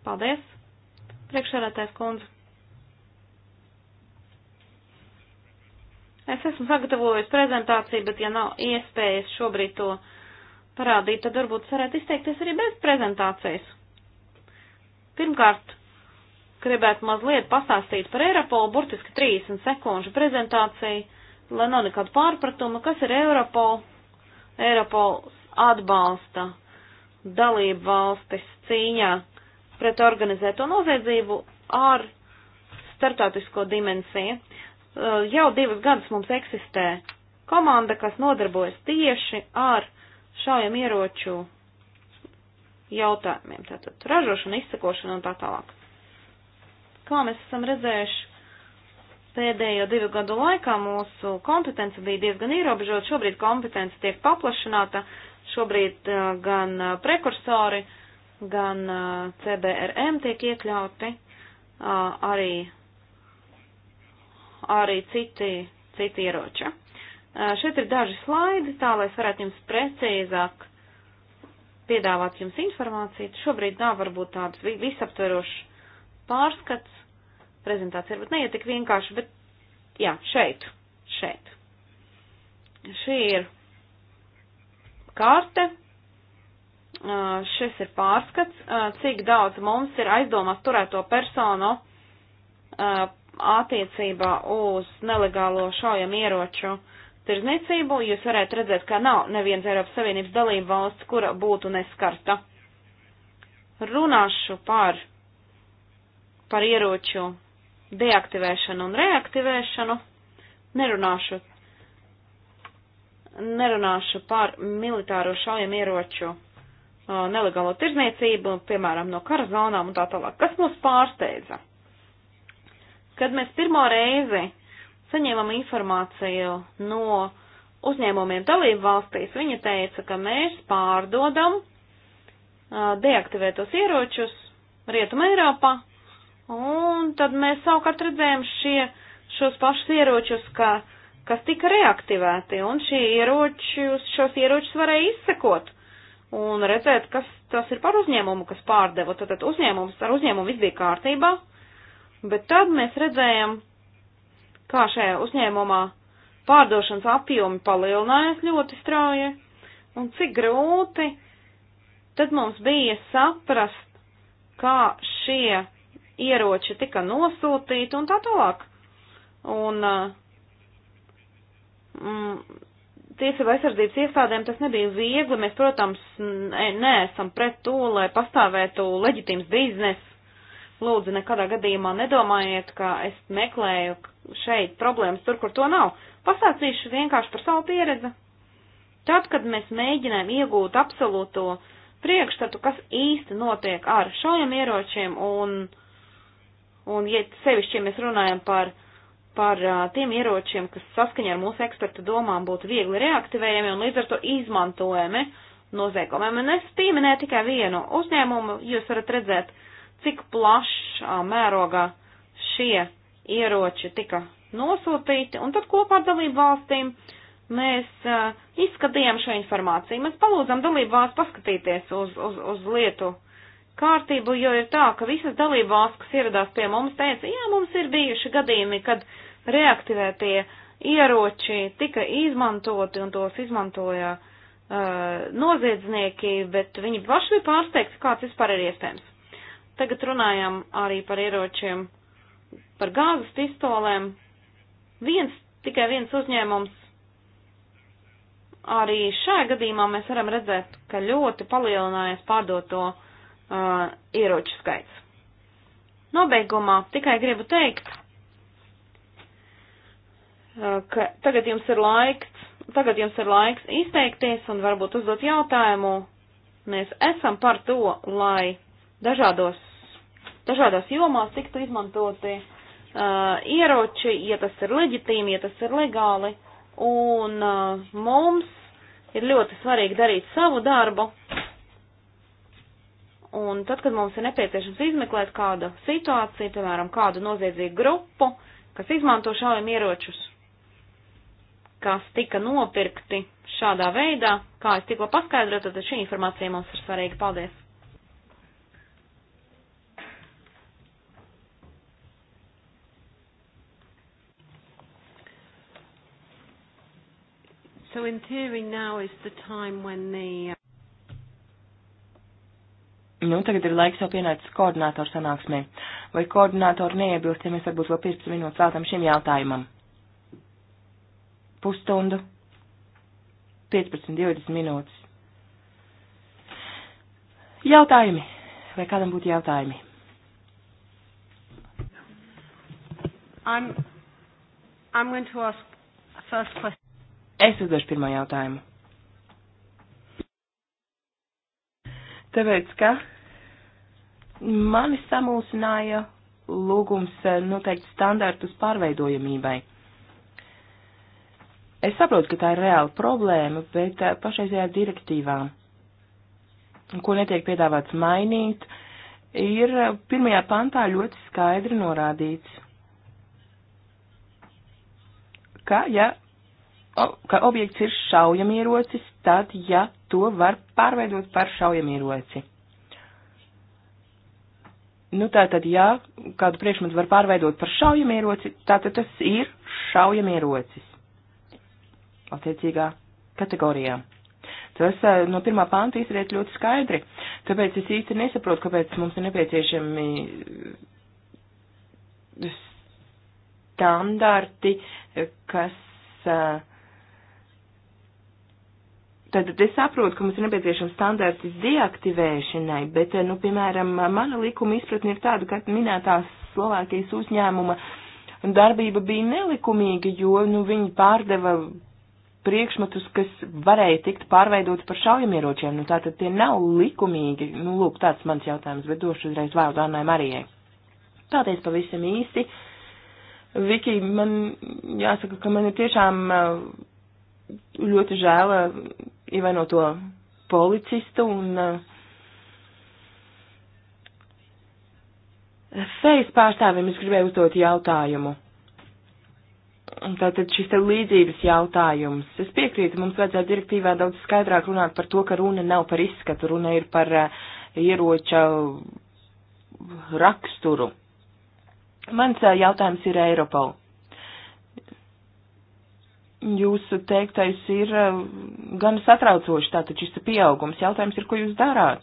Paldies, priekšsēdētājs kundze. Es esmu sagatavojis prezentāciju, bet ja nav iespējas šobrīd to parādīt, tad varbūt varētu izteikties arī bez prezentācijas. Pirmkārt, gribētu mazliet pastāstīt par Eiropolu, burtiski 30 sekundžu prezentāciju, lai nav nekādu pārpratumu, kas ir Eiropola. Eiropols atbalsta dalību valstis cīņā pret organizēto noziedzību ar startautisko dimensiju. Uh, jau divas gadus mums eksistē komanda, kas nodarbojas tieši ar šaujam ieroču jautājumiem, tātad ražošana, izsakošana un tā tālāk. Kā mēs esam redzējuši pēdējo divu gadu laikā, mūsu kompetence bija diezgan ierobežota, šobrīd kompetence tiek paplašināta, šobrīd uh, gan uh, prekursori uh, gan CBRM tiek iekļauti, arī, arī citi, citi ieroči. Šeit ir daži slaidi, tā lai es varētu jums precīzāk piedāvāt jums informāciju. Šobrīd nav varbūt tāds visaptverošs pārskats, prezentācija varbūt neiet tik vienkārši, bet jā, šeit, šeit. Šī ir kārte, šis ir pārskats, cik daudz mums ir aizdomās turēto personu attiecībā uz nelegālo šaujam ieroču tirzniecību. Jūs varētu redzēt, ka nav neviens Eiropas Savienības dalība valsts, kura būtu neskarta. Runāšu par, par ieroču deaktivēšanu un reaktivēšanu. Nerunāšu, nerunāšu par militāro šaujam ieroču nelegālo tirzniecību, piemēram, no kara zonām un tā tālāk. Kas mūs pārsteidza? Kad mēs pirmo reizi saņēmām informāciju no uzņēmumiem dalību valstīs, viņi teica, ka mēs pārdodam deaktivētos ieročus Rietuma Eiropā, un tad mēs savukārt redzējām šie, šos pašus ieročus, ka, kas tika reaktivēti, un šie ieročus, šos ieročus varēja izsekot un redzēt, kas tas ir par uzņēmumu, kas pārdeva. Tātad uzņēmums, ar uzņēmumu viss bija kārtībā, bet tad mēs redzējām, kā šajā uzņēmumā pārdošanas apjomi palielinājās ļoti strauji, un cik grūti tad mums bija saprast, kā šie ieroči tika nosūtīti un tā tālāk. Un, mm, tiesību aizsardzības iestādēm tas nebija viegli. Mēs, protams, neesam pret to, lai pastāvētu leģitīms biznes. Lūdzu, nekādā gadījumā nedomājiet, ka es meklēju šeit problēmas tur, kur to nav. Pasācīšu vienkārši par savu pieredzi. Tad, kad mēs mēģinām iegūt absolūto priekšstatu, kas īsti notiek ar šaujam ieročiem un, un ja sevišķi mēs runājam par uh, par tiem ieročiem, kas saskaņā ar mūsu eksperta domām būtu viegli reaktivējami un līdz ar to izmantojami noziegumiem. Un es pieminēju tikai vienu uzņēmumu, jūs varat redzēt, cik plašā mērogā šie ieroči tika nosūtīti, un tad kopā ar dalību valstīm mēs uh, izskatījām šo informāciju. Mēs palūdzam dalību valsts paskatīties uz, uz, uz lietu uh, kārtību, jo ir tā, ka visas dalībvalsts, kas ieradās pie mums, teica, jā, mums ir bijuši gadījumi, kad reaktivētie ieroči tika izmantoti un tos izmantoja uh, noziedznieki, bet viņi paši bija pārsteigti, kāds vispār ir iespējams. Tagad runājam arī par ieročiem, par gāzes pistolēm. Viens, tikai viens uzņēmums arī šajā gadījumā mēs varam redzēt, ka ļoti palielinājies pārdoto uh, ieroču skaits. Nobeigumā tikai gribu teikt, uh, ka tagad jums ir laiks, tagad jums ir laiks izteikties un varbūt uzdot jautājumu. Mēs esam par to, lai dažādos, dažādās jomās tiktu izmantoti uh, ieroči, ja tas ir leģitīmi, ja tas ir legāli, un uh, mums ir ļoti svarīgi darīt savu darbu, Un tad, kad mums ir nepieciešams izmeklēt kādu situāciju, piemēram, kādu noziedzīgu grupu, kas izmanto šaujamieročus, kas tika nopirkti šādā veidā, kā es tikko paskaidrotu, tad šī informācija mums ir svarīga. Paldies! So in theory now is the time when the uh, Nu, tagad ir laiks jau pienācis koordinātoru sanāksmē. Vai koordinātori neiebilst, ja mēs varbūt vēl 15 minūtes veltam šim jautājumam? Pusstundu? 15, 20 minūtes. Jautājumi. Vai kādam būtu jautājumi? I'm, I'm going to ask first question. Es uzdošu pirmo jautājumu. Tāpēc, ka mani samulsināja lūgums eh, noteikt standartus pārveidojamībai. Es saprotu, ka tā ir reāla problēma, bet eh, pašreizajā direktīvā, ko netiek piedāvāts mainīt, ir eh, pirmajā pantā ļoti skaidri norādīts, ka, ja ka objekts ir šaujamierocis, tad, ja to var pārveidot par šaujamieroci. Nu, tātad, ja kādu priekšmetu var pārveidot par šaujamieroci, tātad tas ir šaujamierocis attiecīgā kategorijā. Tas eh, no pirmā panta izriet ļoti skaidri, tāpēc es īsti nesaprotu, kāpēc mums ir nepieciešami eh, standarti, kas uh, Tātad es saprotu, ka mums ir nepieciešams standārts deaktivēšanai, bet, nu, piemēram, mana likuma izpratne ir tāda, ka minētās Slovākijas uzņēmuma darbība bija nelikumīga, jo, nu, viņi pārdeva priekšmetus, kas varēja tikt pārveidot par šaujamieročiem, nu, tātad tie nav likumīgi, nu, lūk, tāds mans jautājums, bet došu uzreiz vārdu Annai Marijai. Tāties pavisam īsti. Viki, man jāsaka, ka man ir tiešām uh, ļoti žēl ievainoto policistu un uh, fejas pārstāvim es gribēju uzdot jautājumu. Tātad šis te līdzības jautājums. Es piekrītu, mums vajadzētu direktīvā daudz skaidrāk runāt par to, ka runa nav par izskatu, runa ir par uh, ieroča raksturu. Mans uh, jautājums ir Eiropau. Jūsu teiktais ir eh, gan satraucoši, tātad šis pieaugums. Jautājums ir, ko jūs darāt?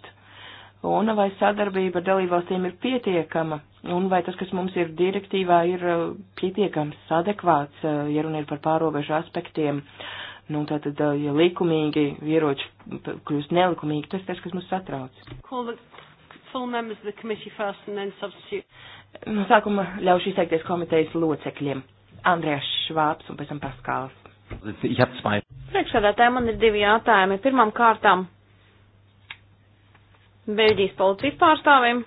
Un vai sadarbība ar dalībvalstīm ir pietiekama? Un vai tas, kas mums ir direktīvā, ir eh, pietiekams, adekvāts, eh, ja runa ir par pārobežu aspektiem? Nu, tātad, ja likumīgi ieroči kļūst nelikumīgi, tas tas, kas mums satrauc. No nu, sākuma ļaušu izteikties komitejas locekļiem. Andrēs Švāps un pēc tam Paskāls. Priekšsēdētāji, man ir divi jautājumi. Pirmam kārtām Beļģijas policijas pārstāvim,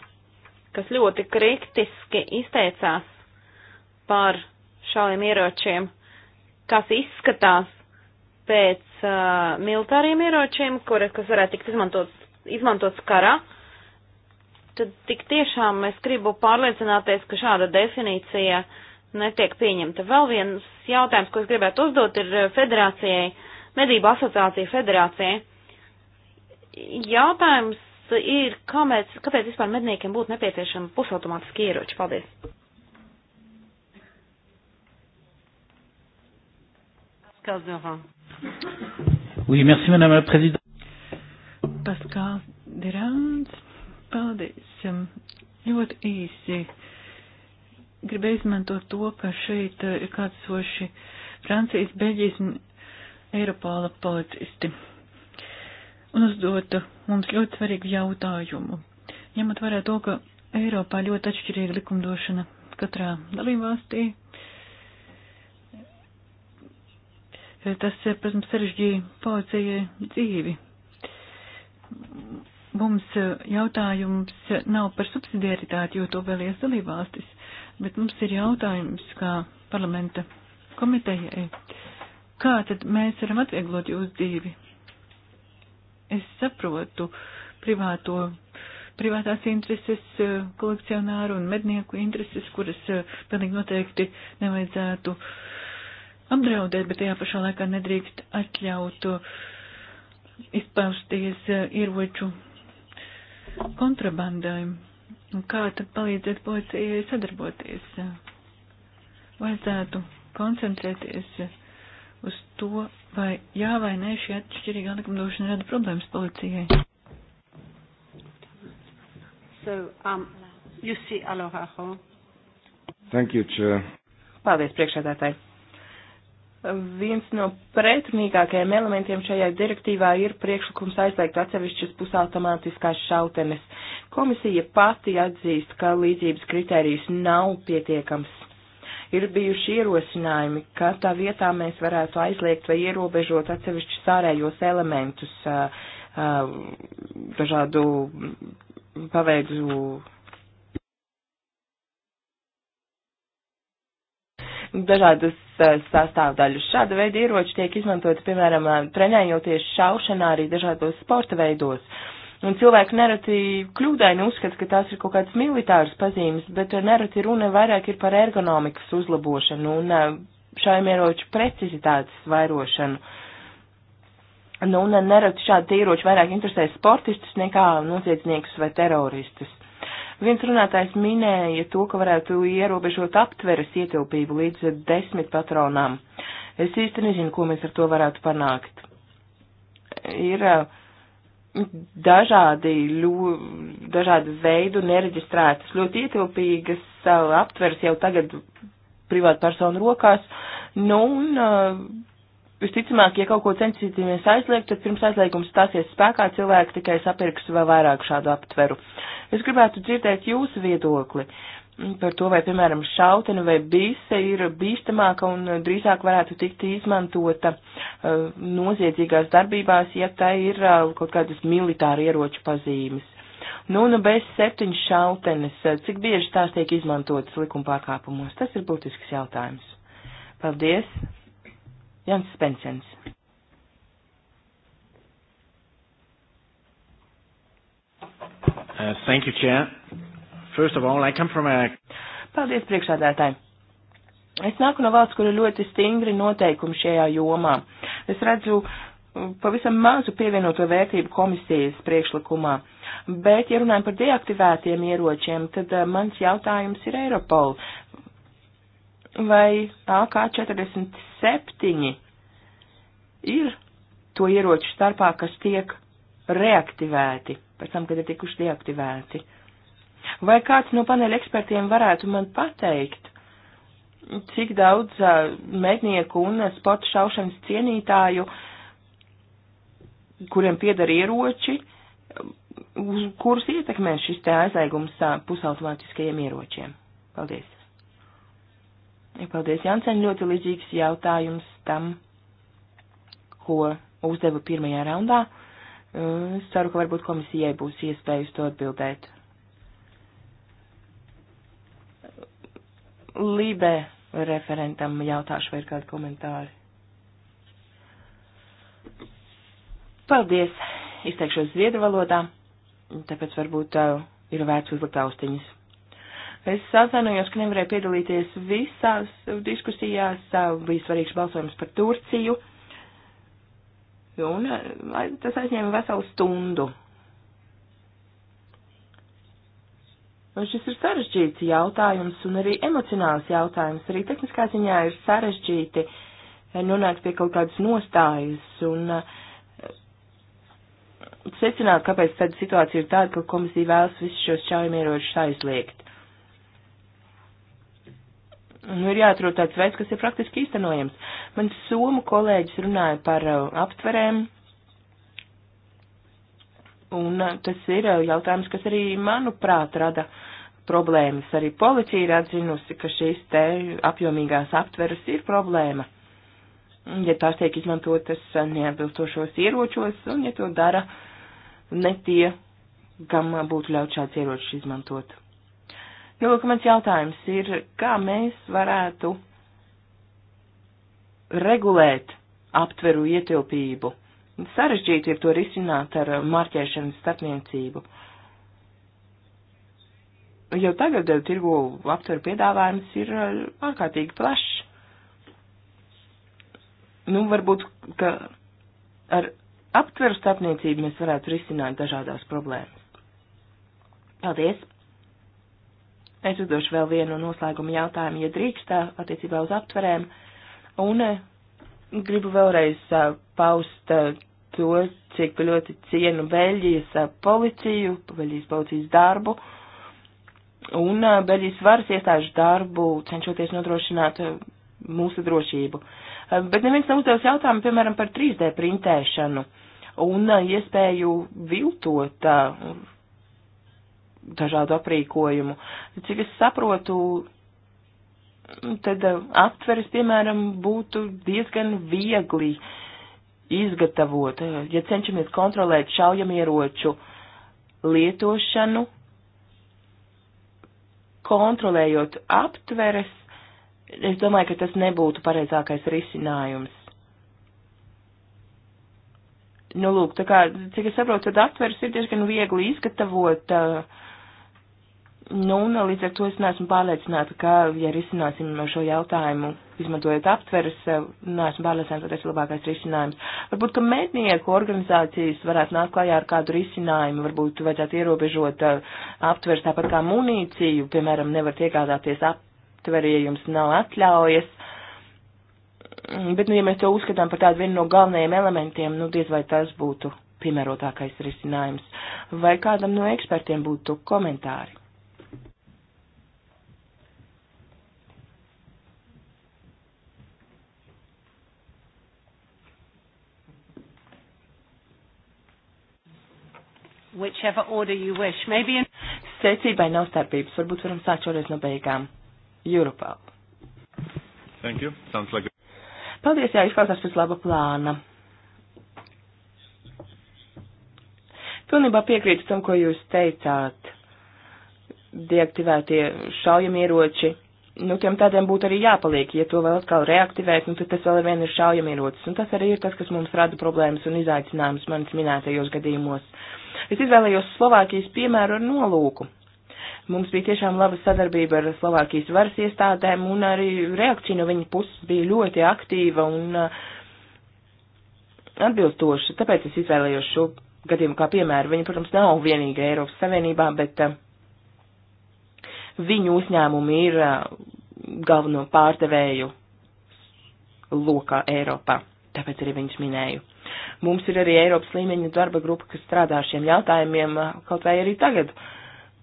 kas ļoti kritiski izteicās par šādiem ieročiem, kas izskatās pēc uh, militāriem ieročiem, kur, kas varētu tikt izmantots, izmantots karā. Tad tik tiešām es gribu pārliecināties, ka šāda definīcija uh, netiek pieņemta. Vēl viens jautājums, ko es gribētu uzdot, ir eh, federācijai, medību asociācija federācijai. Jautājums ir, kāpēc, kāpēc vispār medniekiem būtu nepieciešama pusautomātiski ieroči? Paldies! Oui, merci, madame la présidente. Pascal Derāns, paldies. Ļoti īsi gribēju izmantot to, ka šeit eh, ir kādzsoši Francijas, Beļģijas un Eiropāla policisti. Un uzdot mums ļoti svarīgu jautājumu. Ņemot vērā to, ka Eiropā ļoti atšķirīga likumdošana katrā dalībvalstī, eh, tas, eh, protams, sarežģīja policijai dzīvi. Mums jautājums nav par subsidiaritāti, jo to vēlies dalībvalstis. Bet mums ir jautājums, kā parlamenta komitejai, kā tad mēs varam atvieglot jūsu dzīvi? Es saprotu privāto, privātās intereses eh, kolekcionāru un mednieku intereses, kuras eh, pilnīgi noteikti nevajadzētu apdraudēt, bet tajā pašā laikā nedrīkst atļaut eh, izpausties ieroču kontrabandai Kā tad palīdzēt policijai sadarboties? Vajadzētu koncentrēties uz to, vai jā vai nē šī atšķirīgā likumdošana rada problēmas policijai. So, um, you see, aloha. Thank you, Chair. Paldies, priekšsēdētāji. Viens no pretrunīgākajiem elementiem šajā direktīvā ir priekšlikums aizliegt atsevišķas pusautomātiskās šautenes. Komisija pati atzīst, ka līdzības kritērijas nav pietiekams. Ir bijuši ierosinājumi, ka tā vietā mēs varētu aizliegt vai ierobežot atsevišķus ārējos elementus, dažādu paveidu dažādas eh, sastāvdaļas. Šāda veida ieroči tiek izmantoti, piemēram, eh, trenējoties šaušanā arī dažādos sporta veidos. Un cilvēki nereti kļūdaini uzskata, ka tās ir kaut kādas militāras pazīmes, bet eh, nereti runa vairāk ir par ergonomikas uzlabošanu un šajiem ieroču precizitātes vairošanu. Nu, un nereti šādi ieroči vairāk interesē sportistus nekā noziedzniekus vai teroristus. Viens runātājs minēja to, ka varētu ierobežot aptveres ietilpību līdz desmit patronām. Es īsti nezinu, ko mēs ar to varētu panākt. Ir dažādi, ļu, dažādi veidu nereģistrētas, ļoti ietilpīgas aptveres jau tagad privātpersonu rokās. Nu, un, visticamāk, ja kaut ko censīsimies aizliegt, tad pirms aizliegums stāsies spēkā, cilvēki tikai sapirks vēl vairāk šādu aptveru. Es gribētu dzirdēt jūsu viedokli par to, vai, piemēram, šautena vai bīse ir bīstamāka un drīzāk varētu tikt izmantota uh, noziedzīgās darbībās, ja tā ir uh, kaut kādas militāra ieroču pazīmes. Nu, nu, bez septiņas šautenes, uh, cik bieži tās tiek izmantotas likuma pārkāpumos? Tas ir būtisks jautājums. Paldies! Jans Pensens. Uh, thank you, Chair. First of all, I come from a... Paldies, priekšādātāji. Es nāku no valsts, kur ir ļoti stingri noteikumi šajā jomā. Es redzu uh, pavisam mazu pievienoto vērtību komisijas priekšlikumā, bet, ja runājam par deaktivētiem ieročiem, tad uh, mans jautājums ir Eiropol vai AK-47 ir to ieroču starpā, kas tiek reaktivēti, pēc tam, kad ir tikuši deaktivēti. Vai kāds no paneļa ekspertiem varētu man pateikt, cik daudz uh, mednieku un sporta šaušanas cienītāju, kuriem piedara ieroči, uz kurus ietekmē šis te aizliegums uh, pusautomātiskajiem ieročiem? Paldies! Paldies, Jansen, ļoti līdzīgs jautājums tam, ko uzdevu pirmajā raundā. Eh, es ceru, ka varbūt komisijai būs iespēja uz to atbildēt. Lībe referentam jautāšu, vai ir kādi komentāri. Paldies! Izteikšos zviedru valodā, tāpēc varbūt eh, ir vērts uzlikt austiņas. Es atvainojos, ka nevarēju piedalīties visās diskusijās, bija svarīgs balsojums par Turciju, un tas aizņēma veselu stundu. Un šis ir sarežģīts jautājums un arī emocionāls jautājums. Arī tehniskā ziņā ir sarežģīti nonākt pie kaut kādas nostājas un uh, secināt, kāpēc tāda situācija ir tāda, ka komisija vēlas visus šos čaujamieročus aizliegt. Nu, ir jāatrod tāds veids, kas ir praktiski īstenojams. Man somu kolēģis runāja par uh, aptverēm, un uh, tas ir uh, jautājums, kas arī, manuprāt, rada problēmas. Arī policija ir atzinusi, ka šīs te apjomīgās aptveras ir problēma, ja tās tiek izmantotas uh, neatbilstošos ieročos, un ja to dara ne tie, kam uh, būtu ļaut šāds ieročs izmantot. Nu, lūk, mans jautājums ir, kā mēs varētu regulēt aptveru ietilpību? Sarežģīti ir to risināt ar uh, marķēšanas starpniecību. Jau tagad uh, tirgu aptveru piedāvājums ir uh, ārkārtīgi plašs. Nu, varbūt, ka ar aptveru starpniecību mēs varētu risināt dažādās problēmas. Paldies! Es uzdošu vēl vienu noslēgumu jautājumu, ja drīkstā, attiecībā uz aptverēm, un gribu vēlreiz paust to, cik ļoti cienu Beļģijas policiju, Beļģijas policijas darbu un Beļģijas varas iestāžu darbu, cenšoties nodrošināt mūsu drošību. Bet neviens nav uzdevis jautājumu, piemēram, par 3D printēšanu un iespēju viltot dažādu aprīkojumu. Cik es saprotu, tad aptveres, piemēram, būtu diezgan viegli izgatavot, ja cenšamies kontrolēt šaujamieroču lietošanu, kontrolējot aptveres, es domāju, ka tas nebūtu pareizākais risinājums. Nu, lūk, tā kā, cik es saprotu, tad aptveres ir diezgan viegli izgatavot, uh, Nu, un līdz ar to es neesmu pārliecināta, ka, ja risināsim šo jautājumu, izmantojot aptveres, neesmu pārliecināta, ka tas ir labākais risinājums. Varbūt, ka mednieku organizācijas varētu nākt klajā ar kādu risinājumu, varbūt vajadzētu ierobežot uh, aptveres tāpat kā munīciju, piemēram, nevar iegādāties aptveri, ja jums nav atļaujas. Bet, nu, ja mēs to uzskatām par tādu vienu no galvenajiem elementiem, nu, diez vai tas būtu piemērotākais risinājums. Vai kādam no ekspertiem būtu komentāri? whichever order you wish. Maybe in... Secībai nav starpības. Varbūt varam sākt šoreiz no beigām. Europā. Thank you. Sounds like a... Paldies, jā, izklausās pēc laba plāna. Pilnībā piekrītu tam, ko jūs teicāt. Deaktivētie šaujamieroči. Nu, tiem tādiem būtu arī jāpaliek, ja to vēl atkal reaktivēt, nu, tad tas vēl ar vienu ir šaujamierocis. Un tas arī ir tas, kas mums rada problēmas un izaicinājumus manis minētajos gadījumos. Uh, Es izvēlējos Slovākijas piemēru ar nolūku. Mums bija tiešām laba sadarbība ar Slovākijas varas iestādēm, un arī reakcija no viņa puses bija ļoti aktīva un uh, atbilstoša. Tāpēc es izvēlējos šo gadījumu kā piemēru. Viņa, protams, nav vienīga Eiropas Savienībā, bet uh, viņu uzņēmumi ir uh, galveno pārdevēju lokā Eiropā. Tāpēc arī viņš minēju. Mums ir arī Eiropas līmeņa darba grupa, kas strādā šiem jautājumiem, kaut vai arī tagad,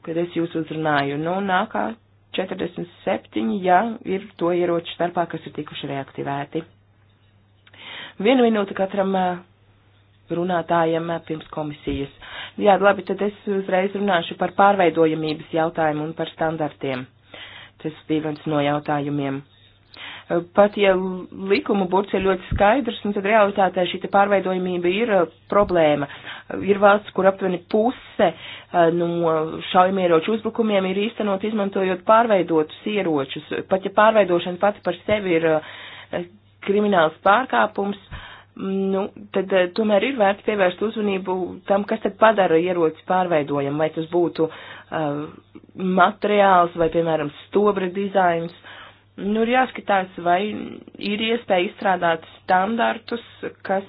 kad es jūs uzrunāju. Nu, nākā 47, ja ir to ieroču starpā, kas ir tikuši reaktivēti. Vienu minūti katram eh, runātājiem eh, pirms komisijas. Jā, labi, tad es uzreiz runāšu par pārveidojamības jautājumu un par standartiem. Tas bija viens no jautājumiem. Pat ja likuma burts ir ļoti skaidrs, nu tad realitātē šī pārveidojumība ir uh, problēma. Uh, ir valsts, kur aptuveni puse uh, no šaujamieroču uzbrukumiem ir īstenot izmantojot pārveidotus ieročus. Pat ja pārveidošana pati par sevi ir krimināls pārkāpums, nu, tad tomēr ir vērts pievērst uzmanību tam, kas tad padara ieroci pārveidojumu, vai tas būtu uh, materiāls vai, piemēram, stobra dizains. Uh, Nu, ir jāskatās, vai ir iespēja izstrādāt standartus, kas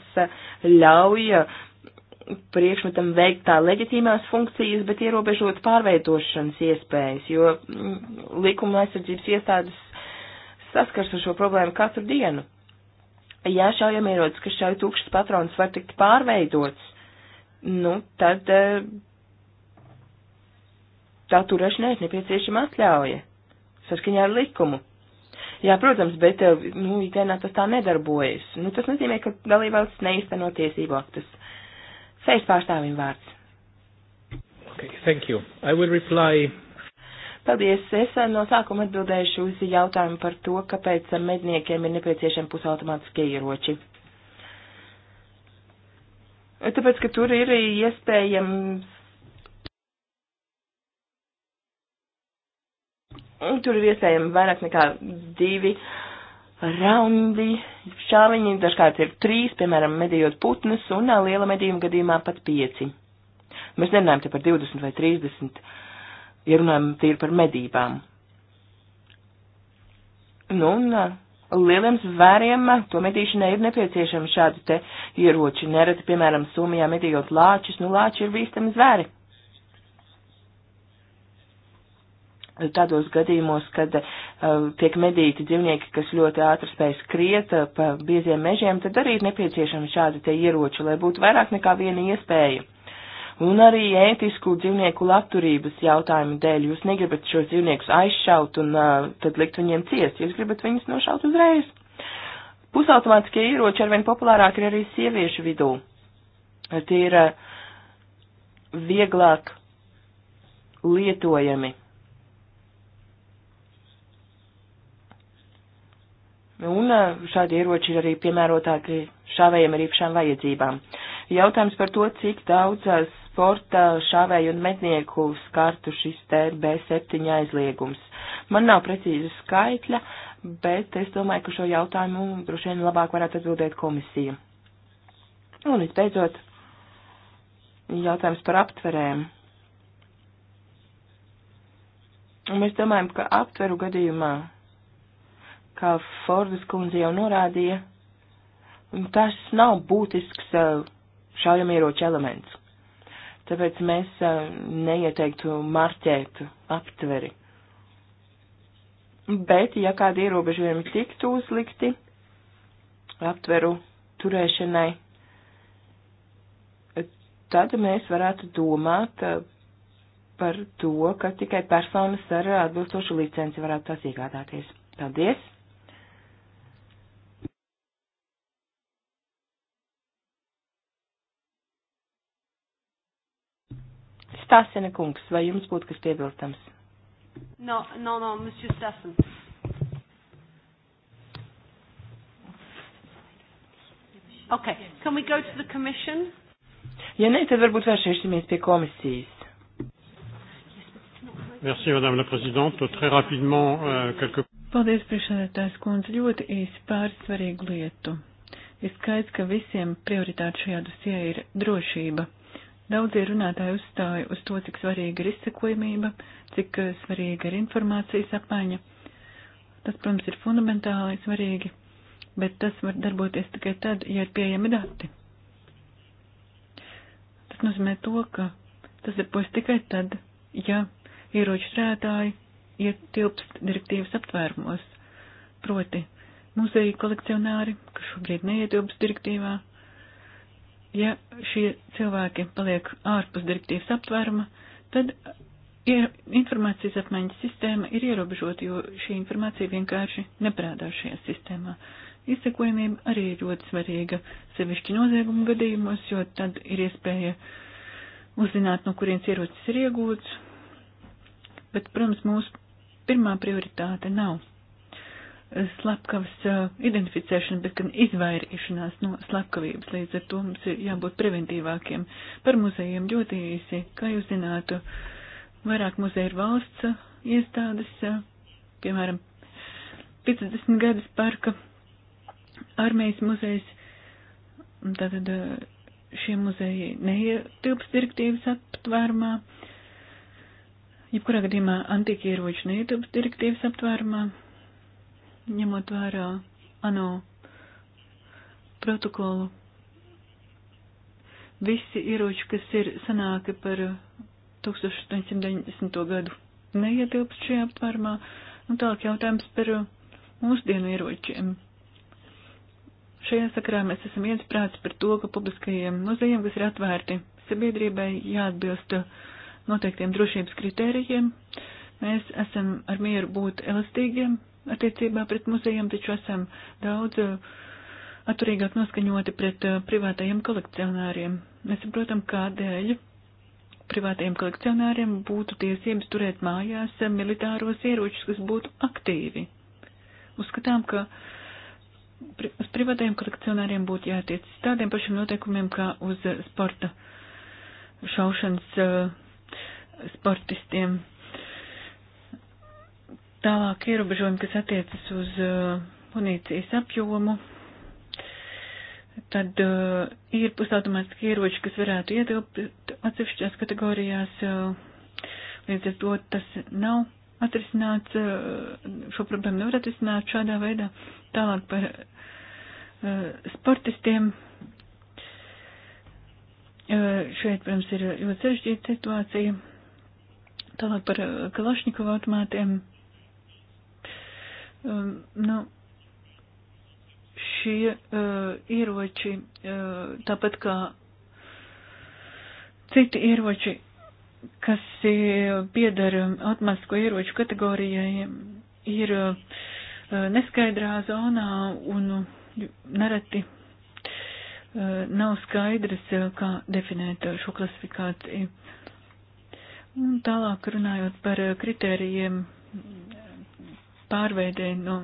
ļauj priekšmetam veikt tā leģitīmās funkcijas, bet ierobežot pārveidošanas iespējas, jo mm, likuma aizsardzības iestādes saskars ar šo problēmu katru dienu. Ja šaujamierocis, kas šauj tūkšas patronas, var tikt pārveidots, nu, tad eh, tā turēšanai ir nepieciešama atļauja saskaņā ar likumu. Jā, protams, bet eh, nu, ikdienā tas tā nedarbojas. Nu, tas nozīmē, ka dalībvalsts neizteno tiesību aktus. Fejas pārstāvim vārds. Okay, thank you. I will reply. Paldies. Es eh, no sākuma atbildēšu uz jautājumu par to, kāpēc medniekiem ir nepieciešami pusautomātiskie ieroči. Tāpēc, ka tur ir iespējams Tur ir iespējami vairāk nekā divi raundi, šāviņi, dažkārt ir trīs, piemēram, medījot putnus, un liela medījuma gadījumā pat pieci. Mēs nerunājam te par 20 vai 30, ja runājam tīri par medībām. Nu, un lieliem zvēriem to medīšanai ir nepieciešama šādi te ieroči. Nereti, piemēram, Somijā medījot lāčus, nu lāči ir bīstami zvēri. Tādos gadījumos, kad uh, tiek medīti dzīvnieki, kas ļoti ātri spēj skriet uh, pa bieziem mežiem, tad arī ir nepieciešami šādi te ieroči, lai būtu vairāk nekā viena iespēja un arī ētisku dzīvnieku labturības jautājumu dēļ. Jūs negribat šos dzīvniekus aizšaut un uh, tad likt viņiem ciest, jūs gribat viņus nošaut uzreiz. Pusautomātiskie ieroči arvien populārāk ir arī sieviešu vidū. Tie ir uh, vieglāk lietojami. Un eh, šādi ieroči ir arī piemērotāki šāvējiem ar īpašām vajadzībām. Jautājums par to, cik daudz eh, sporta šāvēju un mednieku skartu šis te B7 aizliegums. Man nav precīza skaitļa, bet es domāju, ka šo jautājumu droši vien labāk varētu atbildēt komisija. Un visbeidzot, jautājums par aptverēm. Un mēs domājam, ka aptveru gadījumā kā Fordas kundze jau norādīja, tas nav būtisks šaujamieroču elements. Tāpēc mēs neieteiktu marķēt aptveri. Bet, ja kādi ierobežojumi tiktu uzlikti aptveru turēšanai, tad mēs varētu domāt par to, ka tikai personas ar atbilstošu licenci varētu tās iegādāties. Paldies! Stasena kungs, vai jums būtu kas piebilstams? No, no, no, monsieur Stasen. Okay, can we go to the commission? Ja nē, tad varbūt vēršamies pie komisijas. Merci, madame la présidente. Très rapidement, euh, quelques... Paldies, priekšsēdētājs kundze, ļoti īsi pāris svarīgu lietu. Ir skaidrs, ka visiem prioritāte šajā dosijā ir drošība. Daudzie runātāji uzstāja uz to, cik svarīga ir izsekojamība, cik eh, svarīga ir informācijas apmaiņa. Tas, protams, ir fundamentāli svarīgi, bet tas var darboties tikai tad, ja ir pieejami dati. Tas nozīmē to, ka tas darbojas tikai tad, ja ieroču strētāji ietilpst direktīvas aptvērumos. Proti, muzeja kolekcionāri, kas šobrīd neietilpst direktīvā, ja šie cilvēki paliek ārpus direktīvas aptvēruma, tad ir informācijas apmaiņas sistēma ir ierobežota, jo šī informācija vienkārši neprādās šajā sistēmā. Izsekojamība arī ir ļoti svarīga, sevišķi noziegumu gadījumos, jo tad ir iespēja uzzināt, no kurienes ierocis ir iegūts. Bet, protams, mūsu pirmā prioritāte nav slepkavas identificēšana, bet gan izvairīšanās no slepkavības. Līdz ar to mums ir jābūt preventīvākiem. Par muzejiem ļoti īsi, kā jūs zinātu, vairāk muzeja ir valsts iestādes, piemēram, 50 gadus parka armijas muzejs. Tātad šie muzeji neietilps direktīvas aptvērumā. Jebkurā gadījumā antīkieroči neietilps direktīvas aptvērumā ņemot vērā ANO protokolu, visi ieroči, kas ir sanāki par 1990. gadu, neietilpst šajā aptvērumā. Un tālāk jautājums par mūsdienu ieročiem. Šajā sakarā mēs esam viensprāts par to, ka publiskajiem muzejiem, kas ir atvērti sabiedrībai, jāatbilst noteiktiem drošības kritērijiem. Mēs esam ar mieru būt elastīgiem attiecībā pret muzejiem, taču esam daudz eh, atturīgāk noskaņoti pret eh, privātajiem kolekcionāriem. Mēs saprotam, kādēļ privātajiem kolekcionāriem būtu tiesības turēt mājās eh, militāros ieročus, kas būtu aktīvi. Uzskatām, ka uz privātajiem kolekcionāriem būtu jātiec tādiem pašiem noteikumiem kā uz sporta šaušanas sportistiem. Tālāk ierobežojumi, kas attiecas uz uh, munīcijas apjomu, tad uh, ir pusautomātiski ieroči, kas varētu ietilpt atsevišķās kategorijās, uh, līdz ar to tas nav atrisināts, uh, šo problēmu nevar atrisināt šādā veidā. Tālāk par uh, sportistiem. Uh, šeit, protams, ir ļoti sarežģīta situācija. Tālāk par uh, Kalašņikovu automātiem. Uh, um, nu, šie uh, ieroči, uh, tāpat kā citi ieroči, kas piedara atmasko ieroču kategorijai, ir uh, neskaidrā zonā un uh, nereti uh, nav skaidrs, uh, kā definēt uh, šo klasifikāciju. Un tālāk runājot par uh, kritērijiem pārveidē no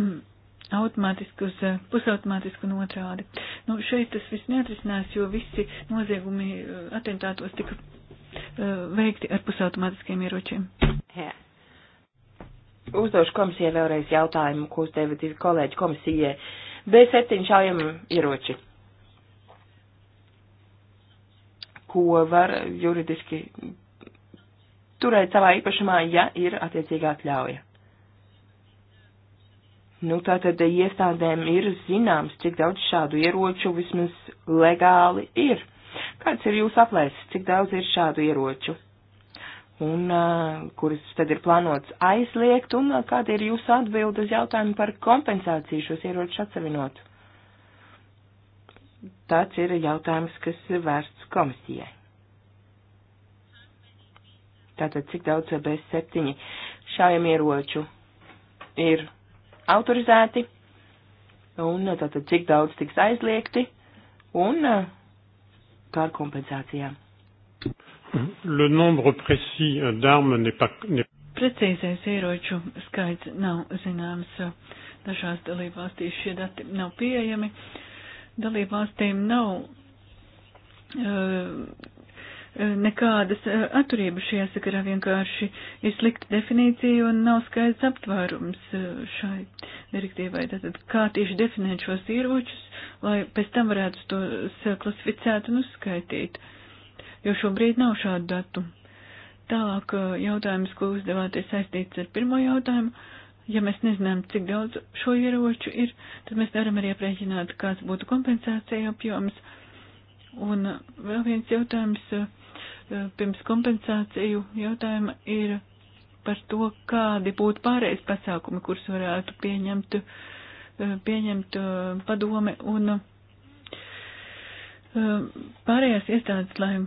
mm, automātisku uz eh, pusautomātisku un otrādi. Nu, šeit tas viss neatrisinās, jo visi noziegumi eh, atentātos tika eh, veikti ar pusautomātiskiem ieročiem. Jā. Uzdošu komisijai vēlreiz jautājumu, ko uzdeva divi kolēģi komisijai. B7 šaujam ieroči. Ko var juridiski turēt savā īpašumā, ja ir attiecīgā atļauja? Nu, tātad iestādēm ir zināms, cik daudz šādu ieroču vismaz legāli ir. Kāds ir jūsu aplēses, cik daudz ir šādu ieroču? Un uh, kuras tad ir plānots aizliegt, un uh, kāda ir jūsu atbilde uz jautājumu par kompensāciju šos ieročus atsevinot? Tāds ir jautājums, kas ir vērsts komisijai. Tātad, cik daudz B7 šājam ieroču ir autorizēti, un uh, tātad cik daudz tiks aizliegti, un kā uh, ar kompensācijām. Le nombre précis uh, d'armes n'est pas. Precīzais ieroču skaits nav zināms. Dažās dalībvalstīs šie dati nav pieejami. Dalībvalstīm nav uh, nekādas eh, atturības šajā sakarā vienkārši ir slikta definīcija un nav skaidrs aptvērums eh, šai direktīvai. Tātad, kā tieši definēt šos ieročus, lai pēc tam varētu tos klasificēt un uzskaitīt, jo šobrīd nav šādu datu. Tālāk eh, jautājums, ko uzdevāties saistīts ar pirmo jautājumu. Ja mēs nezinām, cik daudz šo ieroču ir, tad mēs varam arī aprēķināt, kāds būtu kompensācija apjoms. Un vēl viens jautājums. Uh, Eh, pirms kompensāciju jautājuma ir par to, kādi būtu pārējais pasākumi, kurus varētu pieņemt, eh, pieņemt eh, padome un pārējās iestādes, lai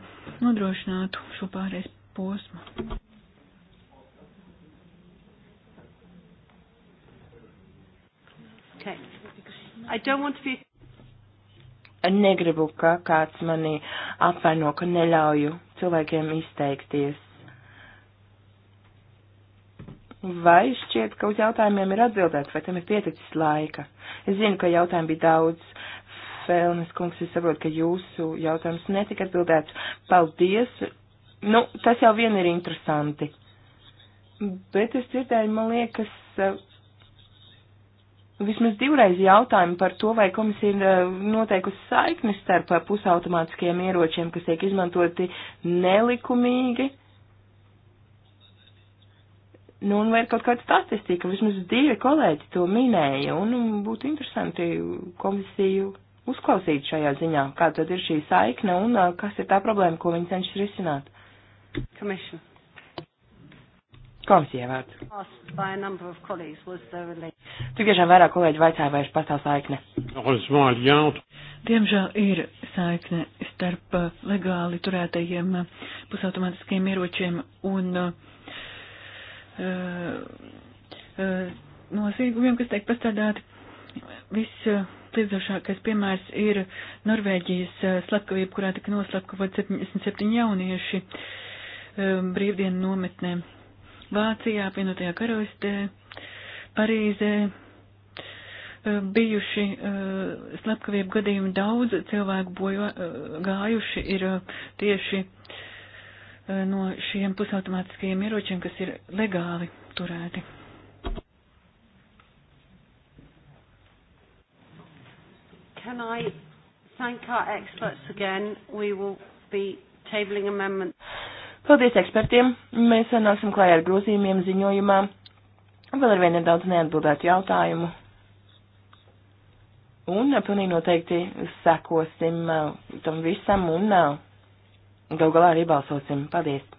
nodrošinātu šo pārējais posmu. Okay. I don't want to be negribu, ka kāds mani apvaino, ka neļauju cilvēkiem izteikties. Vai šķiet, ka uz jautājumiem ir atbildēts, vai tam ir pieticis laika? Es zinu, ka jautājumu bija daudz. Fēlnes kungs, es saprotu, ka jūsu jautājums netika atbildēts. Paldies! Nu, tas jau vien ir interesanti. Bet es dzirdēju, man liekas, vismaz divreiz jautājumu par to, vai komisija ir eh, noteikusi saikni starp eh, pusautomātiskiem ieročiem, kas tiek izmantoti nelikumīgi. Nu, un vai ir kaut kāda statistika, vismaz divi kolēģi to minēja, un nu, būtu interesanti komisiju uzklausīt šajā ziņā, kā tad ir šī saikne un eh, kas ir tā problēma, ko viņi cenšas risināt. Komisija. Komisija vārds. Tik tiešām vairāk kolēģi vaicāja, vai pastāv saikne. Diemžēl ir saikne starp uh, legāli turētajiem uh, pusautomātiskiem ieročiem un uh, uh, uh, noziegumiem, kas tiek pastādāti. Viss uh, liedzošākais piemērs ir Norvēģijas slepkavība, kurā tika noslapkavot 77 jaunieši um, brīvdienu nometnēm Vācijā, apvienotajā karalistē, Parīzē eh, bijuši eh, slepkavību gadījumi daudz cilvēku bojo, eh, gājuši ir tieši no šiem pusautomātiskajiem ieročiem, kas ir legāli turēti. Can I thank our experts again? We will be tabling amendments. Paldies ekspertiem! Mēs nāksim klājā ar grozījumiem ziņojumā. Vēl ar vienu nedaudz neatbildētu jautājumu. Un eh, pilnīgi noteikti sekosim eh, tam visam un eh, gal galā arī balsosim. Paldies!